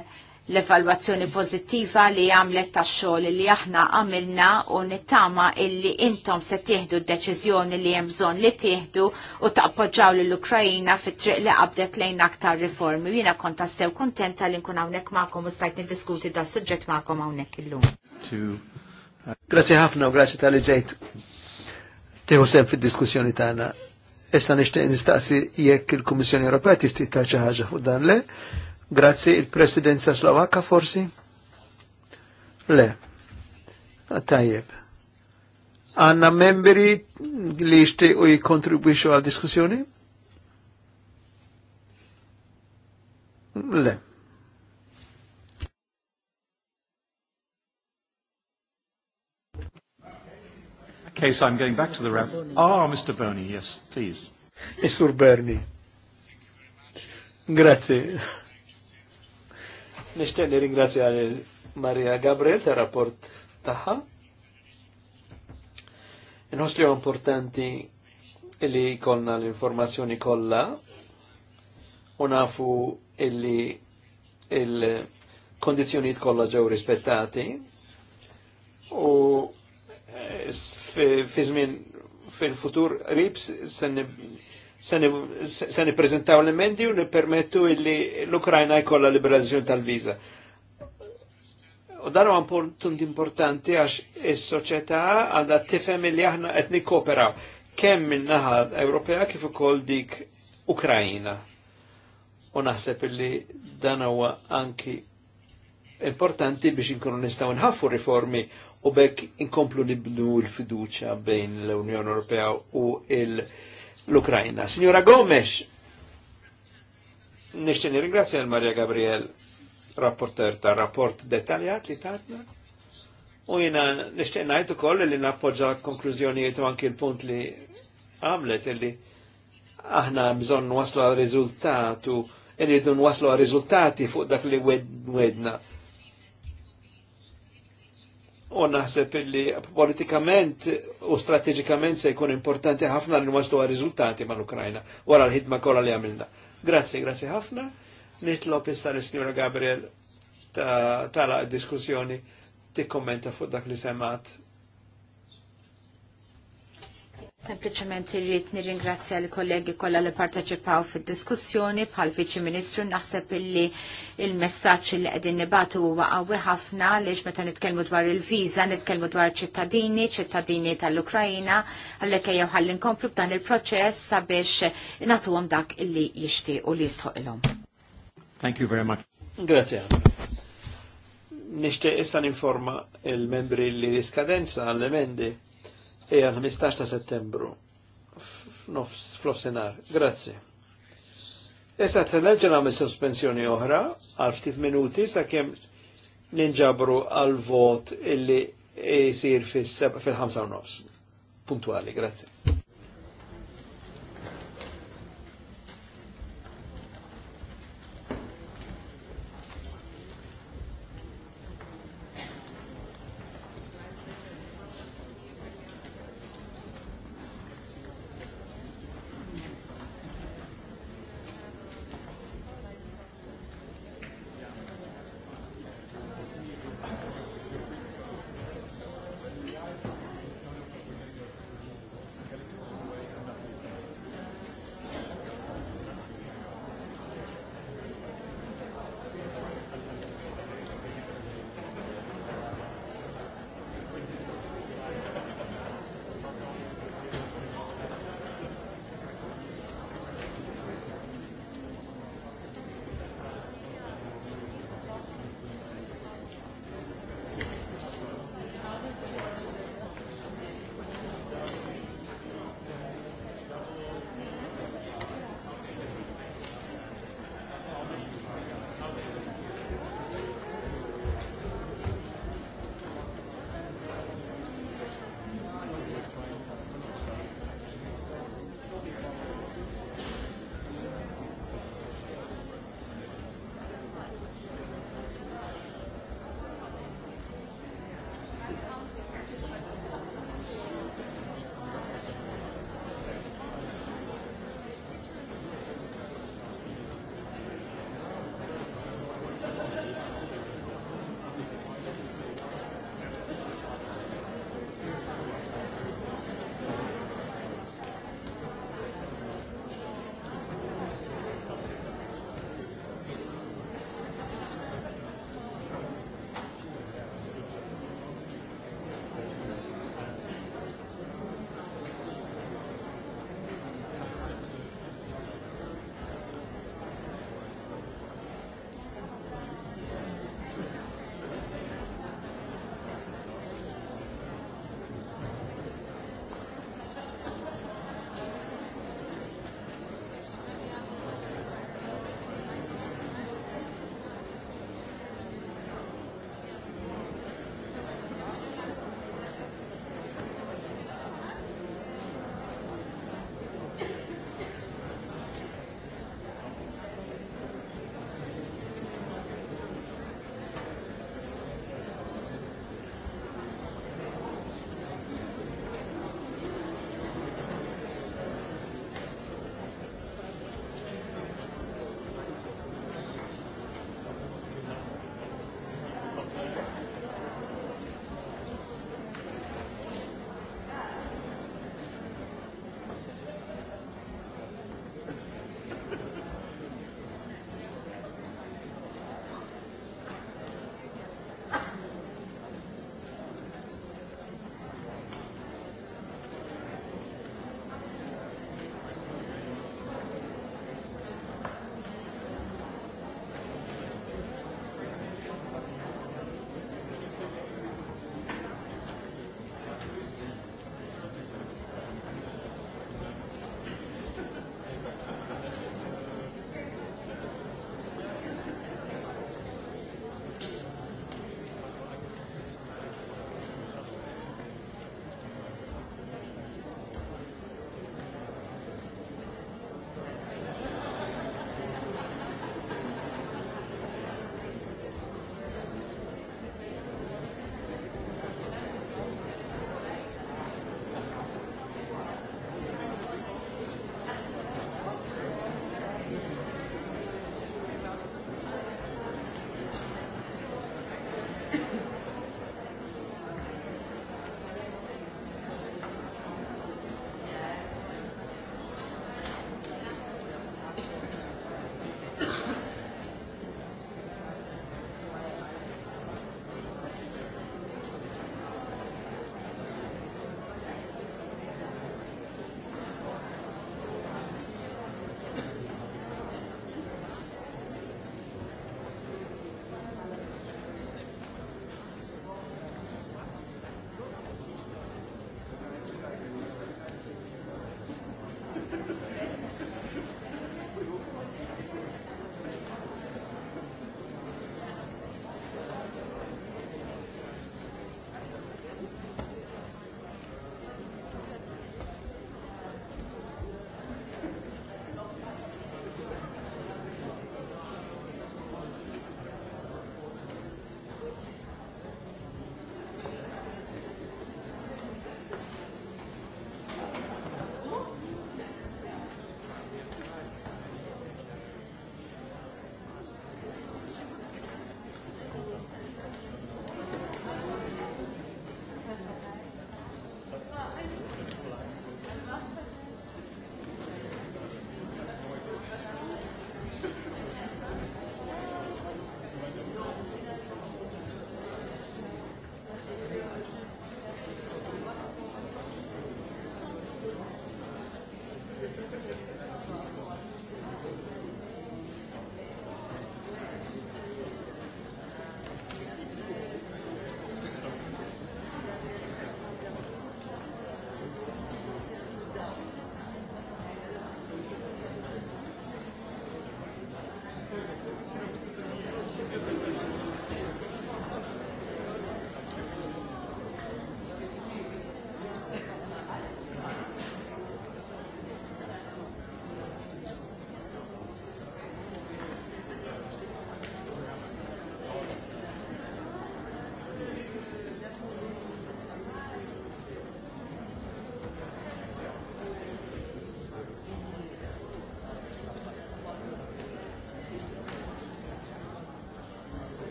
l-evalwazzjoni pozittiva li għamlet ta' xogħol li aħna għamilna u nittama illi intom se tieħdu d-deċiżjoni li hemm bżonn li tieħdu u tappoġġaw l ukraina fit-triq li qabdet lejn aktar riformi. Jiena kont tassew kuntenta li nkun hawnhekk magħkom u stajt niddiskuti da' suġġett magħkom hawnhekk illum. Uh, grazzi ħafna u grazzi tal-li ġejt teħu sem fid-diskussjoni tagħna. Issa nixtieq nistaqsi jekk il-Kummissjoni Ewropea tixtieq tal xi ħaġa fuq dan le. Grazzi, il-presidenza slovakka forsi? Le. Ah, tajjeb. Għanna membri li jishti u jikontribuixu għal diskussjoni? Le. Okay, so I'm going back to the rep. Ah, oh, Mr. Bernie, yes, please. Mr. Bernie. Grazie. Nishtiq li ringrazzja Maria Gabriel ta' rapport taħħa. Nħoss li għu importanti li konna l-informazzjoni kolla. Unafu illi il-kondizjoniet kolla ġew rispettati u eh, fizmin fil-futur rips se se prezentaw l-emendi u nippermettu illi l-Ukrajna jkolla liberazzjoni tal viza U dan huwa punt importanti għax is-soċjetà għandha tifhem li aħna qed nikkoperaw kemm min-naħa Ewropea kif ukoll dik Ukrajina. U naħseb li dan huwa anki importanti biex inkunu nistgħu nħaffu riformi u bekk inkomplu nibnu l-fiduċa bejn l-Unjoni Ewropea u il- l-Ukrajna. Signora Gomes, nixtieq nirringrazzja l Marja Gabriel, rapporter ta' rapport detaljat li tatna. U jina nixtieq najtu koll li nappoġġa konklużjonijiet u anki l-punt li għamlet li aħna bżon waslu għal rizultatu irridu waslu għal rizultati fuq dak li wedna. Wed u naħseb li politikament u strategikament se jkun importanti ħafna li għal-rizultati ma' mal-Ukrajna wara l-ħidma kollha li għamilna. Grazie, grazie ħafna. Nitlob issa l signora Gabriel tala ta diskussjoni kommenta fuq dak li semat Sempliciment irrit nirringrazzja li kollegi kollha li parteċipaw fid-diskussjoni bħal Viċi Ministru naħseb illi il-messaġġ li qegħdin nibatu huwa qawwi ħafna għaliex meta nitkellmu dwar il-viża, nitkellmu dwar ċittadini, ċittadini tal-Ukrajina, għalhekk ejjew ħalli nkomplu b'dan il-proċess sabiex nagħtuhom dak illi jixtiequ li ilhom. Thank you very much. Grazie. Nixtieq issa ninforma il-membri li l-iskadenza għall-emendi Eja, l-15 ta' settembru fl-offsenar. Grazzi. Issa t-leġġa nagħmel sospensjoni oħra għal ftit minuti sakemm ninġabru għal vot illi e jsir fil-5 nofs. Puntuali, grazzi.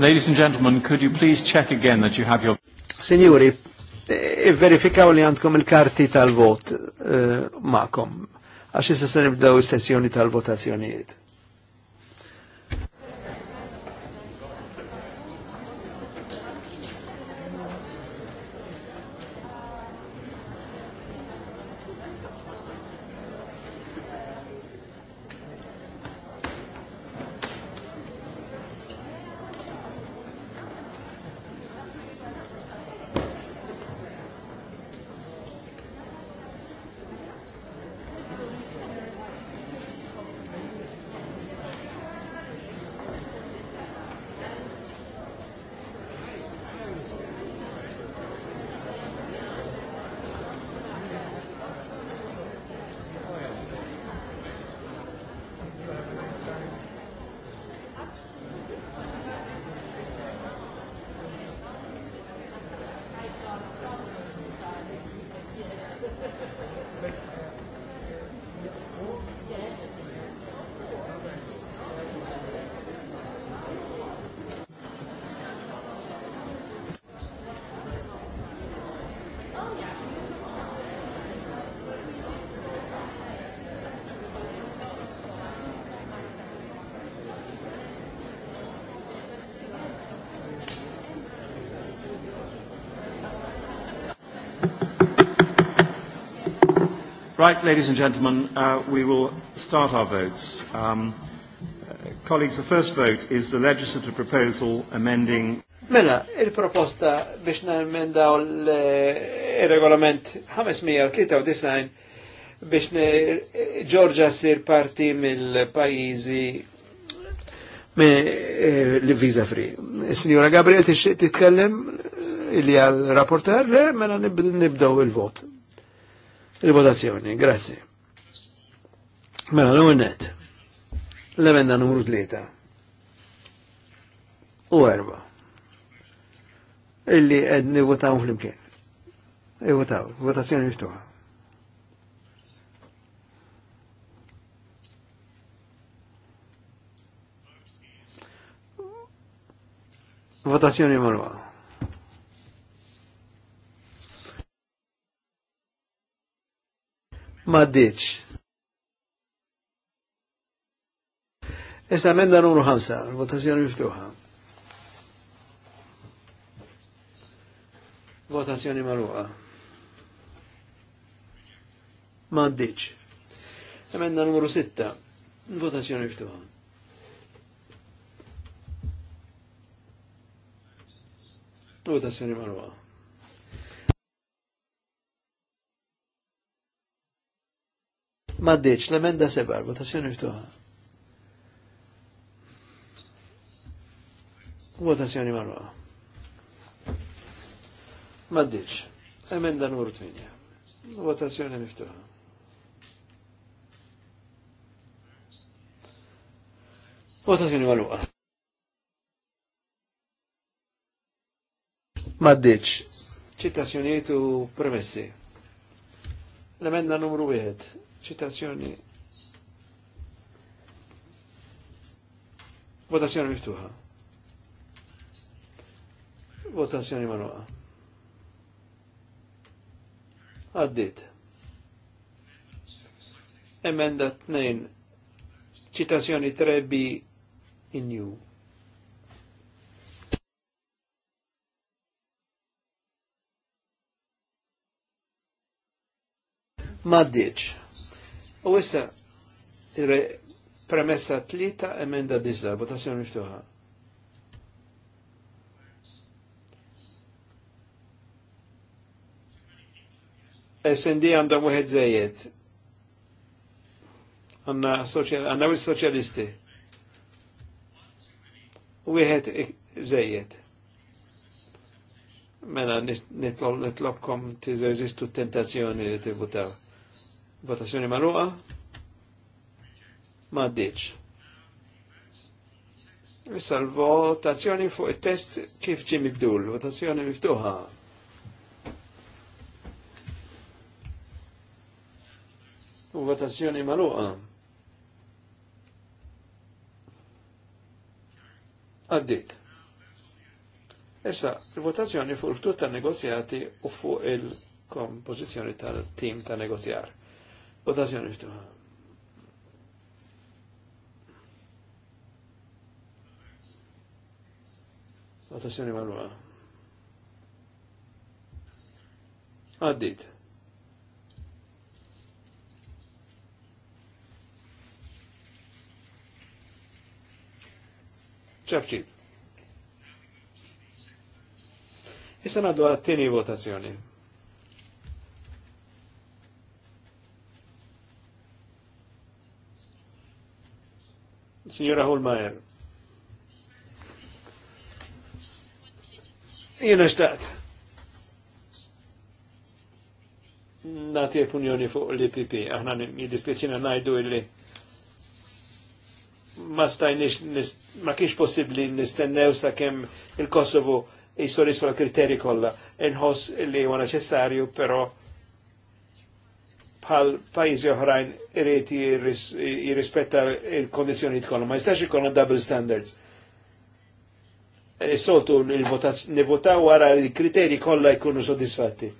Ladies and gentlemen, could you please check again that you have your... Signori, eh, verifikaw li għandkom il-karti tal-vot uh, ma'kom, għax se se nibdew is-sessjoni tal-votazzjonijiet. Right, ladies and gentlemen, uh, we will start our votes. Um, uh, colleagues, the first vote is the legislative proposal amending... Mela, il-proposta biex namendaw il-regolament 593 biex Georgia sir parti mill-pajizi eh, li visa free. Signora Gabriel, titkellem il-li għal-rapporter, mela nibdow il-vot. Il-votazzjoni, grazzi. Mela, l unnet L-emenda numru 3. U erba. Illi għed nivotaw fl-imkien. Nivotaw, votazzjoni miftuħa. Votazzjoni marwa. ma ditx. Issa menda numru 5, votazzjoni miftuħa. Votazzjoni marruqa. Ma ditx. Emenda numru 6, votazzjoni miftuħa. Votazzjoni marruqa. Maddiċ, l-emenda sebar, votazzjoni ftuħa. Votazzjoni marruħa. Maddiċ, emenda numru 8. Votazzjoni miftuħa. Votazzjoni marruħa. Maddiċ, ċittazzjoniet u premessi. L-emenda numru 1 ċitazzjoni. Votazzjoni miftuħa. Votazzjoni manuqa. Għaddit. Emenda 2. Citazzjoni 3B in you. Maddiċ. U issa, premessa tlita emenda dizza, votazzjoni miftuħa. SND għandhom wieħed żejjed. Għandna għandna wis soċjalisti. Wieħed żejjed. Mela nitlobkom tiżeżistu tentazzjoni li tibutaw. Votazzjoni maluqa. Ma ddiċ. Issa l-votazzjoni fuq il-test kif ġi mibdul, votazzjoni miftuħa. U votazzjoni maluqa. Għaddit. Issa, il-votazzjoni fuq tutta negozjati u fuq il-kompożizzjoni tal-tim ta' negozjar. Votazzjoni ftuħa. Votazzjoni manuqa. Għaddit. ċabċib. Issa għaddu għattini votazzjoni. Signora Holmajer. Jena xtaqt. Nati opinjoni fuq l-IPP, aħna jidispieċina najdu illi ma stajniex, ma kiex possibli nistennew sa' kem il-Kosovo jistorisfa l-kriteri kolla. Nħoss li huwa neċessarju, pero bħal pajjiżi oħrajn irrit jirrispetta il-kondizjoni tkollu, ma jistax ikollu double standards. E Soltu nivotaw wara li kriteri kolla jkunu soddisfatti.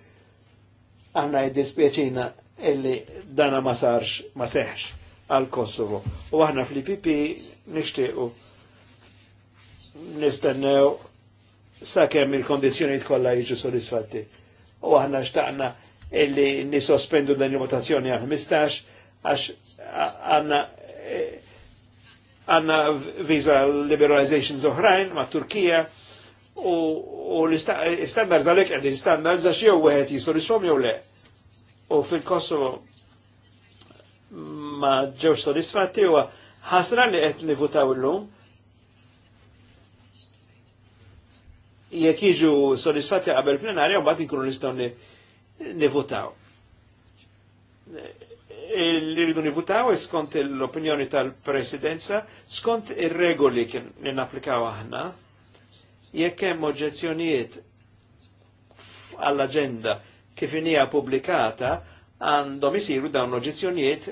Aħna jiddispjaċina illi dana ma sarx, ma seħx għal Kosovo. U aħna fl-IPP nishtiqu nistennew sa' kemm il-kondizjoni tkollha jiġu soddisfatti. U aħna xtaqna illi nisospendu dan il-votazzjoni għal 15 għax għanna għanna visa liberalizations zoħrajn ma' Turkija u, u l-standards għalek għedin standards għax jow għed jisur jisolisfom jow le. U fil-Kosovo ma ġewx soddisfatti u ħasra li għed li votaw l-lum Jekk jiġu soddisfatti għabel plenarja u bat mbagħad l-istonni nivutaw. Irridu nivutaw e skont l-opinjoni tal-presidenza, skont ir-regoli kien li aħna, jekk hemm oġġezzjonijiet għall agenda kif inija publikata, għandhom isiru dawn oġġezzjonijiet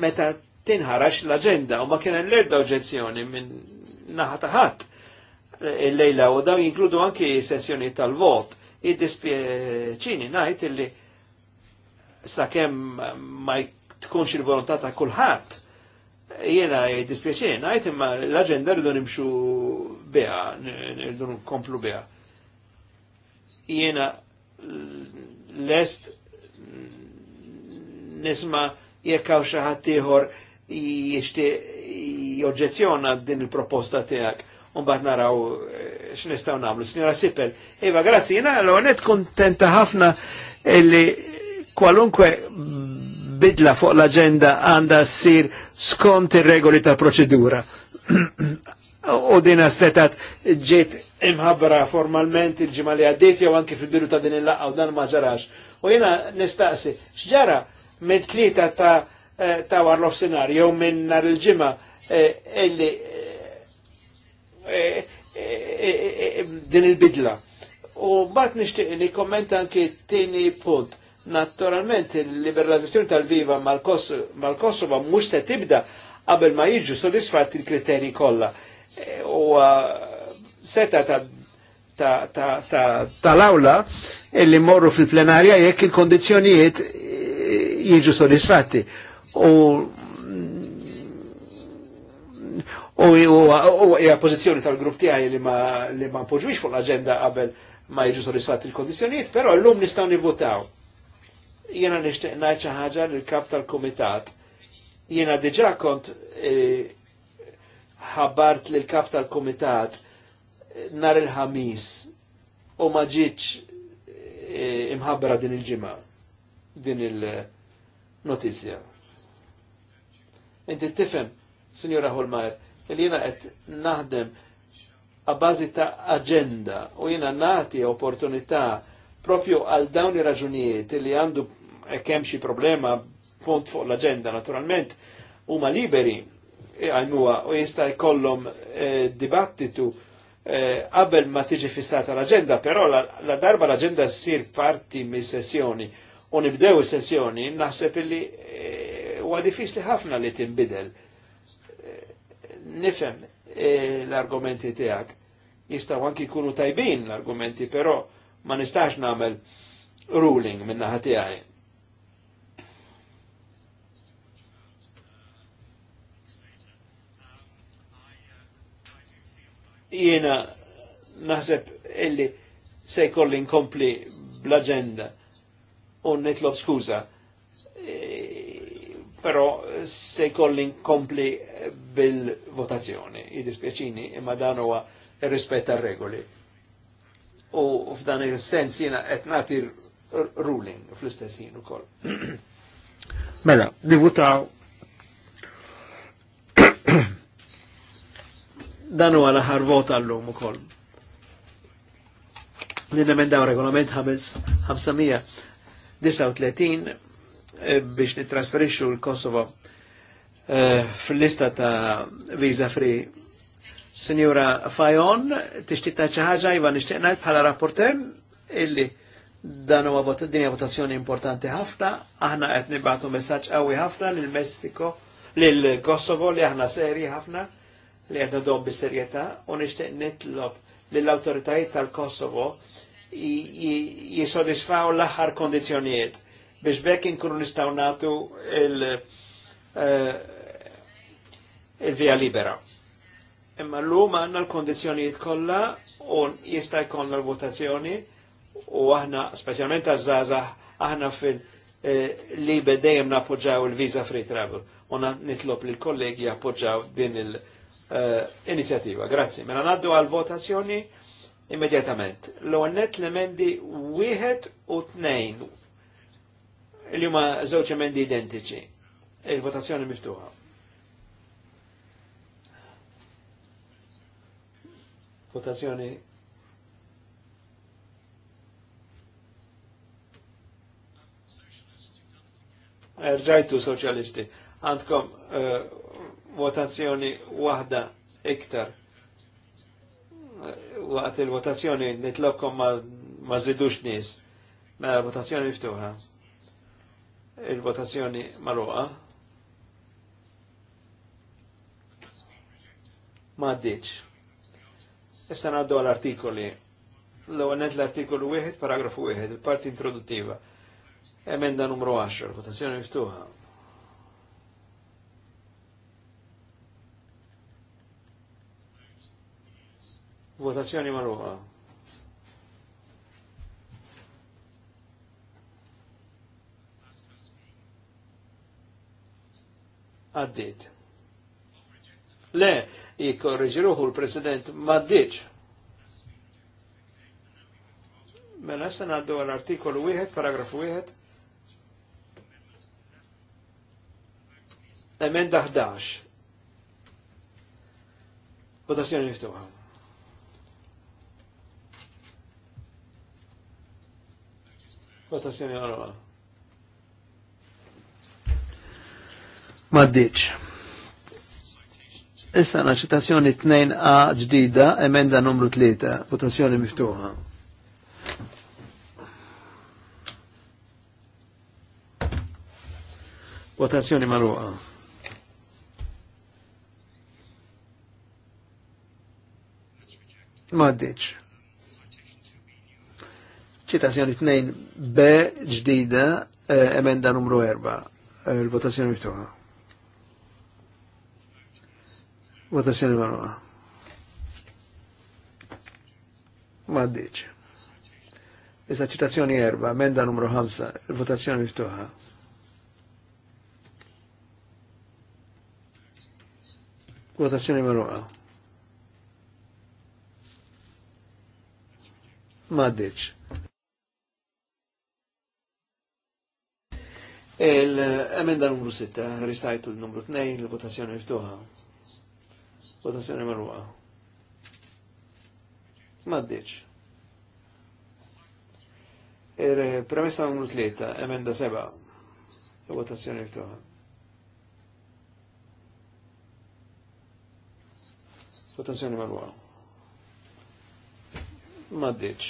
meta tinħarax l agenda u ma kien l-erda oġġezzjoni minn naħataħat ħadd il-lejla u daw jinkludu anki sessjoni tal-vot id-dispieċini najt illi sakem ma tkunx il-volontà ta' kulħadd jena id-dispieċini najt imma l-agenda rridu nimxu beha, rridu nkomplu beha. Jena lest nisma jekkaw xaħat ieħor jixti joġġezzjona din il-proposta tiegħek. Unbat naraw x'nistgħu nagħmlu. Signora Sippel. iva grazzi, jiena l-onet kontenta ħafna illi kwalunkwe bidla fuq l-agenda għanda sir skont ir-regoli ta' proċedura. <clears throat> U din setat ġiet imħabbra formalment il-ġimma li għaddit jew anki fil-biru ta' din il-laqqa u dan ma ġarax. U jiena nistaqsi, x'ġara minn tlieta ta' eh, ta' warlof senar jew minn nar il-ġimma eh, illi eh, din il-bidla. U bat nishtiq li kommenta anki t-tini punt. Naturalment, il-liberalizzazzjoni tal-viva mal-Kosova mux se tibda qabel ma jiġu soddisfatti il-kriteri kollha. E, u uh, seta tal-awla illi morru fil-plenarja jekk il-kondizjonijiet e, jiġu soddisfatti. U U hija pożizzjoni tal-grupp tiegħi li ma li ma poġwix fuq l-aġenda qabel ma jiġu soddisfatti il kondizzjonijiet però llum nistgħu nivvotaw. Jiena nixtieq ngħid xi ħaġa lill-kap tal-kumitat. Jiena diġà kont e, ħabbart lill kap tal-kumitat e, nar il-ħamis u ma ġitx e, imħabbra din il-ġimgħa din il-notizja. Inti tifhem, Sinjora Holmajer, il jina qed naħdem għabbażi ta' agenda u jina nati opportunità propju għal dawni raġunijiet li għandu kemm xi problema punt fuq l-agenda naturalment huma liberi e għajmuwa u jista' jkollhom eh, dibattitu e, qabel eh, ma tiġi fissata l-agenda, però la, la darba l-agenda ssir parti mis-sessjoni u nibdew is-sessjoni naħseb illi e, huwa eh, diffiċli ħafna li tinbidel nifem eh, l-argumenti tijak. Jistaw anki kunu tajbin l-argumenti, pero ma nistax namel ruling minna ħati tiegħi. Jena naħseb illi sej kolli nkompli bl-agenda un nitlob skuza eh, pero se jkolli nkompli bil-votazzjoni, jidispjaċini, imma dan huwa rispetta regoli. U f'dan il-sens jina qed nagħti ruling fl-istess ħin ukoll. <clears throat> mela, nivutaw <clears throat> dan huwa l-aħħar vot għallum ukoll. Li nemendaw regolament 539 Eh, biex nitrasferixxu l-Kosovo eh, fil-lista ta' visa free. Signora Fajon, tixtieq ta' xi ħaġa iva nixtieq ngħid bħala rapporter illi dan huwa vot dinja votazzjoni importanti ħafna, aħna qed nibagħtu messaġġ qawwi ħafna lil Messiko, lil Kosovo li aħna seri ħafna li qed nadhom bis-serjetà u nixtieq nitlob lill-awtoritajiet tal-Kosovo jisodisfaw l-aħħar kondizzjonijiet biex bekk inkunu nistaw natu il- uh, il libera. Imma l-lum għanna l-kondizjonijiet kolla u jista' jkollna l-votazzjoni u aħna, specialment għazzaza, żaża aħna fil eh, li bedejem napoġaw il-visa free travel. U nitlop li l-kollegi appoġaw din l-inizjativa. Eh, uh, Grazie. Mela naddu għal-votazzjoni immedjatament. L-għonnet l-emendi 1 u 2 li huma żewġ emendi identiċi. Il-votazzjoni miftuħa. Votazzjoni Rġajtu soċjalisti, għandkom uh, votazzjoni wahda iktar. Eh, waqt il-votazzjoni nitlobkom ma, ma zidux nis. Mela votazzjoni miftuħa il-votazzjoni marruqa. Ma għaddiċ. Issa għaddu għal-artikoli. L-għonet l-artikolu 1, paragrafu 1, il-parti introduttiva. Emenda numru 10, il votazzjoni miftuħa. Votazzjoni marruqa. għaddit. Le, jikorriġiruħu l-President ma ddiċ. Mela issa għaddu għall-artikolu 1, paragrafu 1. Emenda 11. Votazzjoni miftuħa. Votazzjoni għal għal Maddiċ. Issa na ċitazzjoni 2A ġdida, emenda numru 3, votazzjoni miftuħa. Votazzjoni marruqa. Maddiċ ċitazzjoni 2 B ġdida eh, emenda numru 4 il-votazzjoni eh, miftuħa. Wata Votazzjoni Ma Maddiċ. Issa ċitazzjoni erba, menda numru 5, il votazzjoni miftuħa. Votazzjoni Ma Maddiċ. Il-emenda numru 6, recital numru 2, il votazzjoni miftuħa. Votazzjoni marruqa. Maddiċ. Er, premessa numru tlieta, emenda seba. Votazzjoni ftuħa. Votazzjoni marruqa. Maddiċ.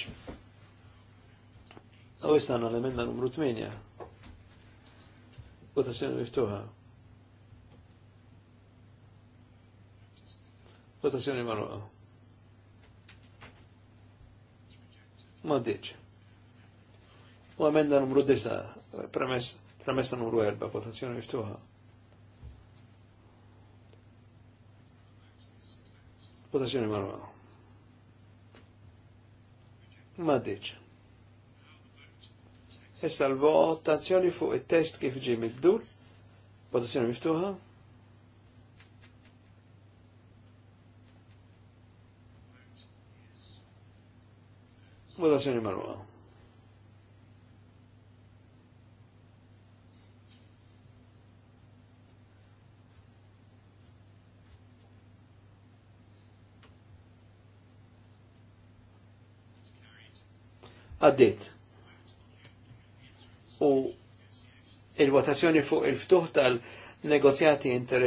U jistana l-emenda numru 8. Votazzjoni miftuħa. Votazzjoni marruqa. Ma diċ. U għamenda numru 9, premessa numru 4, votazzjoni miftuħa. Votazzjoni marruqa. Ma diċ. Issa l-votazzjoni fuq il-test kif ġi mibdur, votazzjoni miftuħa. Votazzjoni marruqa. Għaddit. U il-votazzjoni fuq il-ftuħ tal-negozjati inter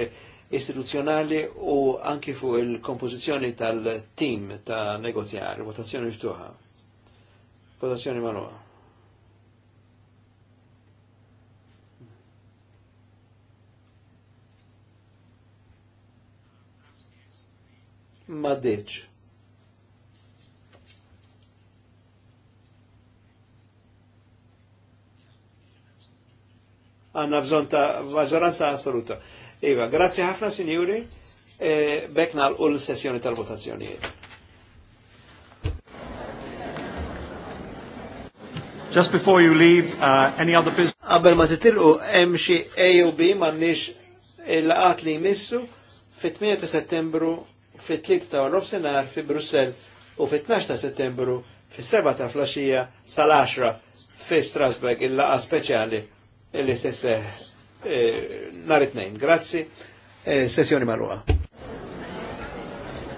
istituzzjonali u anki fuq il-kompożizzjoni tal team ta' negozjar, votazzjoni ftuħa. Votazzjoni manuqa. Ma deċ. Għanna bżon ta' maġġoranza assoluta. Iva, grazie ħafna, sinjuri, e, bekna l-sessjoni tal-votazzjonijiet. Just before you leave, uh, any other business? Qabel ma titilqu hemm xi A u B m'għandniex il-laqat li jmissu fit-8 ta' Settembru fit-3 ta' nofsinhar fi Brussel u fit-12 ta' Settembru fis-7 ta' flaxija sal-10 fi Strasbourg il-laqa speċjali li se seħ eh, nhar it-tnejn. Grazzi, eh, sessjoni magħluqa.